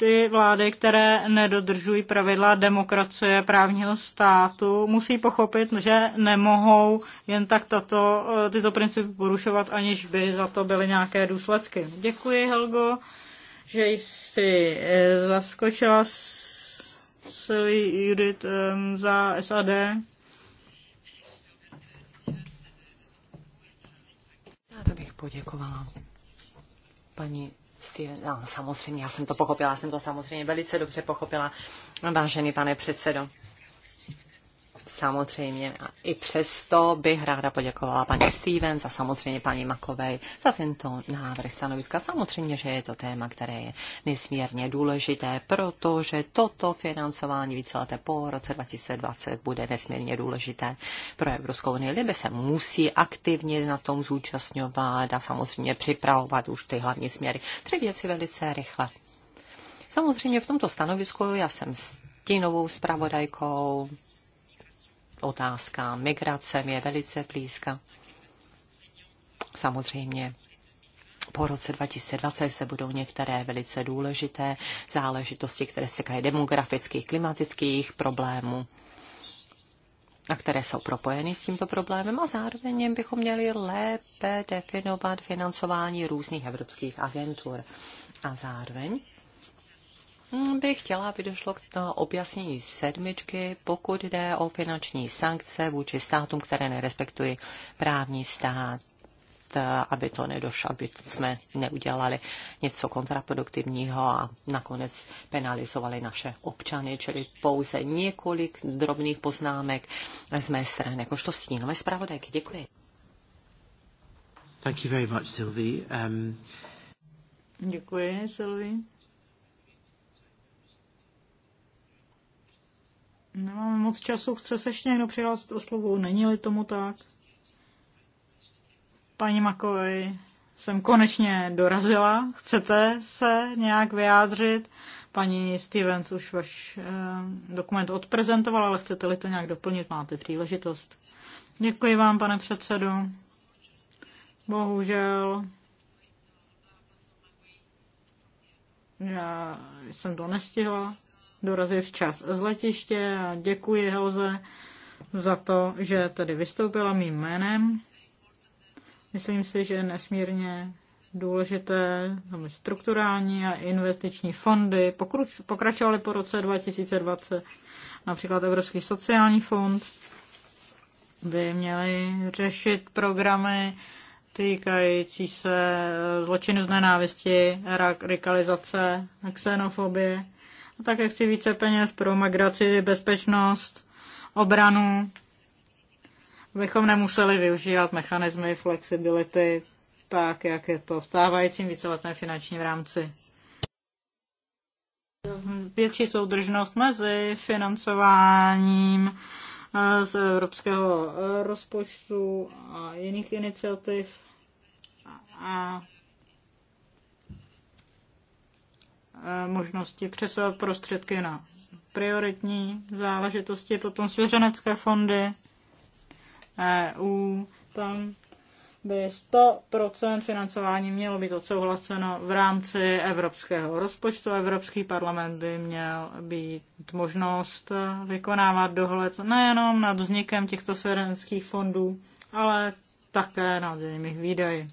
ty vlády, které nedodržují pravidla demokracie, právního státu, musí pochopit, že nemohou jen tak tato, eh, tyto principy porušovat, aniž by za to byly nějaké důsledky. Děkuji, Helgo, že jsi eh, zaskočila celý Judit um, za SAD. Já bych poděkovala paní Steven, no, samozřejmě, já jsem to pochopila, já jsem to samozřejmě velice dobře pochopila, vážený pane předsedo samozřejmě. A i přesto bych ráda poděkovala paní Stevens a samozřejmě paní Makovej za tento návrh stanoviska. Samozřejmě, že je to téma, které je nesmírně důležité, protože toto financování víceleté po roce 2020 bude nesmírně důležité pro Evropskou unii. Liby se musí aktivně na tom zúčastňovat a samozřejmě připravovat už ty hlavní směry. Tři věci velice rychle. Samozřejmě v tomto stanovisku já jsem s novou zpravodajkou otázka migrace mi je velice blízka. Samozřejmě po roce 2020 se budou některé velice důležité záležitosti, které se týkají demografických, klimatických problémů a které jsou propojeny s tímto problémem a zároveň bychom měli lépe definovat financování různých evropských agentur. A zároveň bych chtěla, aby došlo k to objasnění sedmičky, pokud jde o finanční sankce vůči státům, které nerespektují právní stát aby to nedošlo, aby jsme neudělali něco kontraproduktivního a nakonec penalizovali naše občany, čili pouze několik drobných poznámek z mé strany, to stínové zpravodajky. Děkuji. Thank you very much, Sylvie. Um... Děkuji, Sylvie. Nemáme moc času. Chce se ještě někdo přihlásit o slovo? Není-li tomu tak? Paní Makovej, jsem konečně dorazila. Chcete se nějak vyjádřit? Paní Stevens už vaš eh, dokument odprezentovala, ale chcete-li to nějak doplnit, máte příležitost. Děkuji vám, pane předsedo. Bohužel. Já jsem to nestihla dorazit včas z letiště a děkuji Helze za to, že tady vystoupila mým jménem. Myslím si, že je nesmírně důležité strukturální a investiční fondy pokračovaly po roce 2020. Například Evropský sociální fond by měli řešit programy týkající se zločinu z nenávisti, radikalizace, xenofobie také chci více peněz pro migraci, bezpečnost, obranu, abychom nemuseli využívat mechanismy flexibility tak, jak je to v stávajícím víceletém finančním rámci. Větší soudržnost mezi financováním eh, z evropského eh, rozpočtu a jiných iniciativ a Eh, možnosti přesovat prostředky na prioritní záležitosti, potom svěřenecké fondy EU, tam by 100% financování mělo být odsouhlaseno v rámci evropského rozpočtu. Evropský parlament by měl být možnost vykonávat dohled nejenom nad vznikem těchto svěřenských fondů, ale také nad jejich výdaji.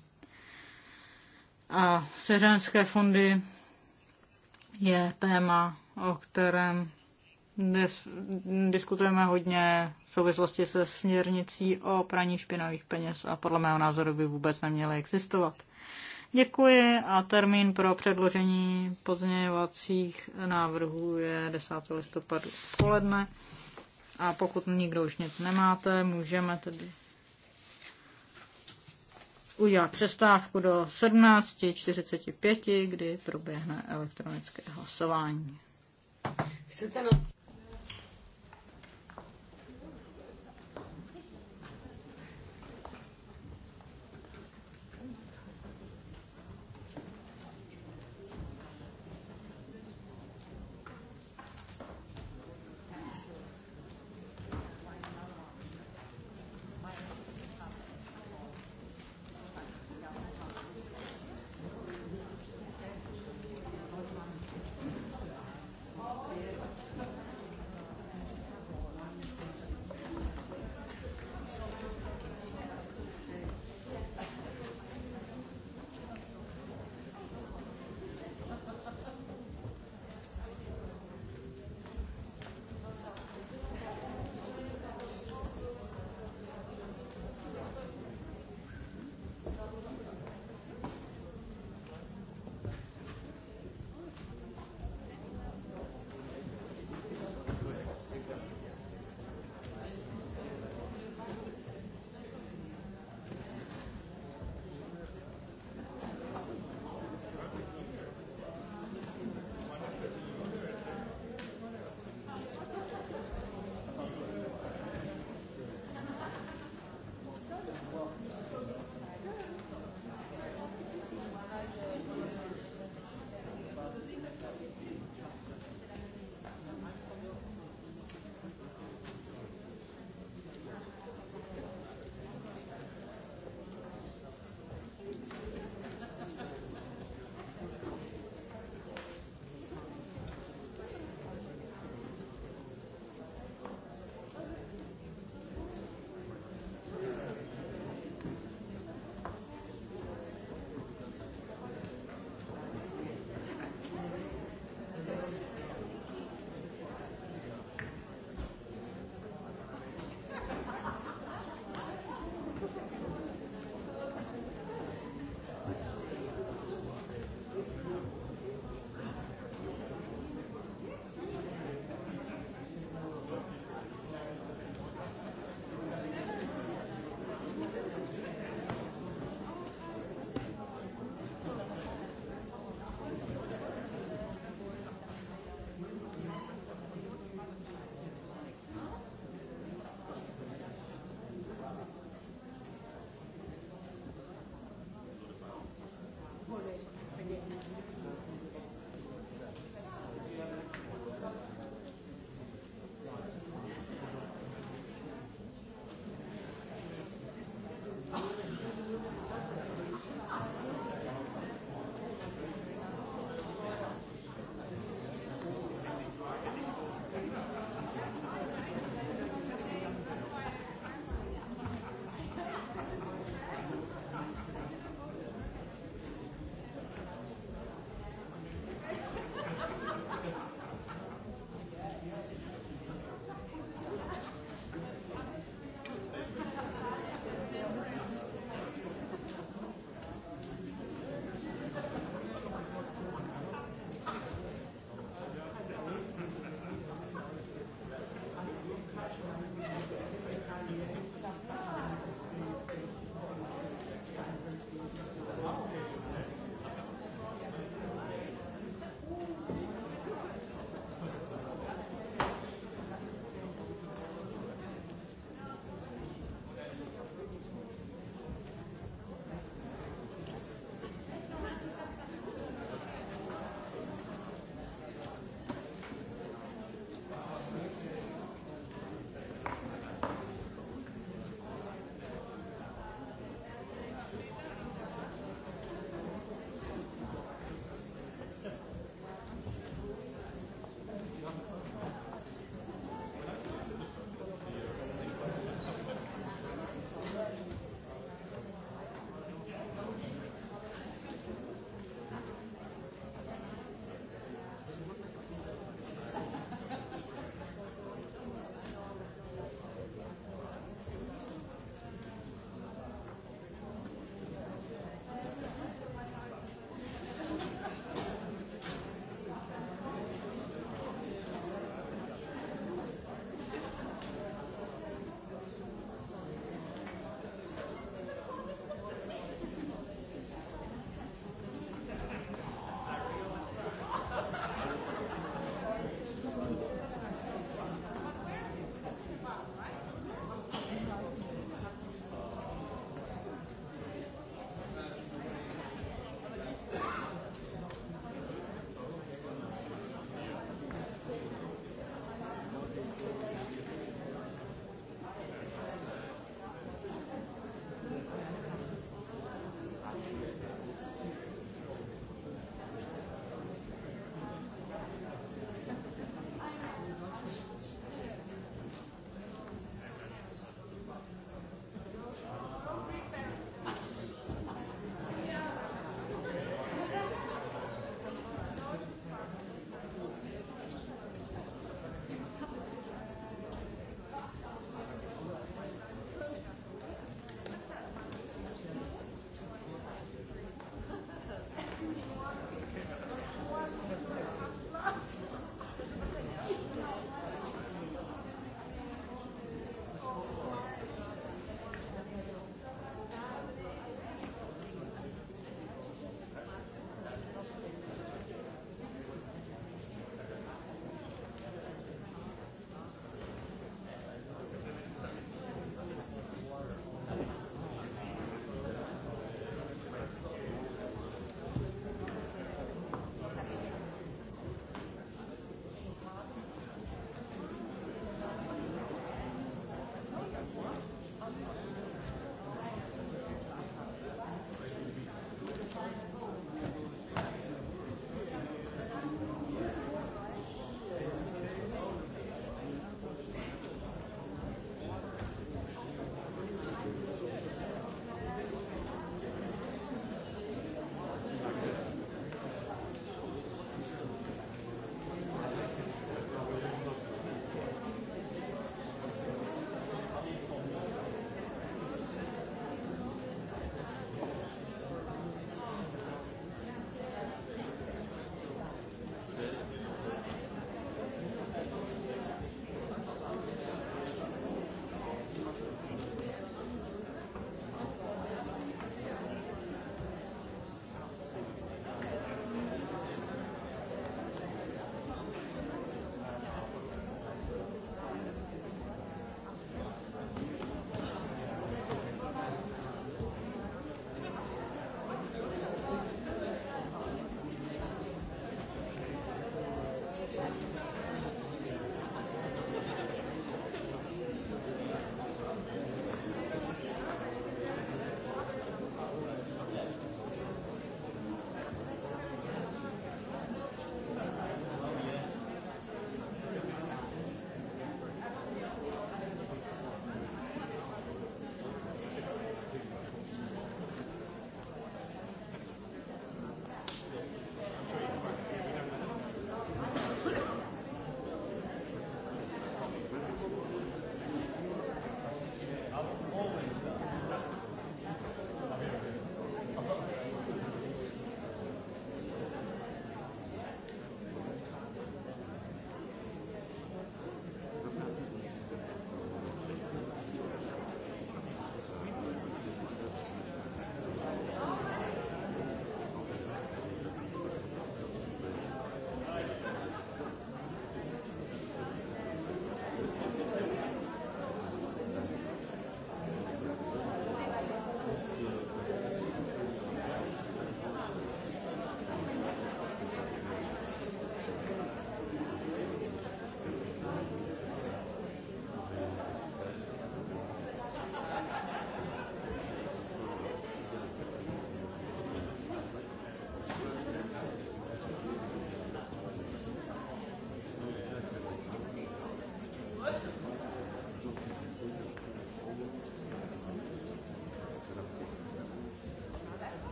A svěřenské fondy je téma, o kterém diskutujeme hodně v souvislosti se směrnicí o praní špinavých peněz a podle mého názoru by vůbec neměly existovat. Děkuji a termín pro předložení pozměňovacích návrhů je 10. listopadu poledne. A pokud nikdo už nic nemáte, můžeme tedy udělat přestávku do 17.45, kdy proběhne elektronické hlasování. Chcete na...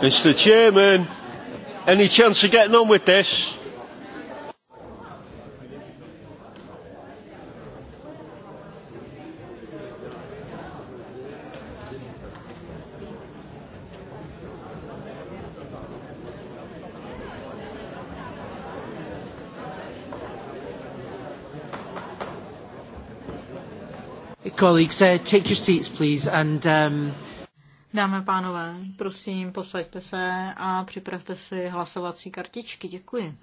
Mr. Chairman, any chance of getting on with this? Colleagues, uh, take your seats, please, and um, Dámy a pánové, prosím, posaďte se a připravte si hlasovací kartičky. Děkuji.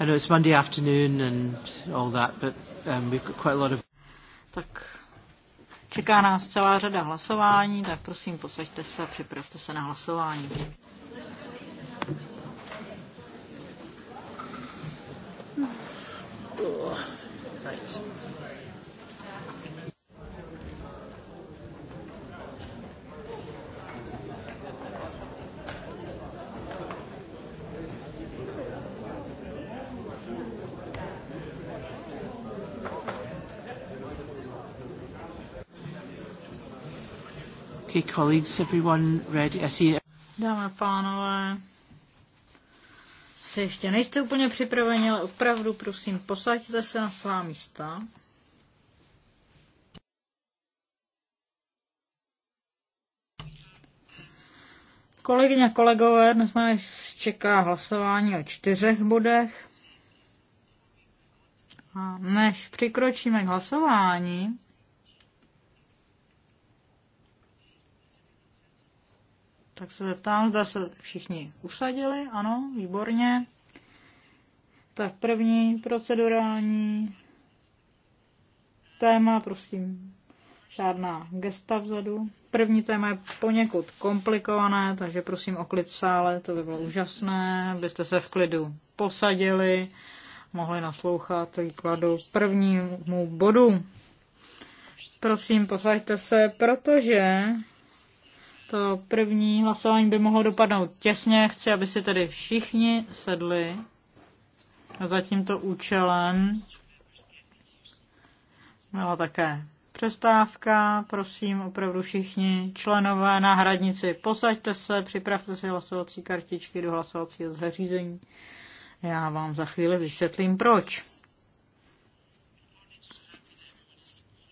it's Monday afternoon and all that, but um, we've got quite a lot of... Tak čeká nás celá řada hlasování, tak prosím, posaďte se a připravte se na hlasování. colleagues, everyone ready? I see Dámy a pánové, se ještě nejste úplně připraveni, ale opravdu prosím, posaďte se na svá místa. Kolegyně a kolegové, dnes nás čeká hlasování o čtyřech bodech. A než přikročíme k hlasování, Tak se zeptám, zda se všichni usadili. Ano, výborně. Tak první procedurální téma, prosím, žádná gesta vzadu. První téma je poněkud komplikované, takže prosím o klid v sále, to by bylo úžasné, byste se v klidu posadili, mohli naslouchat výkladu prvnímu bodu. Prosím, posaďte se, protože to první hlasování by mohlo dopadnout těsně. Chci, aby si tedy všichni sedli. A za tímto účelem byla také přestávka. Prosím opravdu všichni členové, náhradníci, posaďte se, připravte si hlasovací kartičky do hlasovacího zařízení. Já vám za chvíli vysvětlím proč.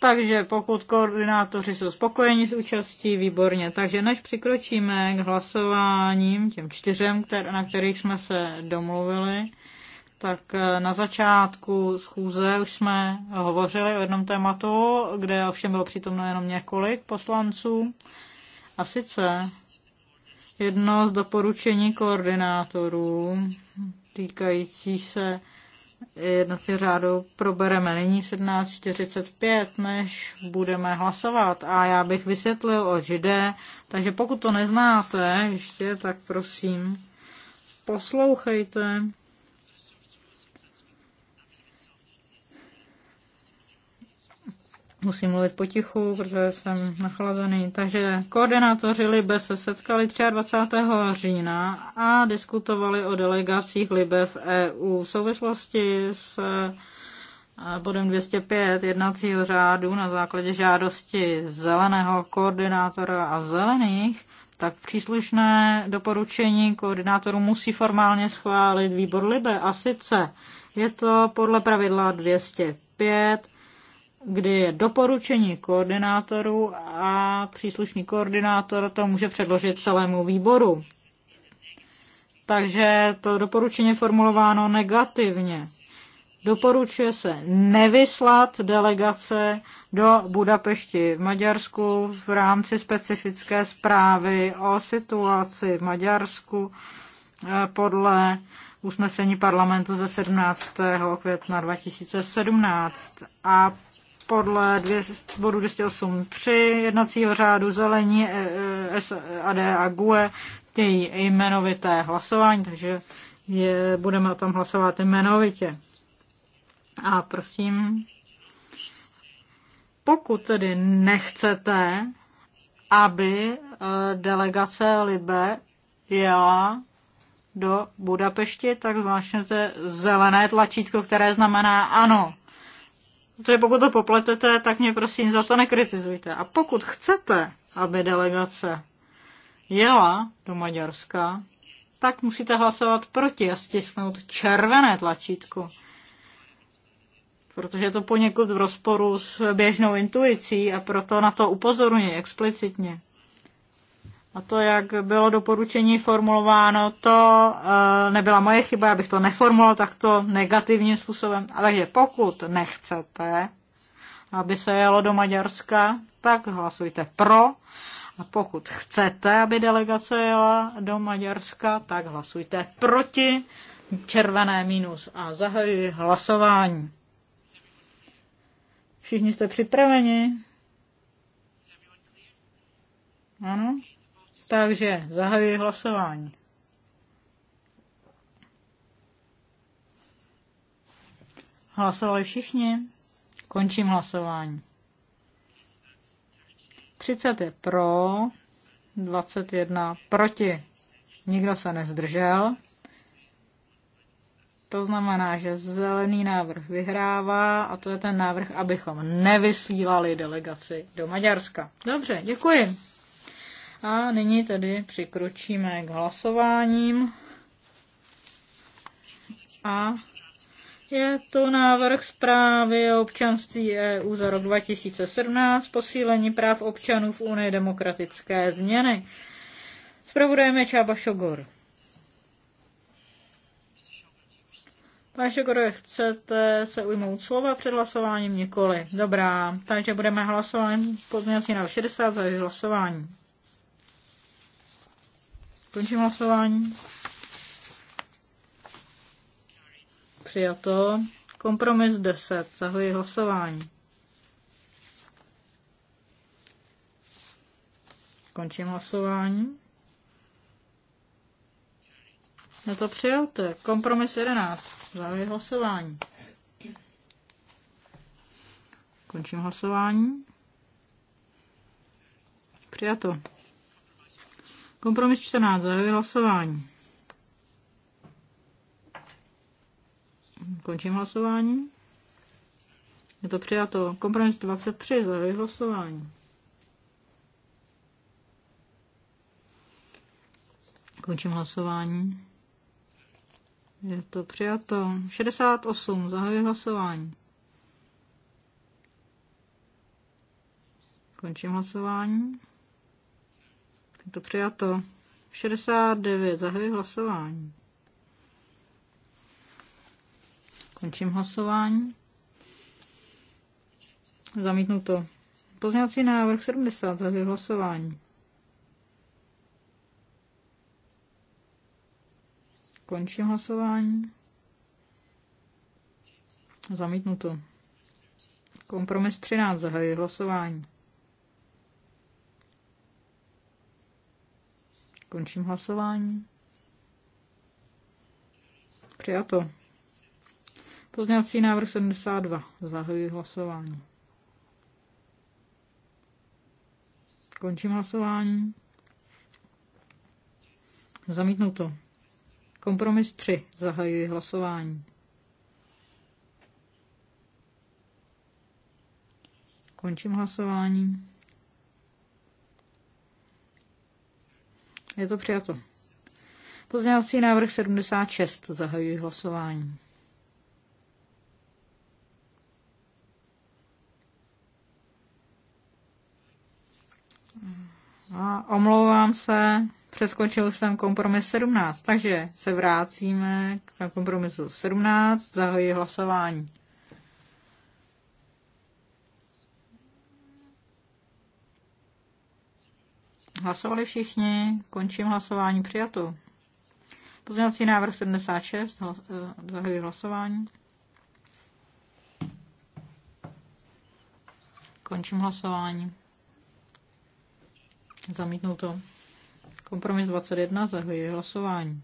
Takže pokud koordinátoři jsou spokojeni s účastí, výborně. Takže než přikročíme k hlasováním, těm čtyřem, které, na kterých jsme se domluvili, tak eh, na začátku schůze už jsme hovořili o jednom tématu, kde ovšem bylo přítomno jenom několik poslanců. A sice jedno z doporučení koordinátorů týkající se jednací řádu probereme. nyní 17.45, než budeme hlasovat. A já bych vysvětlil, o židé. Takže pokud to neznáte ještě, tak prosím, poslouchejte. Musím mluvit potichu, protože jsem nachlazený. Takže koordinátoři Libe se setkali 23. října a diskutovali o delegacích Libe v EU v souvislosti s eh, bodem 205 jednacího řádu na základě žádosti zeleného koordinátora a zelených, tak příslušné doporučení koordinátoru musí formálně schválit výbor Libe. A sice je to podle pravidla 205 kdy je doporučení koordinátorů a příslušný koordinátor to může předložit celému výboru. Takže to doporučení je formulováno negativně. Doporučuje se nevyslat delegace do Budapešti v Maďarsku v rámci specifické zprávy o situaci v Maďarsku eh, podle usnesení parlamentu ze 17. května 2017 a podle dvě, bodu 208.3 jednacího řádu zelení e, e, SAD a GUE chtějí jmenovité hlasování, takže je, budeme o tom hlasovat jmenovitě. A prosím, pokud tedy nechcete, aby e, delegace Libe jela do Budapešti, tak zvláštněte zelené tlačítko, které znamená ano. Protože pokud to popletete, tak mě prosím za to nekritizujte. A pokud chcete, aby delegace jela do Maďarska, tak musíte hlasovat proti a stisknout červené tlačítko. Protože je to poněkud v rozporu s běžnou intuicí a proto na to upozorňuji explicitně. A to, jak bylo doporučení formulováno, to e, nebyla moje chyba, já bych to neformuloval takto negativním způsobem. A takže pokud nechcete, aby se jelo do Maďarska, tak hlasujte pro. A pokud chcete, aby delegace jela do Maďarska, tak hlasujte proti. Červené minus a zahajuji hlasování. Všichni jste připraveni? Ano? Takže zahajuji hlasování. Hlasovali všichni? Končím hlasování. 30 je pro, 21 proti. Nikdo se nezdržel. To znamená, že zelený návrh vyhrává a to je ten návrh, abychom nevysílali delegaci do Maďarska. Dobře, děkuji. A nyní tedy přikročíme k hlasováním. A je to návrh zprávy o občanství EU za rok 2017, posílení práv občanů v Unii demokratické změny. Zpravodajeme Čába Šogor. Pane Šogore, chcete se ujmout slova před hlasováním? Nikoli. Dobrá, takže budeme hlasovat pozměňovací na 60 za hlasování. Končím hlasování. Přijato. Kompromis 10. Zahoji hlasování. Končím hlasování. Je to přijaté. Kompromis 11. Zahajuji hlasování. Končím hlasování. Přijato. Kompromis 14. Zahajuji hlasování. Končím hlasování. Je to přijato. Kompromis 23. Zahajuji hlasování. Končím hlasování. Je to přijato. 68. Zahajuji hlasování. Končím hlasování. Je to přijato. 69. Zahajuji hlasování. Končím hlasování. Zamítnuto. Pozměňovací návrh 70. Zahajuji hlasování. Končím hlasování. Zamítnuto. Kompromis 13. Zahajuji hlasování. Končím hlasování. Přijato. Pozněvací návrh 72. Zahajuji hlasování. Končím hlasování. Zamítnuto. Kompromis 3. Zahajuji hlasování. Končím hlasování. Je to přijato. Pozdělací návrh 76. Zahajuji hlasování. A omlouvám se, přeskočil jsem kompromis 17, takže se vrácíme k kompromisu 17, zahoji hlasování. Hlasovali všichni, končím hlasování, přijato. Pozměňovací návrh 76, eh, zahajuji hlasování. Končím hlasování. Zamítnu to. Kompromis 21, zahajuji hlasování.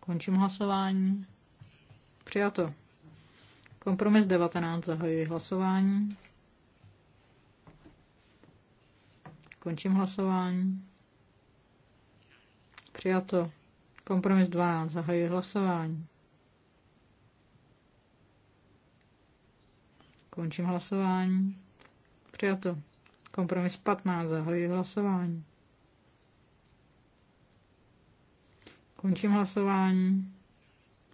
Končím hlasování. Přijato. Kompromis 19, zahajuji hlasování. Končím hlasování. Přijato. Kompromis 12. Zahajuji hlasování. Končím hlasování. Přijato. Kompromis 15. Zahajuji hlasování. Končím hlasování.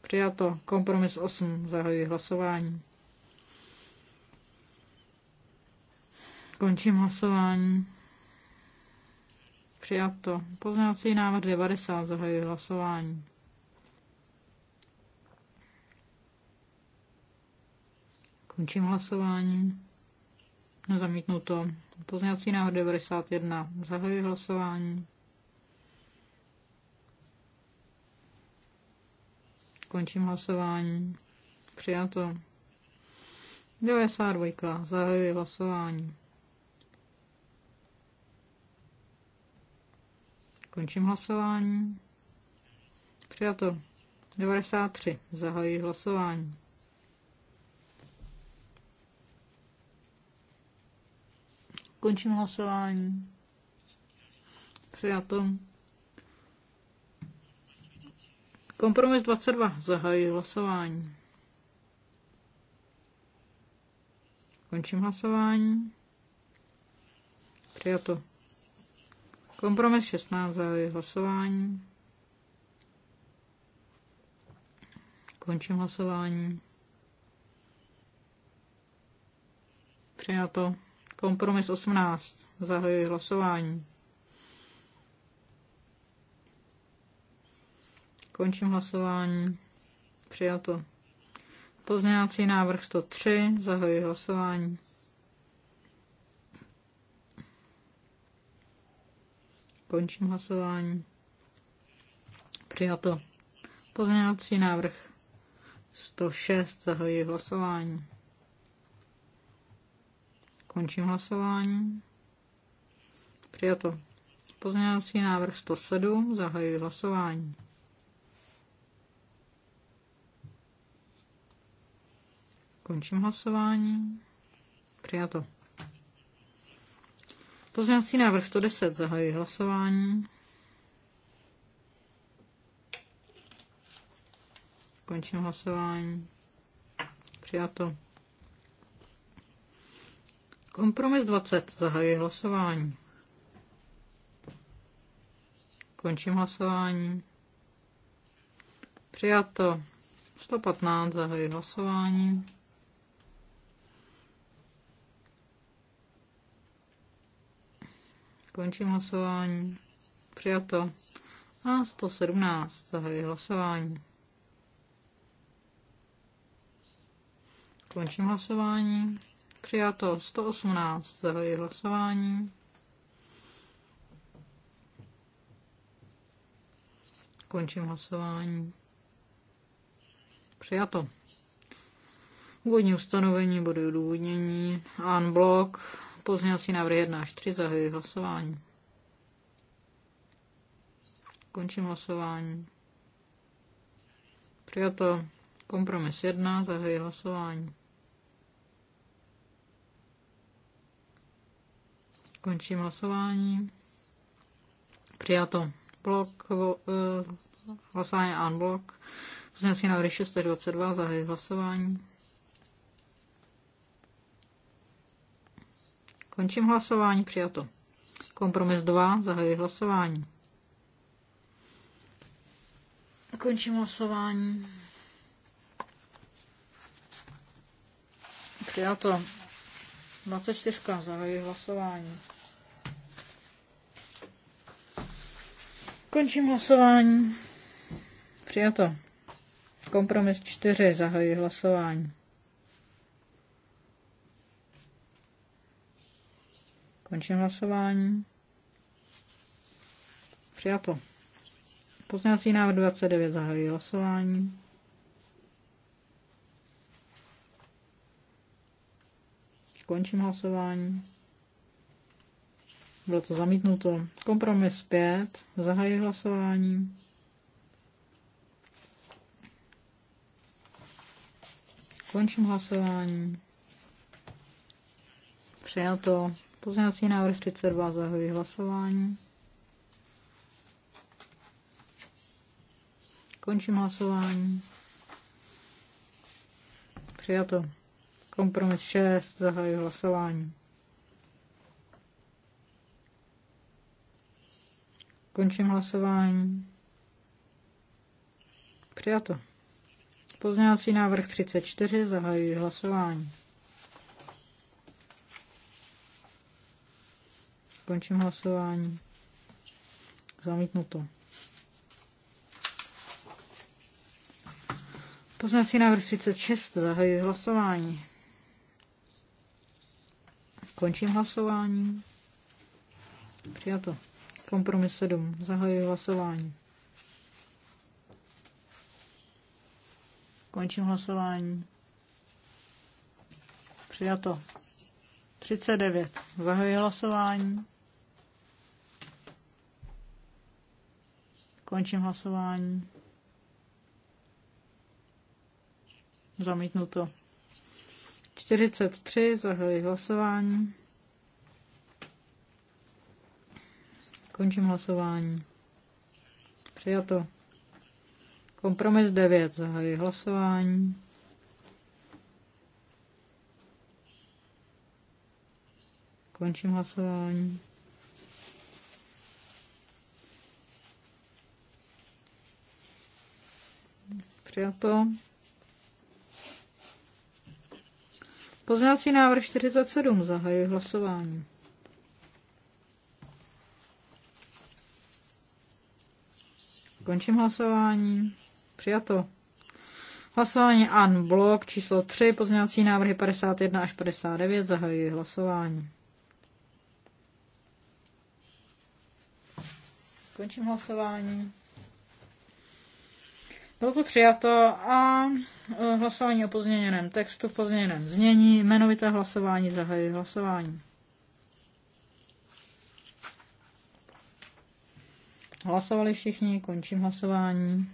Přijato. Kompromis 8. Zahajuji hlasování. Končím hlasování. Přijato. Pozměňovací návrh 90. Zahajuji hlasování. Končím hlasování. to. Pozměňovací návrh 91. Zahajuji hlasování. Končím hlasování. Přijato. 92. Zahajuji hlasování. Končím hlasování. Přijato. 93. Zahajuji hlasování. Končím hlasování. Přijato. Kompromis 22. Zahajuji hlasování. Končím hlasování. Přijato. Kompromis 16 zahajuji hlasování. Končím hlasování. Přijato. Kompromis 18. Zahajuji hlasování. Končím hlasování. Přijato. Pozměňovací návrh 103. Zahajuji hlasování. Končím hlasování. Přijato. Pozměňovací návrh 106. Zahajuji hlasování. Končím hlasování. Přijato. Pozměňovací návrh 107. Zahajuji hlasování. Končím hlasování. Přijato. Pozměňovací návrh 110. Zahajuji hlasování. Končím hlasování. Přijato. Kompromis 20. Zahajuji hlasování. Končím hlasování. Přijato. 115. Zahajuji hlasování. Končím hlasování. Přijato. A 117. Zahajuji hlasování. Končím hlasování. Přijato 118. Zahajuji hlasování. Končím hlasování. Přijato. Úvodní ustanovení, body odůvodnění, unblock, Pozměňovací návrh 1 až 3 zahajuji hlasování. Končím hlasování. Přijato kompromis 1, zahajuji hlasování. Končím hlasování. Přijato blok, eh, hlasování unblock. Pozměňovací návrh 622, zahajuji hlasování. Končím hlasování, přijato. Kompromis 2, zahajuji hlasování. Končím hlasování. Přijato. 24. Zahajuji hlasování. Končím hlasování. Přijato. Kompromis 4. Zahajuji hlasování. Končím hlasování. Přijato. Pozměňovací návrh 29 zahajuji hlasování. Končím hlasování. Bylo to zamítnuto. Kompromis 5. Zahajuji hlasování. Končím hlasování. Přijato. Pozměňovací návrh 32 zahojí hlasování. Končím hlasování. Přijato. Kompromis 6 zahojí hlasování. Končím hlasování. Přijato. Pozměňovací návrh 34 zahajuji hlasování. Končím hlasování. Zamítnuto. Poznací návrh 36. Zahajuji hlasování. Končím hlasování. Přijato. Kompromis 7. Zahajuji hlasování. Končím hlasování. Přijato. 39. Zahajuji hlasování. Končím hlasování. Zamítnuto. 43, zahajuji hlasování. Končím hlasování. Přijato. Kompromis 9, zahajuji hlasování. Končím hlasování. Přijato. Pozměňovací návrh 47. Zahajuji hlasování. Končím hlasování. Přijato. Hlasování an blok číslo 3, pozměňovací návrhy 51 až 59, zahajuji hlasování. Končím hlasování. Bylo to přijato a e, hlasování o pozměněném textu v pozměněném znění, jmenovité hlasování, zahají hlasování. Hlasovali všichni, končím hlasování.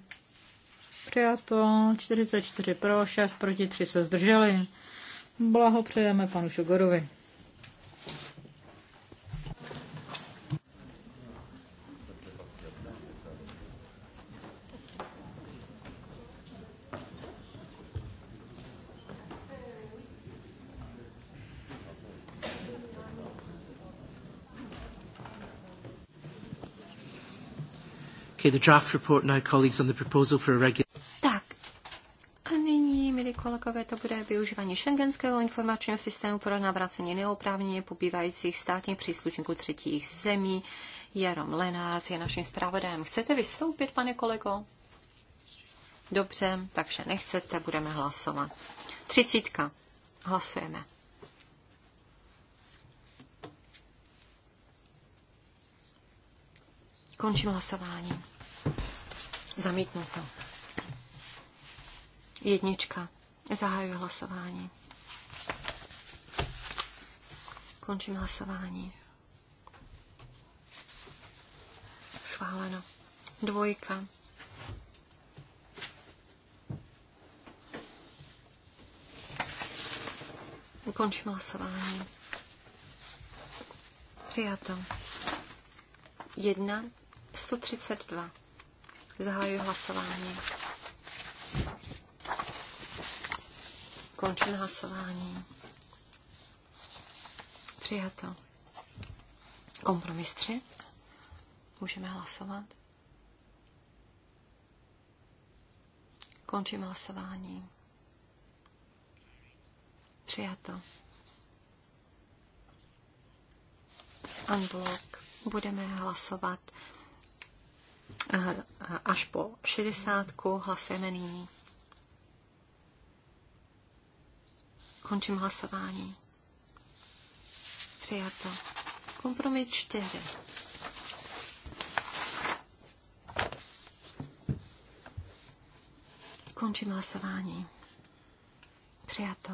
Přijato 44 pro, 6 proti, 3 se zdrželi. Blahopřejeme panu Šogorovi. Okay, the draft report now, colleagues, on the proposal for a regular... Tak. A nyní, milí kolegové, to bude využívání šengenského informačního systému pro navracení neoprávněně pobývajících státních příslušníků třetích zemí. Jarom Lenář je naším zpravodajem. Chcete vystoupit, pane kolego? Dobře, takže nechcete, budeme hlasovat. Třicítka. Hlasujeme. Končím hlasování. Zamítnuto. Jednička. Zahajuji hlasování. Končím hlasování. Schváleno. Dvojka. Končím hlasování. Přijato. Jedna, 132. Zahajuji hlasování. Končím hlasování. Přijato. Kompromis 3. Můžeme hlasovat. Končím hlasování. Přijato. Unblock. Budeme hlasovat Eh, až po 60. Hlasujeme nyní. Končím hlasování. Přijato. Kompromis 4. Končím hlasování. Přijato.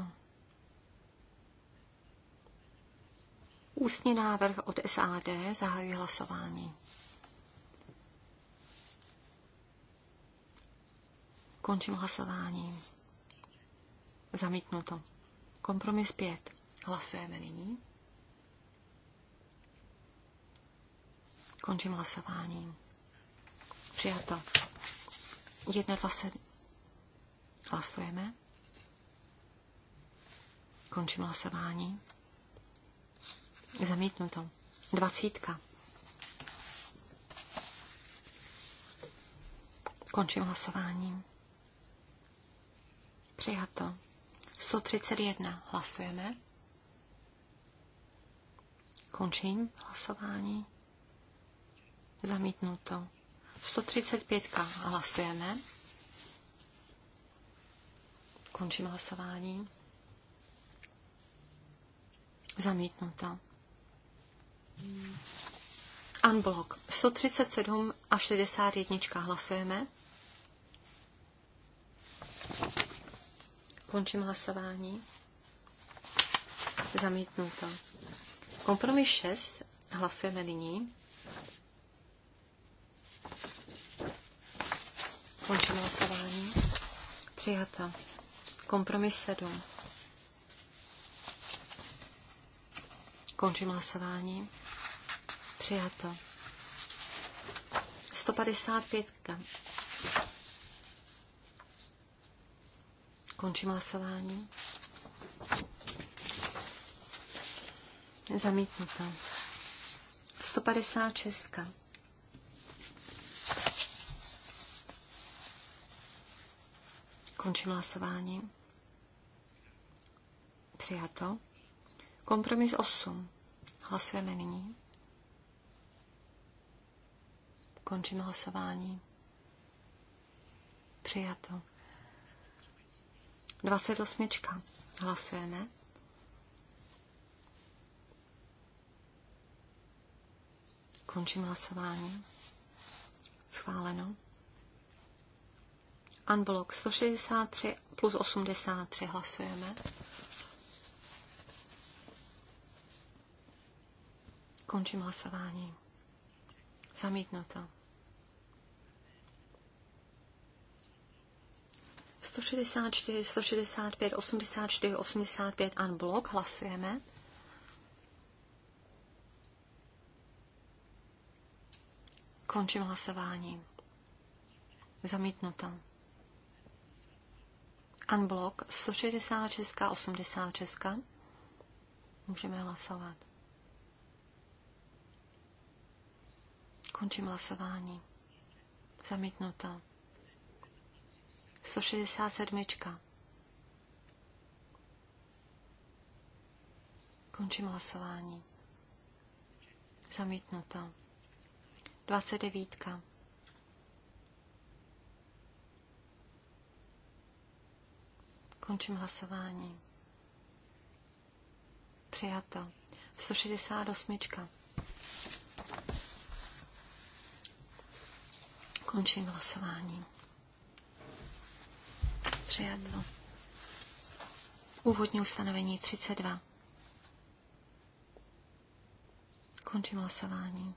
Ústní návrh od SAD zahajuji hlasování. Končím hlasování. Zamítnuto. Kompromis 5. Hlasujeme nyní. Končím hlasování. Přijato. 1, 2, 7. Hlasujeme. Končím hlasování. Zamítnuto. Dvacítka. Končím hlasování. Přijato. 131. Hlasujeme. Končím hlasování. Zamítnuto. 135. Hlasujeme. Končím hlasování. Zamítnuto. Unblock. 137 a 61 hlasujeme. Končím hlasování. Zamítnuto. Kompromis 6. Hlasujeme nyní. Končím hlasování. Přijata. Kompromis 7. Končím hlasování. Přijato. 155. Končím hlasování. Zamítnuto. 156. Končím hlasování. Přijato. Kompromis 8. Hlasujeme nyní. Končím hlasování. Přijato. 28. Hlasujeme. Končím hlasování. Schváleno. Unblock 163 plus 83 hlasujeme. Končím hlasování. Zamítnuto. 164, 165, 84, 85 unblock. Hlasujeme. Končím hlasování. Zamítnuto. Unblock 166 86. Můžeme hlasovat. Končím hlasování. Zamítnuto. 167. Končím hlasování. Zamítnuto. 29. Končím hlasování. Přijato. 168. Končím hlasování. Přijato. Úvodní ustanovení 32. Končím hlasování.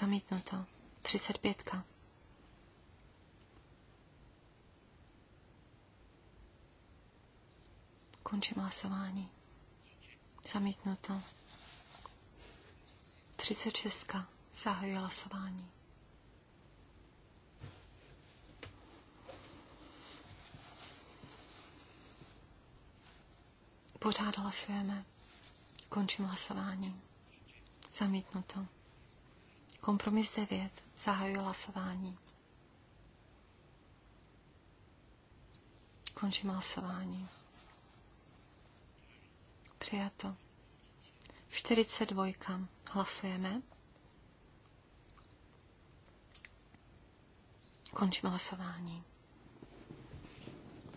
Zamítnuto. 35. Končím hlasování. Zamítnuto. 36. Zahajuji hlasování. Pořád hlasujeme. Končím hlasování. Zamítnuto. Kompromis 9. Zahajuji hlasování. Končím hlasování. Přijato. 42. Hlasujeme. Končím hlasování.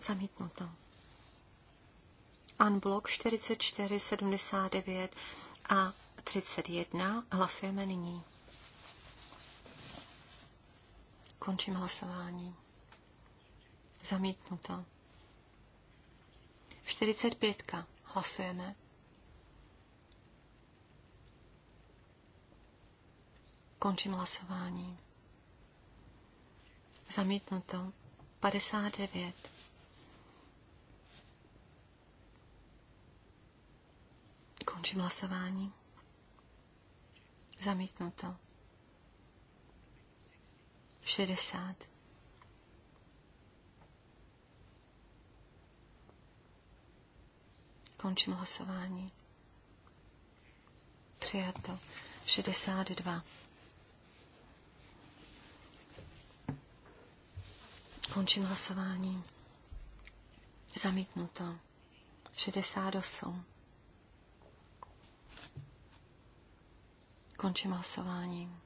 Zamítnuto unblock 44, 79 a 31. Hlasujeme nyní. Končím hlasování. Zamítnuto. 45. Hlasujeme. Končím hlasování. Zamítnuto. 59. Končím hlasování. Zamítnuto. 60. Končím hlasování. Přijato. 62. Končím hlasování. Zamítnuto. 68. Končím hlasování.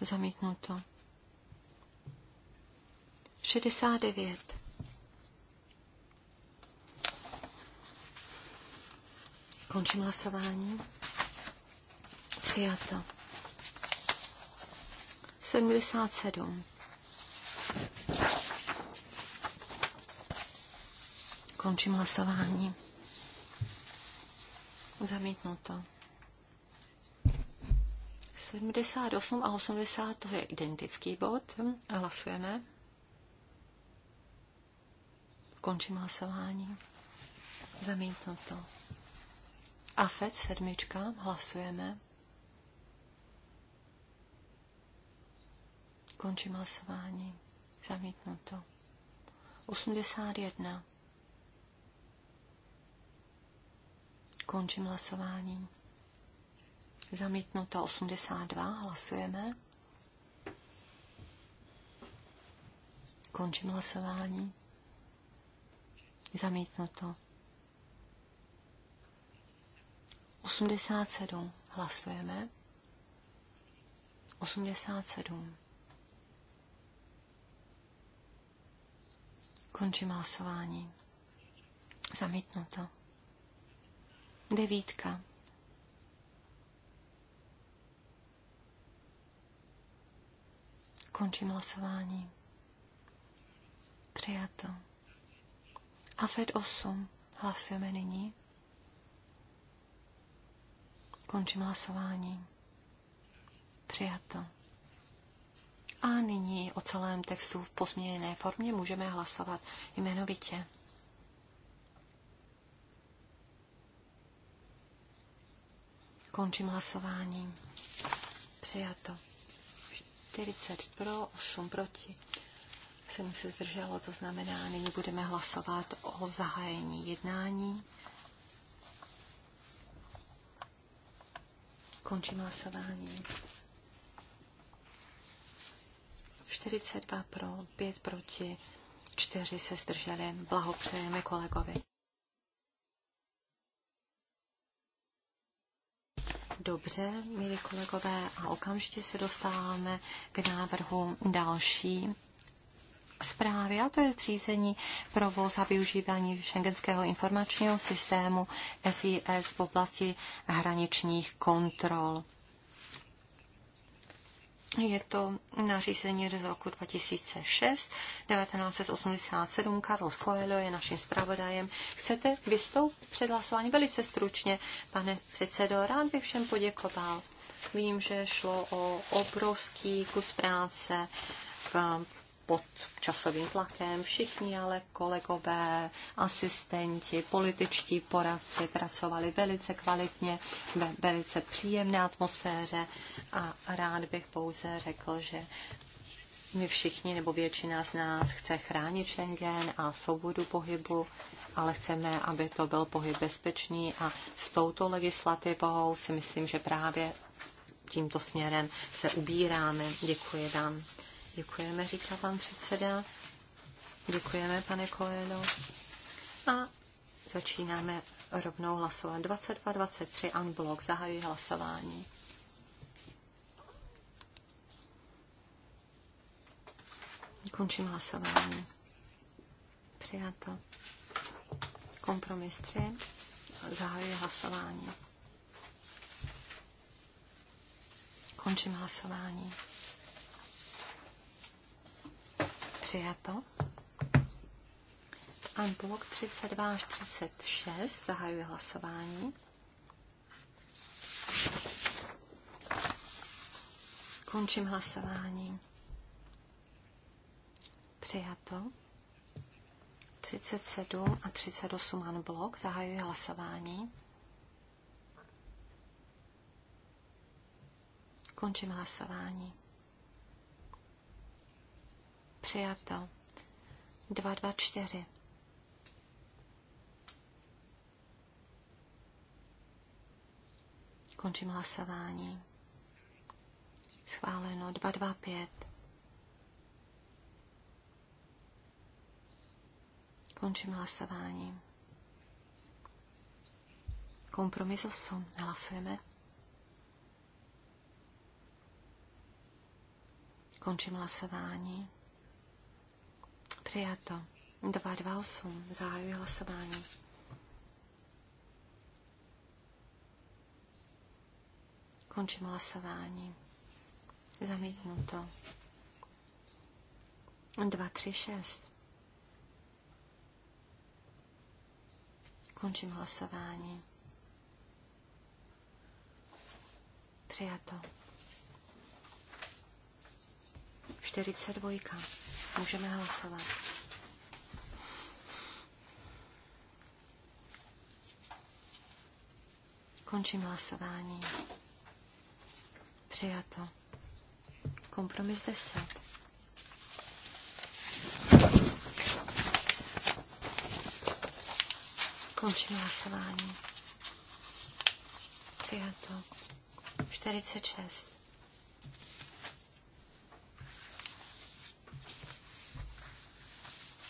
Zamítnuto. 69. Končím hlasování. Přijato. 77. Končím hlasování. Zamítnuto. 78 a 80 to je identický bod. Hlasujeme. Končím hlasování. Zamítnuto. AFET sedmička. Hlasujeme. Končím hlasování. Zamítnuto. 81. Končím hlasování. Zamítnuto 82. Hlasujeme. Končím hlasování. Zamítnuto. 87. Hlasujeme. 87. Končím hlasování. Zamítnuto. Devítka. Končím hlasování. Přijato. A FED 8. Hlasujeme nyní. Končím hlasování. Přijato. A nyní o celém textu v pozměněné formě můžeme hlasovat jmenovitě. Končím hlasování. Přijato. 40 pro, 8 proti. 7 se zdrželo, to znamená, nyní budeme hlasovat o zahájení jednání. Končím hlasování. 42 pro, 5 proti, 4 se zdrželi. Blahopřejeme kolegovi. Dobře, milí kolegové, a okamžitě se dostáváme k návrhu další zprávy, a to je zřízení provoz a využívání šengenského informačního systému SIS v oblasti hraničních kontrol. Je to nařízení z roku 2006, 1987. Carlos Coelho je naším zpravodajem. Chcete vystoupit před hlasování velice stručně, pane předsedo? Rád bych všem poděkoval. Vím, že šlo o obrovský kus práce v eh, pod časovým tlakem, všichni ale kolegové, asistenti, političtí poradci pracovali velice kvalitně, ve velice příjemné atmosféře a rád bych pouze řekl, že my všichni nebo většina z nás chce chránit Schengen a svobodu pohybu, ale chceme, aby to byl pohyb bezpečný a s touto legislativou si myslím, že právě tímto směrem se ubíráme. Děkuji vám. Děkujeme, říká pan předseda. Děkujeme, pane Koelo. A začínáme rovnou hlasovat. 22, 23 unblock. Zahajuji hlasování. Končím hlasování. Přijato. Kompromis 3. Zahajuji hlasování. Končím hlasování. Přijato. Unblock 32 až 36. zahajuje hlasování. Končím hlasování. Přijato. 37 a 38 unblock. zahajuje hlasování. Končím hlasování. Přijato. 224. Končím hlasování. Schváleno 225. Končím hlasování. Kompromis 8. Hlasujeme. Končím hlasování. Přijato. 228. Zahajuji hlasování. Končím hlasování. Zamítnuto. 236. Končím hlasování. Přijato. 42. Můžeme hlasovat. Končím hlasování. Přijato. Kompromis 10. Končím hlasování. Přijato. 46.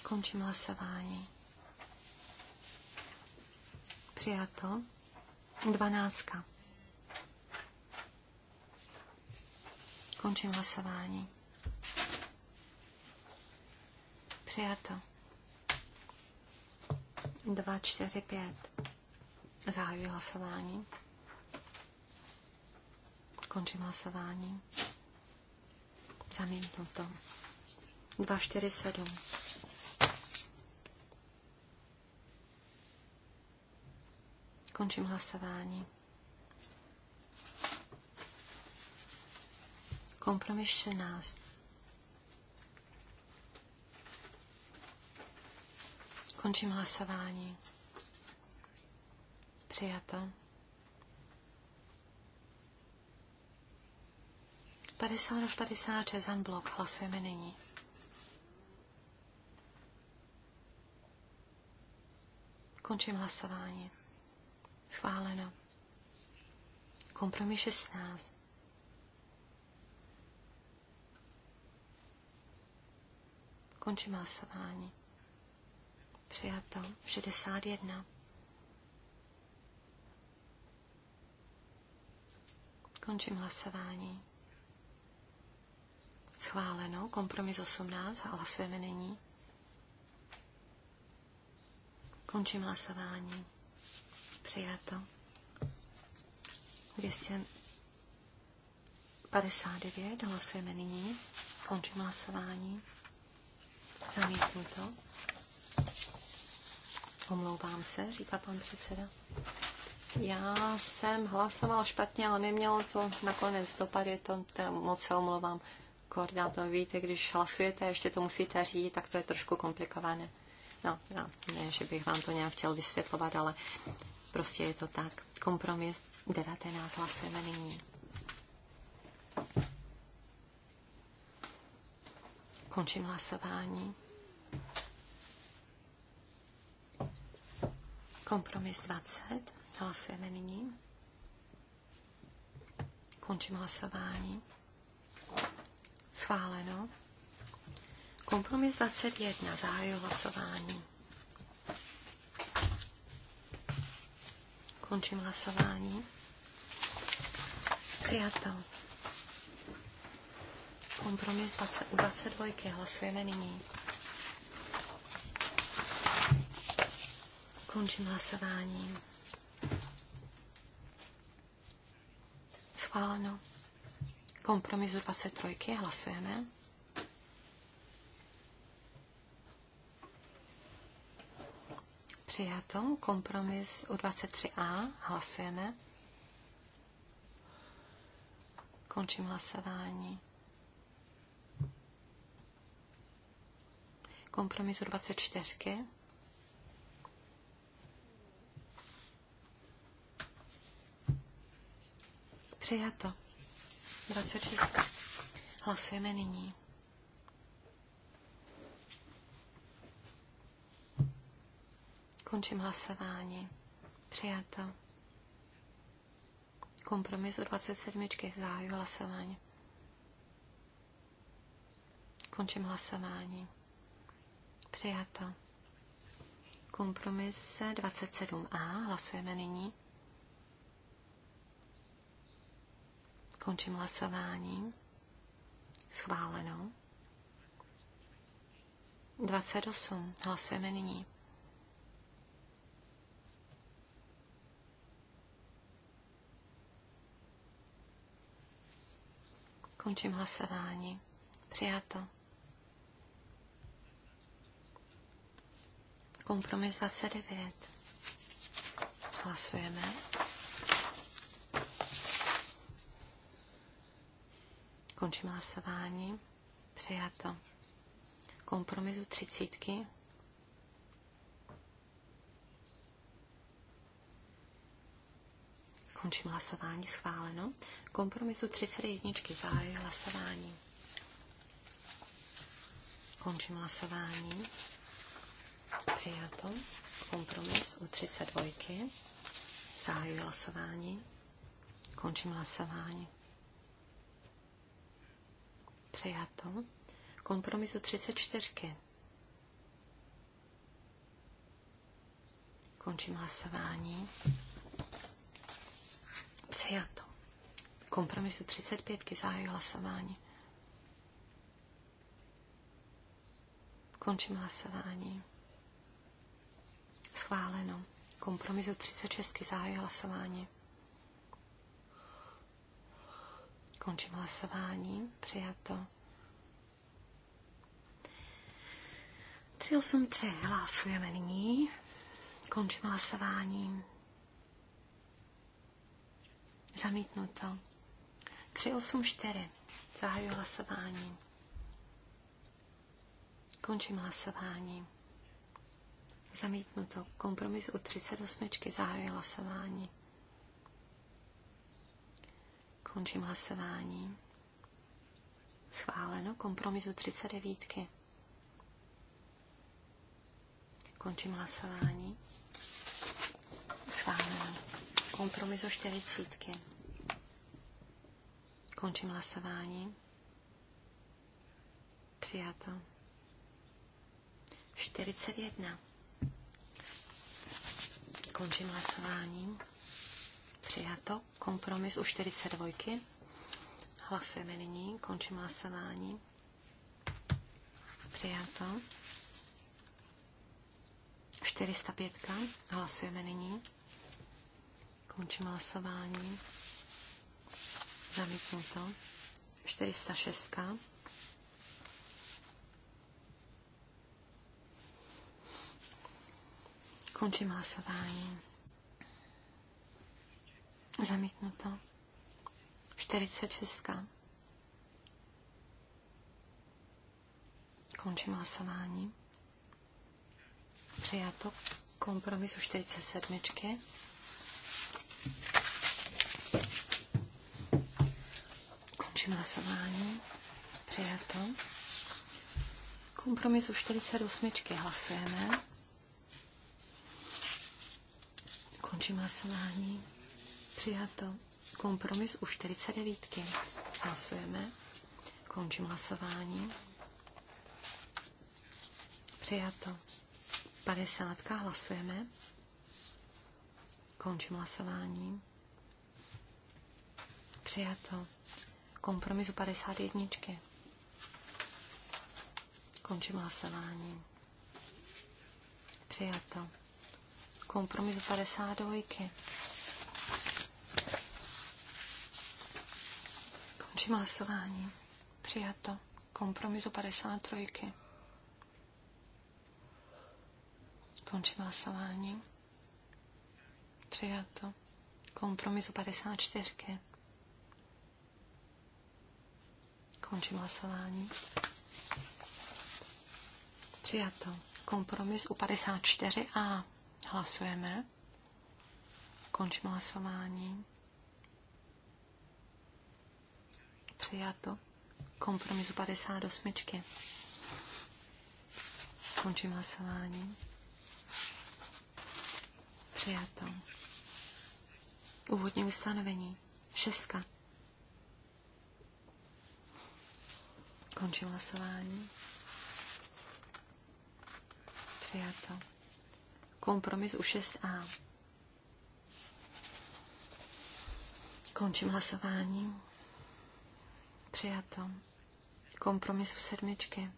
Končím hlasování. Přijato. Dvanáctka. Končím hlasování. Přijato. Dva, čtyři, pět. Zahajuji hlasování. Končím hlasování. Zamítnuto. sedm. Končím hlasování. Kompromis 16. Končím hlasování. Přijato. 50 až 56 blok. Hlasujeme nyní. Končím hlasování. Schváleno. Kompromis 16. Končím hlasování. Přijato 61. Končím hlasování. Schváleno. Kompromis 18. Hlasujeme nyní. Končím hlasování. Přijato. 259. Hlasujeme nyní. Končím hlasování. Zamítnuto. Omlouvám se, říká pan předseda. Já jsem hlasoval špatně, ale nemělo to nakonec je to, to moc se omlouvám. Koordinátor, víte, když hlasujete, ještě to musíte řídit, tak to je trošku komplikované. No, no, ne, že bych vám to nějak chtěl vysvětlovat, ale Prostě je to tak. Kompromis 19 hlasujeme nyní. Končím hlasování. Kompromis 20. Hlasujeme nyní. Končím hlasování. Schváleno. Kompromis 21. Zahajuji hlasování. Končím hlasování. Přijato. Kompromis 20, 22. Hlasujeme nyní. Končím hlasování. Schváleno. Kompromisu 23. Hlasujeme. Přijato. Kompromis u 23a. Hlasujeme. Končím hlasování. Kompromis u 24. Přijato. 26. Hlasujeme nyní. Končím hlasování. Přijato. Kompromis o 27. Zahajuji hlasování. Končím hlasování. Přijato. Kompromis 27a. Hlasujeme nyní. Končím hlasování. Schváleno. 28. Hlasujeme nyní. Končím hlasování. Přijato. Kompromis 29. Hlasujeme. Končím hlasování. Přijato. Kompromisu třicítky. Končím hlasování. Schváleno. Kompromisu 31. Zahajuji hlasování. Končím hlasování. Přijato. Kompromis u 32. Zahajuji hlasování. Končím hlasování. Přijato. Kompromisu 34. Končím hlasování. Přijato. Kompromisu 35 zahajuji hlasování. Končím hlasování. Schváleno. Kompromisu 36 zahajuji hlasování. Končím hlasování. Přijato. 383 hlasujeme nyní. Končím hlasování. Zamítnuto. 384. Zahajuji hlasování. Končím hlasování. Zamítnuto. Kompromis u 38. Zahajuji hlasování. Končím hlasování. Schváleno. Kompromis u 39. Končím hlasování. Schváleno kompromisu 40. Končím hlasování. Přijato. 41. Končím hlasování. Přijato. Kompromis u 42. Hlasujeme nyní. Končím hlasování. Přijato. 405. Hlasujeme nyní. Končím hlasování. Zamítnuto. 406. Končím hlasování. Zamítnuto. 46. Končím hlasování. Přijato. Kompromisu 47. Končím hlasování. Přijato. Kompromisu 48 hlasujeme. Končím hlasování. Přijato. Kompromis u 49. Hlasujeme. Končím hlasování. Přijato. 50. Hlasujeme. Končím hlasování. Přijato. Kompromisu 51. Končím hlasování. Přijato. Kompromisu 52. Končím hlasování. Přijato. Kompromisu 53. Končím hlasování. Přijato. Kompromisu 54. Končím hlasování. Přijato. Kompromis u 54a. Hlasujeme. Končím hlasování. Přijato. Kompromisu 58. Končím hlasování. Přijato. Úvodní ustanovení. Šestka. Končím hlasování. Přijato. Kompromis u 6a. Končím hlasování. Přijato. Kompromis u sedmičky.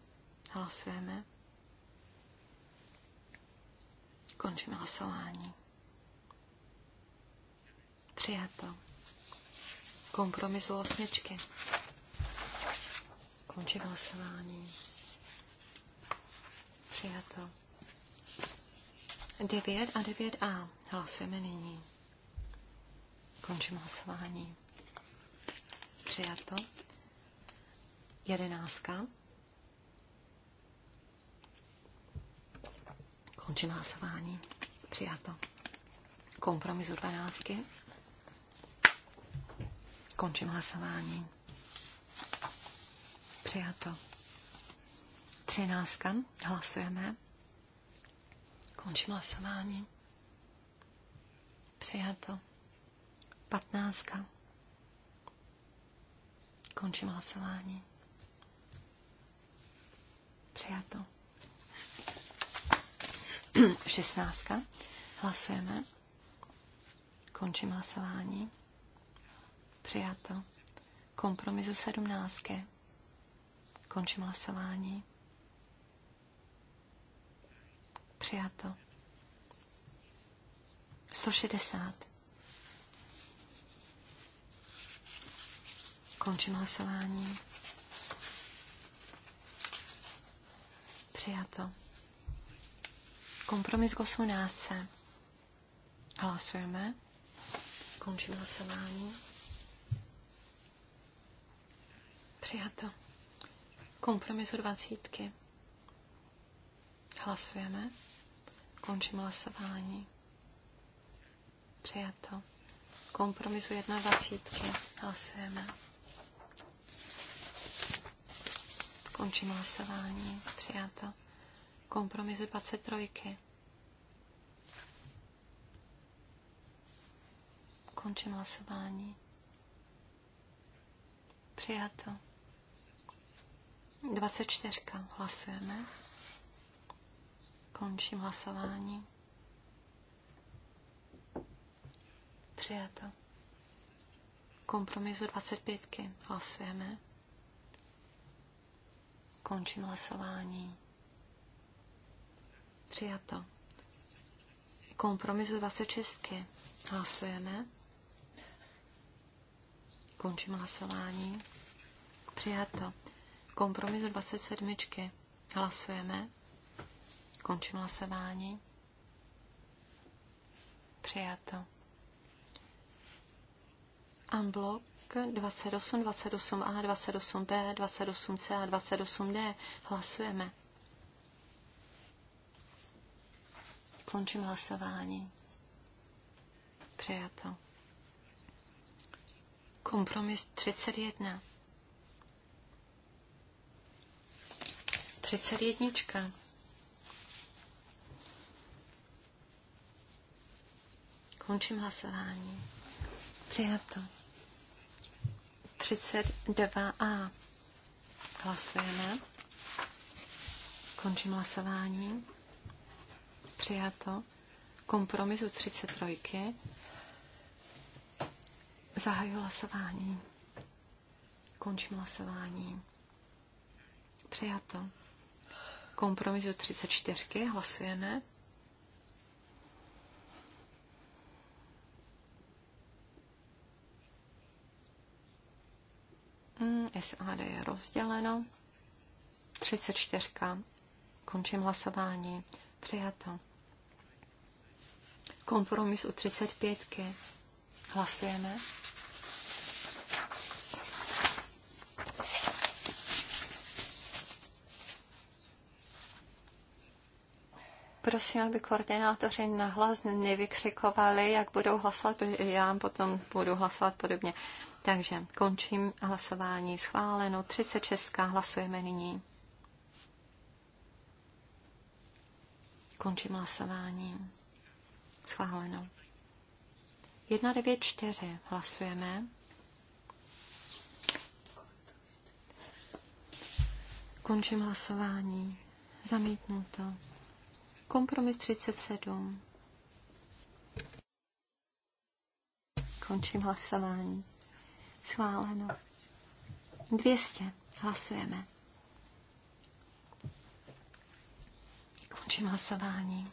Hlasujeme. Končím hlasování. Přijato. Kompromisu osmičky. Končím hlasování. Přijato. 9 a 9a. Hlasujeme nyní. Končím hlasování. Přijato. Jedenáctka. Končím hlasování. Přijato. Kompromisu dvanáctky. Končím hlasování. Přijato. Třináctka. Hlasujeme. Končím hlasování. Přijato. Patnáctka. Končím hlasování. Přijato. Šestnáctka. Hlasujeme. Končím hlasování. Přijato. Kompromisu sedmnáctky. Končím hlasování. Přijato. 160. Končím hlasování. Přijato. Kompromis k osmnáctce. Hlasujeme. Končím hlasování. Přijato. Kompromisu dvacítky. Hlasujeme. Končím hlasování. Přijato. Kompromisu jedna dvacítky. Hlasujeme. Končím hlasování. Přijato. Kompromisu 23. Končím hlasování. Přijato. 24. Hlasujeme. Končím hlasování. Přijato. Kompromisu 25. Hlasujeme. Končím hlasování. Přijato. Kompromisu 26. Hlasujeme. Končím hlasování. Přijato. Kompromis 27. Hlasujeme. Končím hlasování. Přijato. Unblock 28, 28a, 28b, 28c a 28d. Hlasujeme. Končím hlasování. Přijato. Kompromis 31. 31. Končím hlasování. Přijato. 32a. Hlasujeme. Končím hlasování. Přijato. Kompromisu 33. Zahajuji hlasování. Končím hlasování. Přijato. Kompromis do 34. Hlasujeme. Mm, SAD je rozděleno. 34. Končím hlasování. Přijato. Kompromis u 35. Hlasujeme. Prosím, aby koordinátoři nahlas nevykřikovali, jak budou hlasovat, protože já potom budu hlasovat podobně. Takže končím hlasování. Schváleno 36. Hlasujeme nyní. Končím hlasování. Schváleno. 194. Hlasujeme. Končím hlasování. Zamítnuto. Kompromis 37. Končím hlasování. Schváleno. 200. Hlasujeme. Končím hlasování.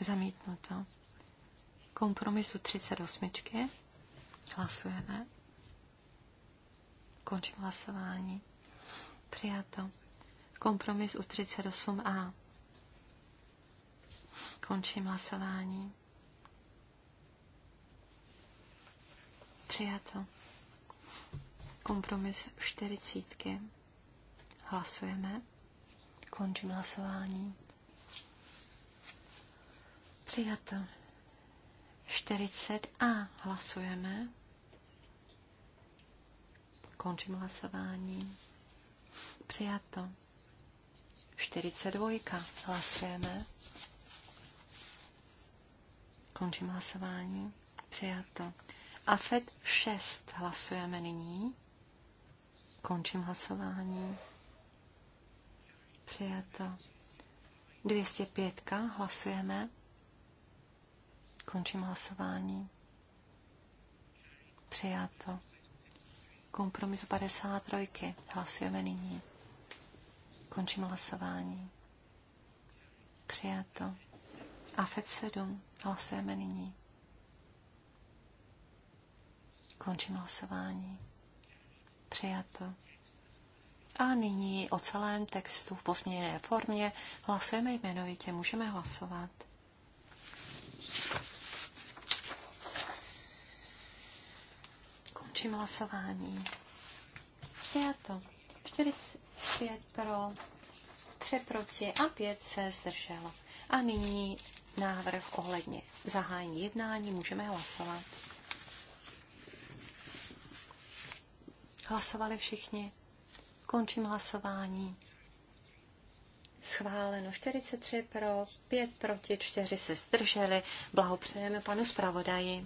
Zamítnuto. Kompromisu 38. Hlasujeme. Končím hlasování. Přijato. Kompromis u 38a. Končím hlasování. Přijato. Kompromis 40. Hlasujeme. Končím hlasování. Přijato. 40a. Hlasujeme. Končím hlasování. Přijato. 42. Hlasujeme. Končím hlasování. Přijato. AFED 6 hlasujeme nyní. Končím hlasování. Přijato. 205 hlasujeme. Končím hlasování. Přijato. Kompromisu 53. Hlasujeme nyní. Končím hlasování. Přijato. A FED 7. Hlasujeme nyní. Končím hlasování. Přijato. A nyní o celém textu v posměněné formě hlasujeme jmenovitě. Můžeme hlasovat. Končím hlasování. Přijato. 45 pro, 3 proti a 5 se zdrželo. A nyní návrh ohledně zahájení jednání. Můžeme hlasovat. Hlasovali všichni. Končím hlasování. Schváleno 43 pro, 5 proti, 4 se zdrželi. Blahopřejeme panu zpravodaji.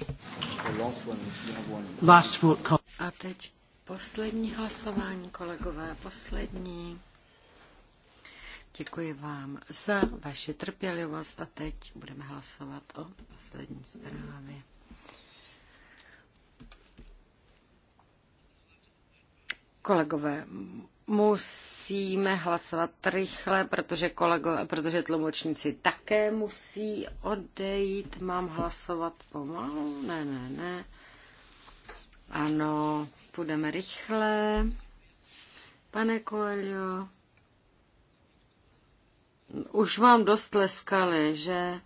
A teď poslední hlasování, kolegové, poslední. Děkuji vám za vaši trpělivost a teď budeme hlasovat o poslední zprávě. Kolegové, musíme hlasovat rychle, protože, kolego, protože tlumočníci také musí odejít. Mám hlasovat pomalu? Ne, ne, ne. Ano, půjdeme rychle. Pane Koelio, už vám dost leskali, že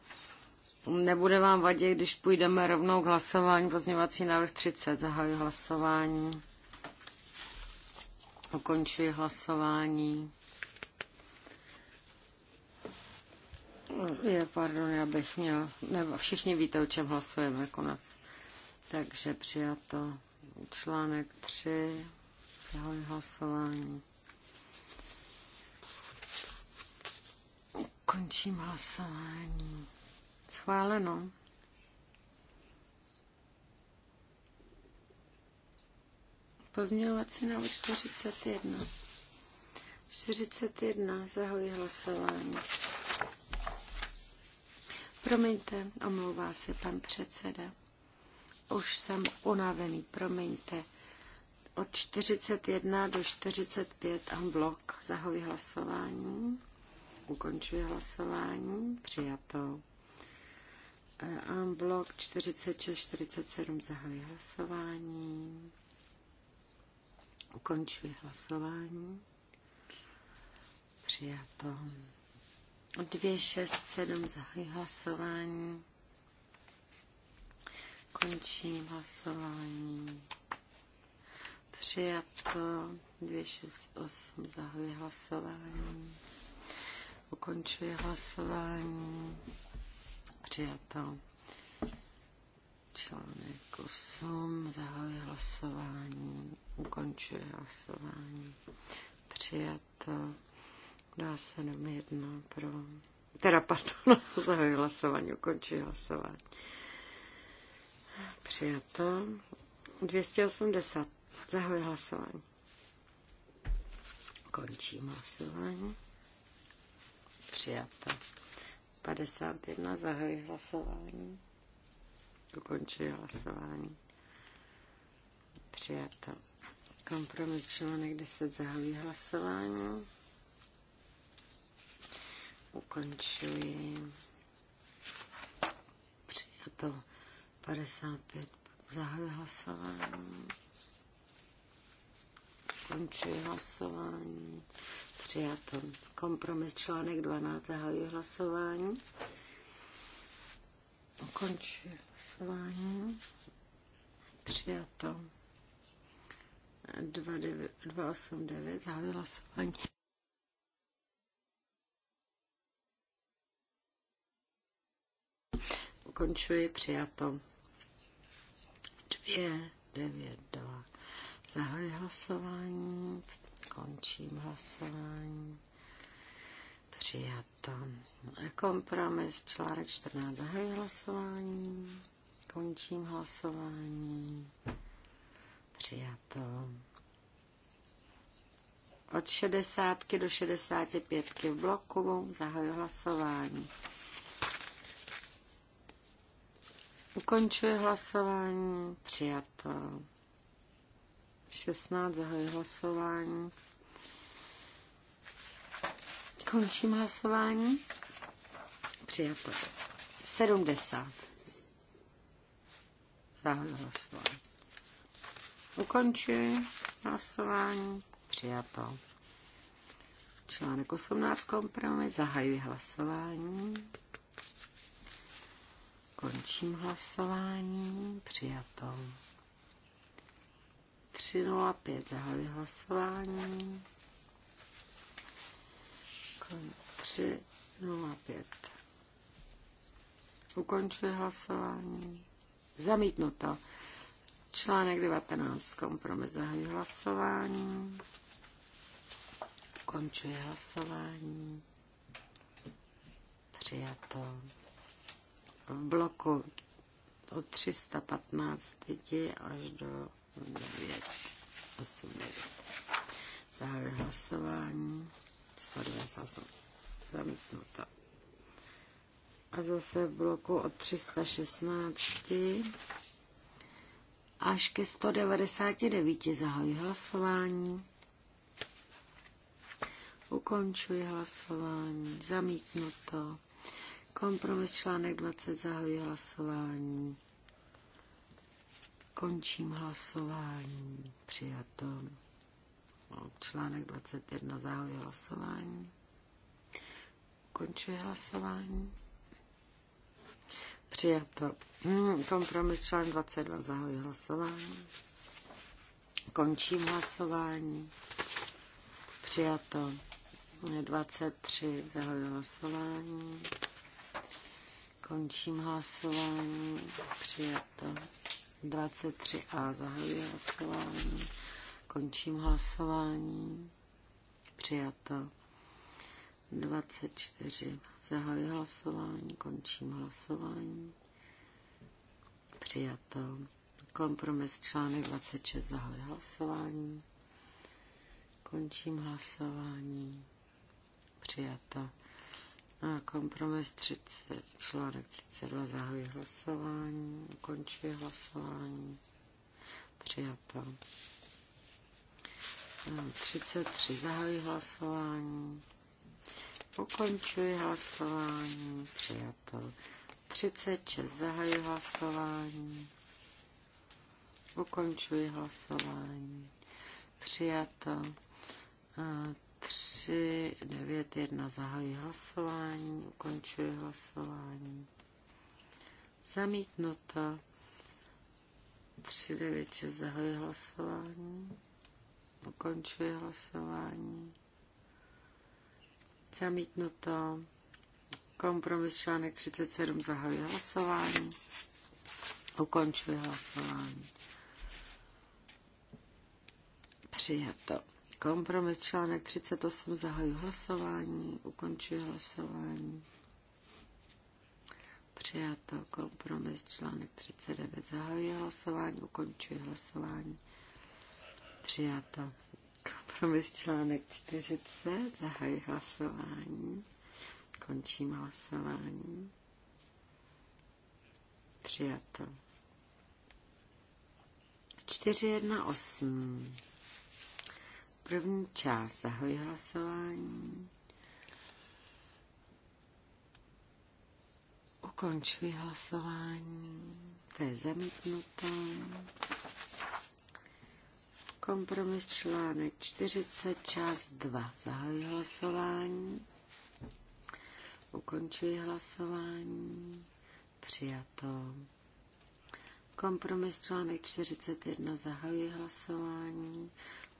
nebude vám vadit, když půjdeme rovnou k hlasování. Pozměňovací návrh 30. Zahajuji hlasování. Ukončuji hlasování. Je, pardon, já bych měl, nebo všichni víte, o čem hlasujeme konec. Takže přijato článek 3, zahajuji hlasování. Končím hlasování. Schváleno. Pozměňovací návrh 41. 41. Zahoji hlasování. Promiňte, omlouvá se pan předseda. Už jsem unavený, promiňte. Od 41 do 45 blok zahoji hlasování ukončuje hlasování. Přijato. Unblock e, 46-47 zahajuji hlasování. Ukončuje hlasování. Přijato. 267 zahají hlasování. Končím hlasování. Přijato. 268 zahají hlasování. Ukončuji hlasování. Přijato. Článek 8. Zahajuji hlasování. Ukončuji hlasování. Přijato. 271 pro. Teda, pardon, [LAUGHS] zahajuji hlasování. Ukončuji hlasování. Přijato. 280. Zahajuji hlasování. Končím hlasování. Přijato. 51. Zahajuji hlasování. Ukončuji hlasování. Přijato. Kompromis článek 10. Zahajuji hlasování. Ukončuji. Přijato. 55. Zahajuji hlasování Končuji hlasování. Přijato. Kompromis článek 12. Zahajuji hlasování. Ukončuji hlasování. Přijato. 289. Zahajuji hlasování. Ukončuji. Přijato. 292. Zahajuji hlasování Končím hlasování. Přijato. Kompromis článek 14. Zahajuji hlasování. Končím hlasování. Přijato. Od 60 do 65 v bloku. Zahajuji hlasování. Ukončuji hlasování. Přijato. 16, zahajuji hlasování. Končím hlasování. Přijato. 70. Zahajuji hlasování. Ukončuji hlasování. Přijato. Článek 18 kompromis. Zahajuji hlasování. Končím hlasování. Přijato. 305 zahajuji hlasování. 305. Ukončuji hlasování. Zamítnuto. Článek 19. Kompromis zahajuji hlasování. Ukončuji hlasování. Přijato. V bloku od 315 až do 9, 8, 9. Zahájím hlasování. 198. Zamítnuto. A zase v bloku od 316 až ke 199 zahajuji hlasování. Ukončuji hlasování. Zamítnuto. Kompromis článek 20 zahajuji hlasování. Končím hlasování. Přijato. Článek 21 zahajuje hlasování. Končuje hlasování. Přijato. Hmm, kompromis člán 22 zahajuje hlasování. Končím hlasování. Přijato. 23 zahajuji hlasování. Končím hlasování. Přijato. 23a. Zahajuji hlasování. Končím hlasování. Přijato. 24. Zahajuji hlasování. Končím hlasování. Přijato. Kompromis článek 26. Zahajuji hlasování. Končím hlasování. Přijato. Kompromis 30, článek 32, zahajuji hlasování, ukončuje hlasování, přijato. 33, zahajuji hlasování, ukončuji hlasování, přijato. 36, zahajuji hlasování, ukončuji hlasování, přijato. 3, 9, 1, zahají hlasování, ukončuji hlasování. Zamítnuto. 3, 9, 6, zahají hlasování, ukončuji hlasování. Zamítnuto. Kompromis článek 37 zahají hlasování. Ukončuje hlasování. Přijato. Kompromis článek 38 zahajuji hlasování, ukončuji hlasování. Přijato kompromis článek 39 zahajuji hlasování, ukončuji hlasování. Přijato kompromis článek 40 zahajuji hlasování, končím hlasování. Přijato. 418 První část. Zahoji hlasování. Ukončuji hlasování. To je zamítnuto. Kompromis článek 40, část 2. Zahajuji hlasování. Ukončuji hlasování. Přijato. Kompromis článek 41. Zahajuji hlasování.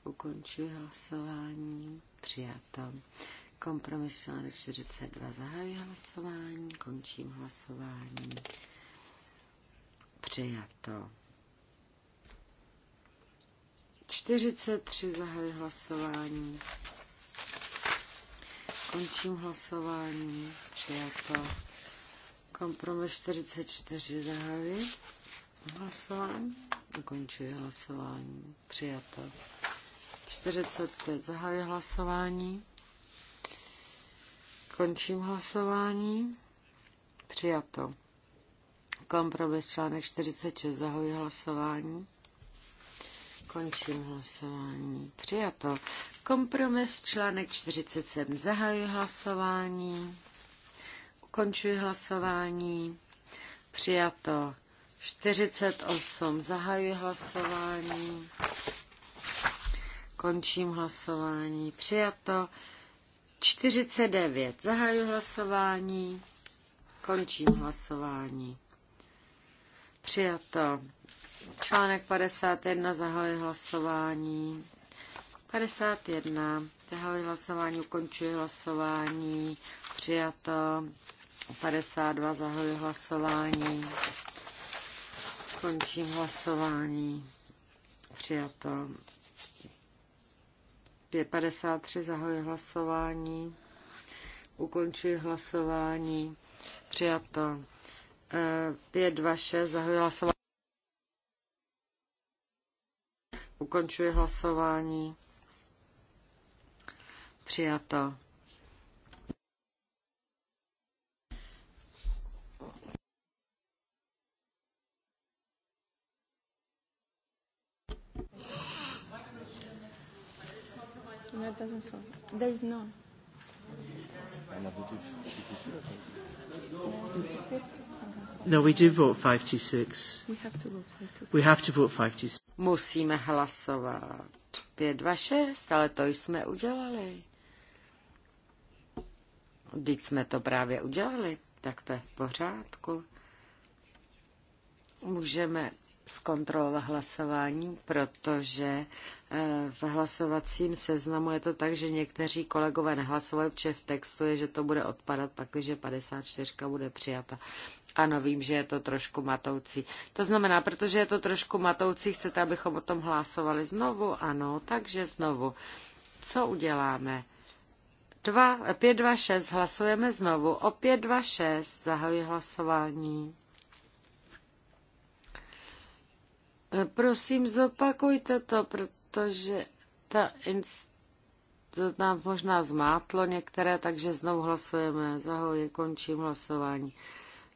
Ukončuji hlasování. Přijato. Kompromis článek 42. Zahajuji hlasování. Končím hlasování. Přijato. 43 zahajuji hlasování. Končím hlasování. Přijato. Kompromis 44 zahajuji hlasování. Ukončuji hlasování. Přijato. 45. Zahajuji hlasování. Končím hlasování. Přijato. Kompromis článek 46. Zahajuji hlasování. Končím hlasování. Přijato. Kompromis článek 47. Zahajuji hlasování. Ukončuji hlasování. Přijato. 48. Zahajuji hlasování. Končím hlasování. Přijato. 49. Zahajuji hlasování. Končím hlasování. Přijato. Článek 51. Zahajuji hlasování. 51. Zahajuji hlasování. Ukončuji hlasování. Přijato. 52. Zahajuji hlasování. Končím hlasování. Přijato. 53 zahajuji hlasování. Ukončuji hlasování. Přijato. 526 eh, zahajuji hlasování. Ukončuji hlasování. Přijato. it doesn't fall. No. no, we do vote 526. We have to vote 526. We have to vote 526. Musíme hlasovat. 526, ale to jsme udělali. Vždyť jsme to právě udělali, tak to je v pořádku. Můžeme zkontrolovat hlasování, protože eh, v hlasovacím seznamu je to tak, že někteří kolegové nehlasovali, protože v textu je, že to bude odpadat, pakliže 54 bude přijata. Ano, vím, že je to trošku matoucí. To znamená, protože je to trošku matoucí, chcete, abychom o tom hlasovali znovu? Ano, takže znovu. Co uděláme? 2, 5, 2, 6, hlasujeme znovu. O 5, 2, 6 zahajuji hlasování. Prosím, zopakujte to, protože ta inst- to nám možná zmátlo některé, takže znovu hlasujeme. Zahoji, končím hlasování.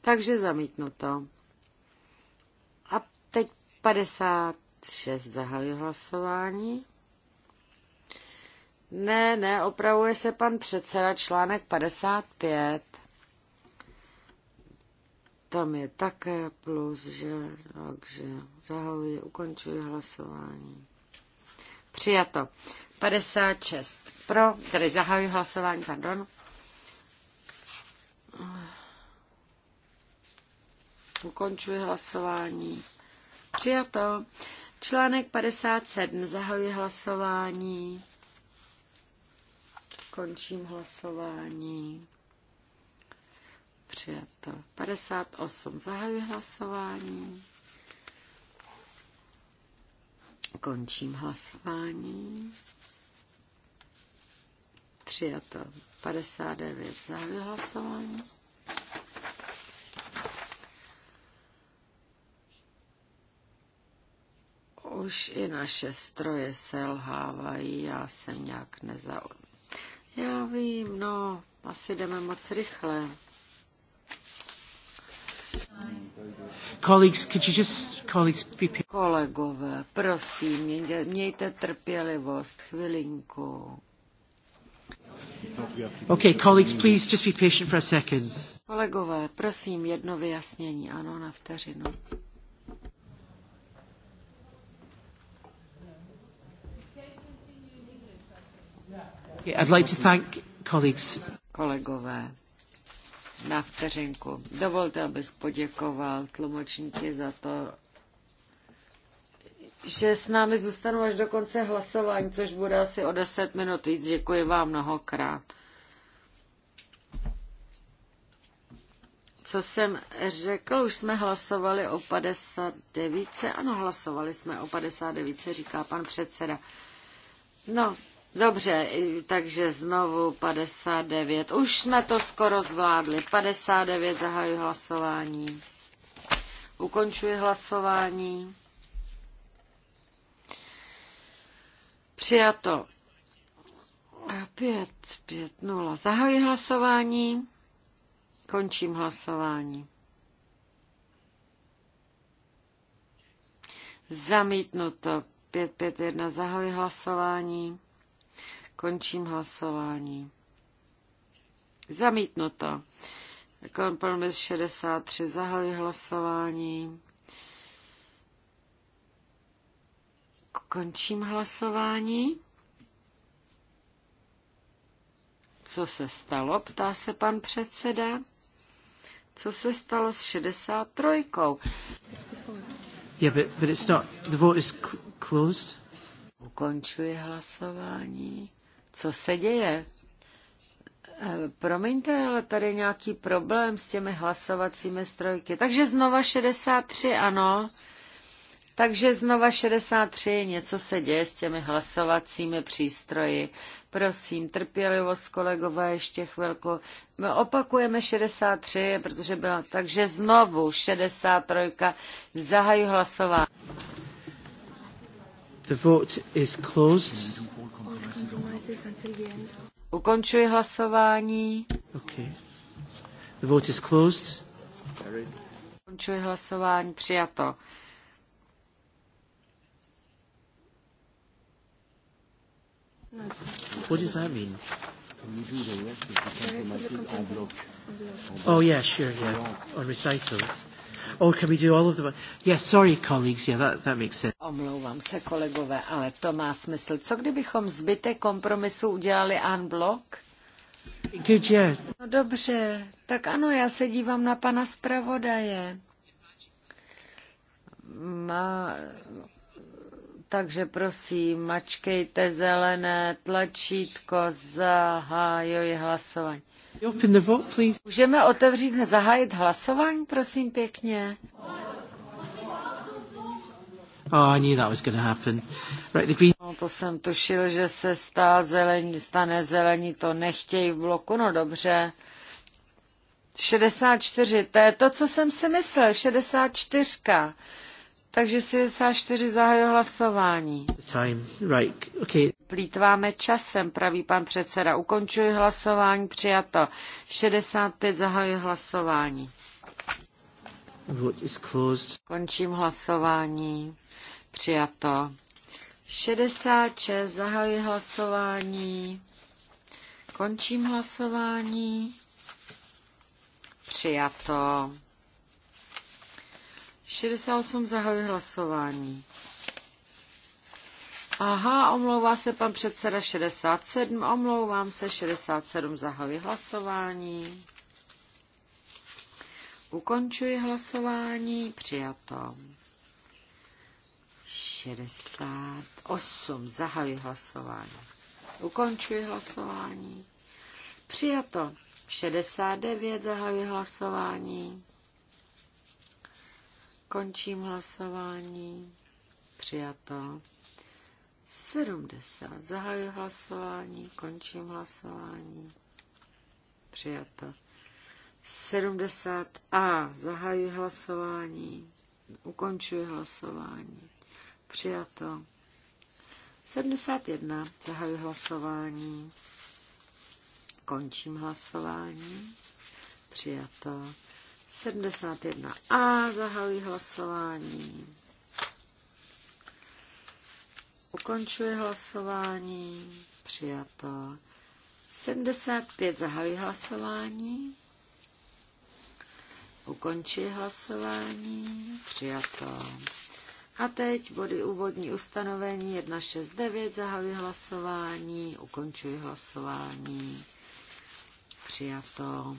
Takže zamítnu to. A teď 56 zahajuji hlasování. Ne, ne, opravuje se pan předseda článek 55. Tam je také plus, že? Takže zahajuji, ukončuji hlasování. Přijato. 56 pro, tedy zahajuji hlasování, pardon. Ukončuji hlasování. Přijato. Článek 57. Zahajuji hlasování. Končím hlasování. Přijato. 58. Zahajuji hlasování. Končím hlasování. Přijato. 59. Zahajuji hlasování. Už i naše stroje selhávají, já jsem nějak nezaujímavý. Já vím, no, asi jdeme moc rychle. Colleagues, could you just, colleagues, be... Kolegové, prosím, mějte trpělivost, chvilinku. Okay, colleagues, please just be patient for a second. Kolegové, prosím, jedno vyjasnění, ano, na vteřinu. I'd like to thank colleagues. Kolegové, na vteřinku. Dovolte, abych poděkoval tlumočníky za to, že s námi zůstanou až do konce hlasování, což bude asi o 10 minut víc. Děkuji vám mnohokrát. Co jsem řekl, už jsme hlasovali o 59. Ano, hlasovali jsme o 59, říká pan předseda. No, Dobře, takže znovu 59. Už jsme to skoro zvládli. 59 zahajuji hlasování. Ukončuji hlasování. Přijato. 5, 5, 0. Zahajuji hlasování. Končím hlasování. Zamítnuto. 5, 5, 1. Zahajuji hlasování. Končím hlasování. Zamítnuto. Kompromis 63. Zahajuji hlasování. Končím hlasování. Co se stalo? Ptá se pan předseda. Co se stalo s 63? Yeah, but, but it's not. The vote is closed. Ukončuji hlasování co se děje. Eh, promiňte, ale tady nějaký problém s těmi hlasovacími strojky. Takže znova 63, ano. Takže znova 63, něco se děje s těmi hlasovacími přístroji. Prosím, trpělivost, kolegové, ještě chvilku. My opakujeme 63, protože byla... Takže znovu 63, zahaju hlasování. The vote is closed. Ukončuji hlasování. Okay. The vote is closed. Ukončuji hlasování. Přijato. What does that mean? Oh yeah, sure, yeah. Or recitals. Or oh, can we do all of them? Yeah, sorry, colleagues. Yeah, that, that makes sense. Omlouvám se, kolegové, ale to má smysl. Co kdybychom zbytek kompromisu udělali en bloc? Good, yeah. No dobře, tak ano, já se dívám na pana zpravodaje. Má... Takže prosím, mačkejte zelené tlačítko, zahajuji hlasování. Můžeme otevřít a zahájit hlasování, prosím pěkně. Oh, I knew that was going to happen. Right, the green... No, to jsem tušil, že se stá zelení, stane zelení, to nechtějí v bloku, no dobře. 64, to je to, co jsem si myslel, 64. Takže 64 zahájil hlasování. Time. Right. Okay. Plítváme časem, pravý pan předseda. Ukončuji hlasování, přijato. 65 zahájil hlasování. is closed. Končím hlasování. Přijato. 66 zahájil hlasování. Končím hlasování. Přijato. 68 zahajuje hlasování. Aha, omlouvá se pan předseda 67, omlouvám se, 67 zahajuje hlasování. Ukončuji hlasování, přijato. 68, zahajuji hlasování. Ukončuji hlasování. Přijato. 69, zahajuji hlasování. Končím hlasování. Přijato. 70. Zahajuji hlasování. Končím hlasování. Přijato. 70a. Zahajuji hlasování. Ukončuji hlasování. Přijato. 71. Zahajuji hlasování. Končím hlasování. Přijato. 71a, zahajuji hlasování. Ukončuji hlasování. Přijato. 75 zahajuji hlasování. Ukončí hlasování. Přijato. A teď body úvodní ustanovení 169. Zahajuji hlasování. Ukončuji hlasování. Přijato.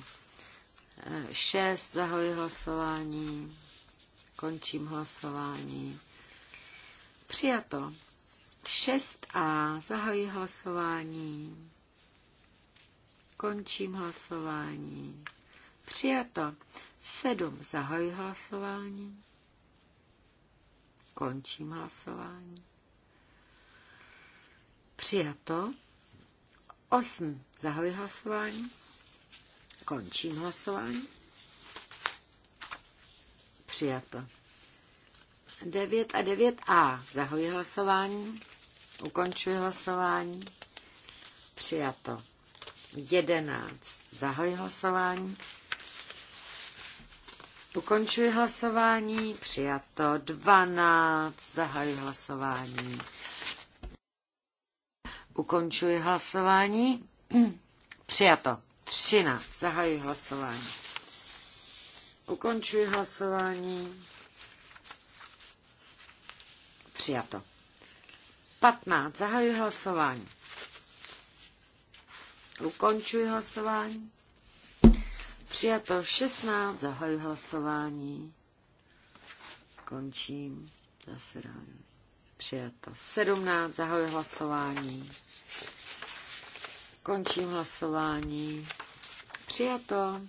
6, zahajuji hlasování, končím hlasování. Přijato. 6a, zahajuji hlasování, končím hlasování. Přijato. 7, zahajuji hlasování, končím hlasování. Přijato. 8, zahajuji hlasování. Končím hlasování. Přijato. 9 a 9a. Zahoji hlasování. Ukončuji hlasování. Přijato. 11. Zahoji hlasování. Ukončuji hlasování. Přijato. 12. Zahajuji hlasování. Ukončuji hlasování. [CLEARS THROAT] Přijato. 13. Zahajuji hlasování. Ukončuji hlasování. Přijato. 15. Zahajuji hlasování. Ukončuji hlasování. Přijato 16. Zahajuji hlasování. Končím zasedání. Přijato 17. Zahajuji hlasování. Končím hlasování. Přijato.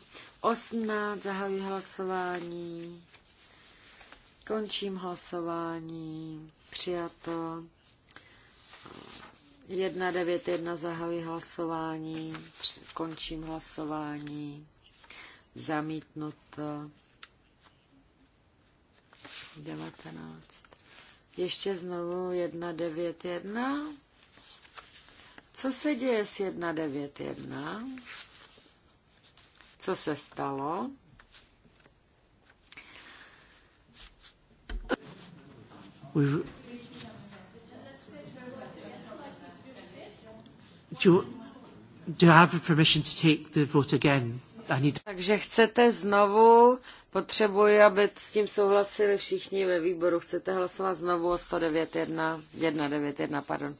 18. Zahajuji hlasování. Končím hlasování. Přijato. 191 zahajuji hlasování, končím hlasování, zamítnuto 19. Ještě znovu 191. Co se děje s 191? Co se stalo? Už... Do you, do you have permission to take the vote again? Need... Takže chcete znovu, potřebuji, aby s tím souhlasili všichni ve výboru, chcete hlasovat znovu o 109.1, 191, pardon.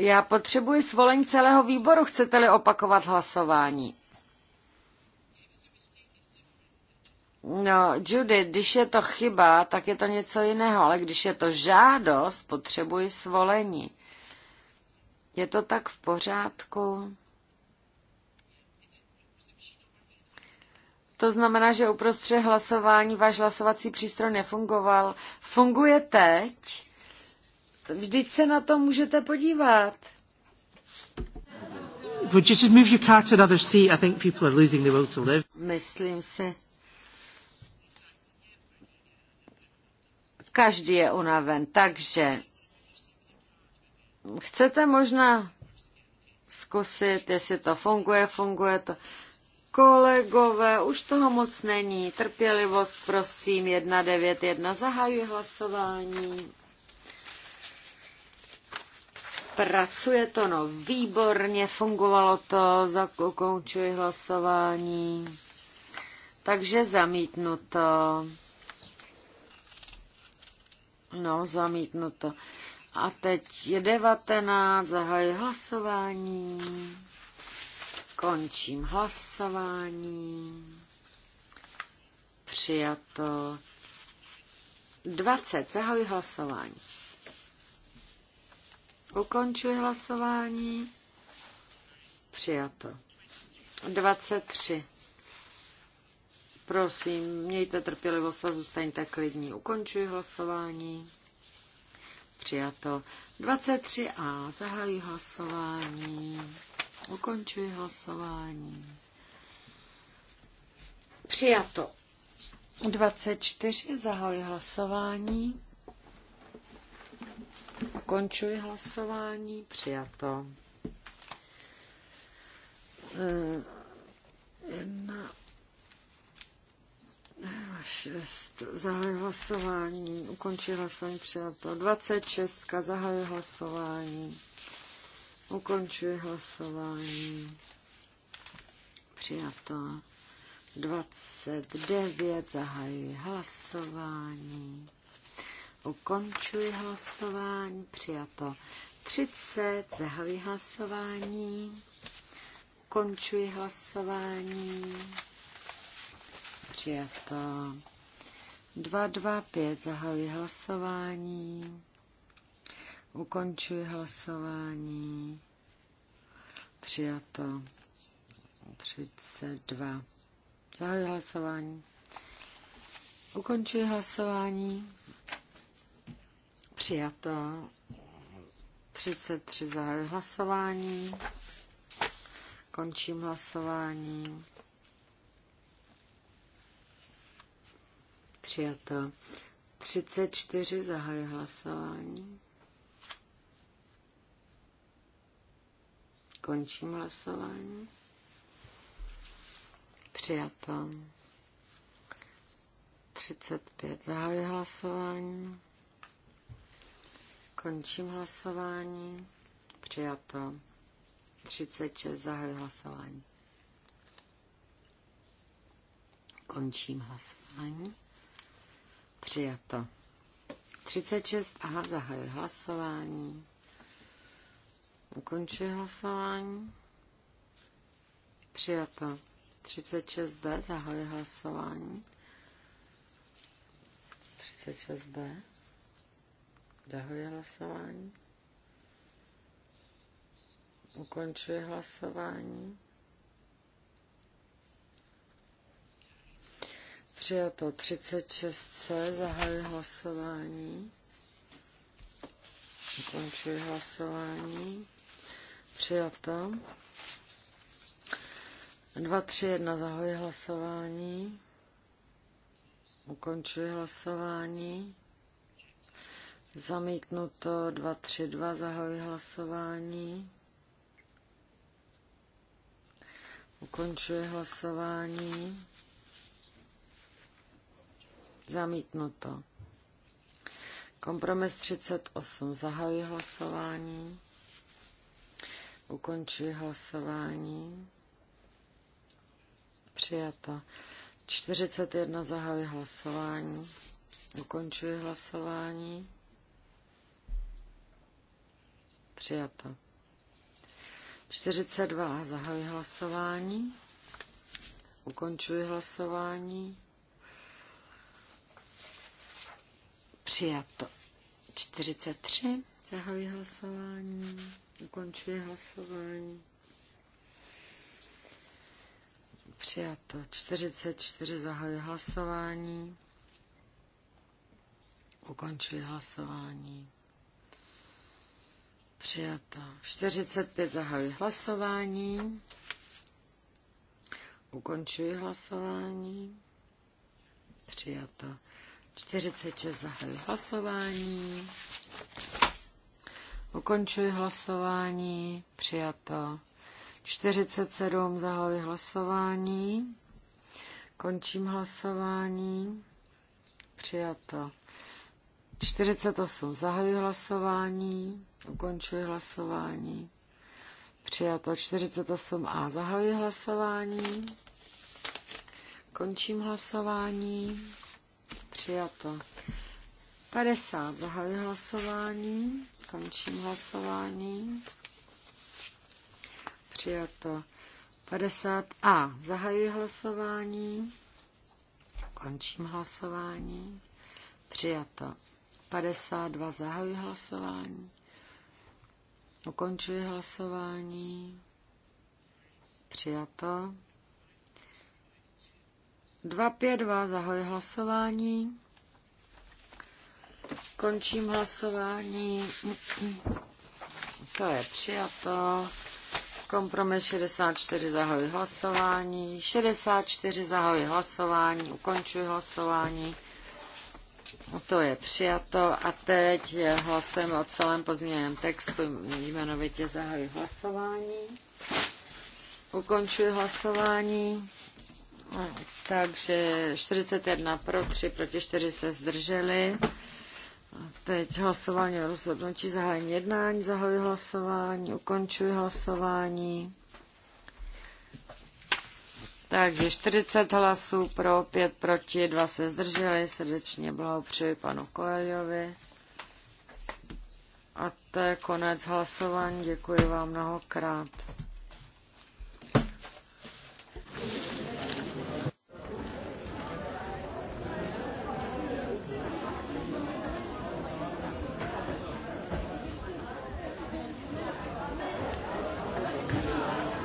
Já potřebuji svolení celého výboru, chcete-li opakovat hlasování. No, Judy, když je to chyba, tak je to něco jiného, ale když je to žádost, potřebuji svolení. Je to tak v pořádku? To znamená, že uprostřed hlasování váš hlasovací přístroj nefungoval. Funguje teď? Vždyť se na to můžete podívat. Myslím si. Každý je unaven, takže chcete možná zkusit, jestli to funguje, funguje to. Kolegové, už toho moc není. Trpělivost, prosím, 191. Zahajuji hlasování. Pracuje to, no výborně, fungovalo to, zakončuji hlasování. Takže zamítnuto. No, zamítnuto. A teď je 19, zahajuji hlasování. Končím hlasování. Přijato. 20, zahajuji hlasování. Ukončuji hlasování. Přijato. 23. Prosím, mějte trpělivost a zůstaňte klidní. Ukončuji hlasování. Přijato. 23a. Zahajuji hlasování. Ukončuji hlasování. Přijato. 24. Zahajuji hlasování. Ukončuji hlasování. Přijato. Eh, jedna. Šest. Zahajuji hlasování. Ukončuji hlasování. Přijato. 26. Zahajuji hlasování. Ukončuji hlasování. Přijato. 29. Zahajuji hlasování. Ukončuji hlasování. Přijato 30. Zahajuji hlasování. ukončuji hlasování. Přijato 225. Zahajuji hlasování. Ukončuji hlasování. Přijato 32. Zahajuji hlasování. Ukončuji hlasování. Přijato 33 zahájil hlasování. Končím hlasování. Přijato 34 zahájil hlasování. Končím hlasování. Přijato 35 zahájil hlasování. Končím hlasování. Přijato. 36 Zahaj hlasování. Končím hlasování. Přijato. 36, aha, zahaj hlasování. Ukončuji hlasování. Přijato. 36b, zahajuji hlasování. 36b. Zahajuji hlasování. Ukončuji hlasování. Přijato 36. Zahajuji hlasování. Ukončuji hlasování. Přijato. 2, 3, 1. Zahajuji hlasování. Ukončuji hlasování. Zamítnuto 232, zahajuji hlasování. Ukončuji hlasování. Zamítnuto. Kompromis 38. Zahajuji hlasování. Ukončuji hlasování. Přijato. 41. Zahajuji hlasování. Ukončuji hlasování. Přijato. 42. Zahajuji hlasování. Ukončuji hlasování. Přijato. 43. Zahajuji hlasování. Ukončuji hlasování. Přijato. 44. Zahajuji hlasování. Ukončuji hlasování. Přijato. 45 zahajuji hlasování. Ukončuji hlasování. Přijato. 46 zahajuji hlasování. Ukončuji hlasování. Přijato. 47 zahajuji hlasování. Končím hlasování. Přijato. 48. Zahajuji hlasování, ukončuji hlasování. Přijato 48a. Zahajuji hlasování. Končím hlasování. Přijato 50. Zahajuji hlasování. Končím hlasování. Přijato 50a. Zahajuji hlasování. Končím hlasování. Přijato 52 zahajuji hlasování. Ukončuji hlasování. Přijato. 252 zahajuji hlasování. Končím hlasování. To je přijato. Kompromis 64 zahajuji hlasování. 64 zahajuji hlasování. Ukončuji hlasování. To je přijato a teď hlasujeme o celém pozměněném textu, jmenovitě zahajuji hlasování. Ukončuji hlasování. Takže 41 pro, 3 proti 4 se zdrželi. Teď hlasování o rozhodnutí, zahájení jednání, zahajuji hlasování, ukončuji hlasování. Takže 40 hlasů pro, 5 proti, 2 se zdrželi. Srdečně blahopřeji panu Koeljovi. A to je konec hlasování. Děkuji vám mnohokrát.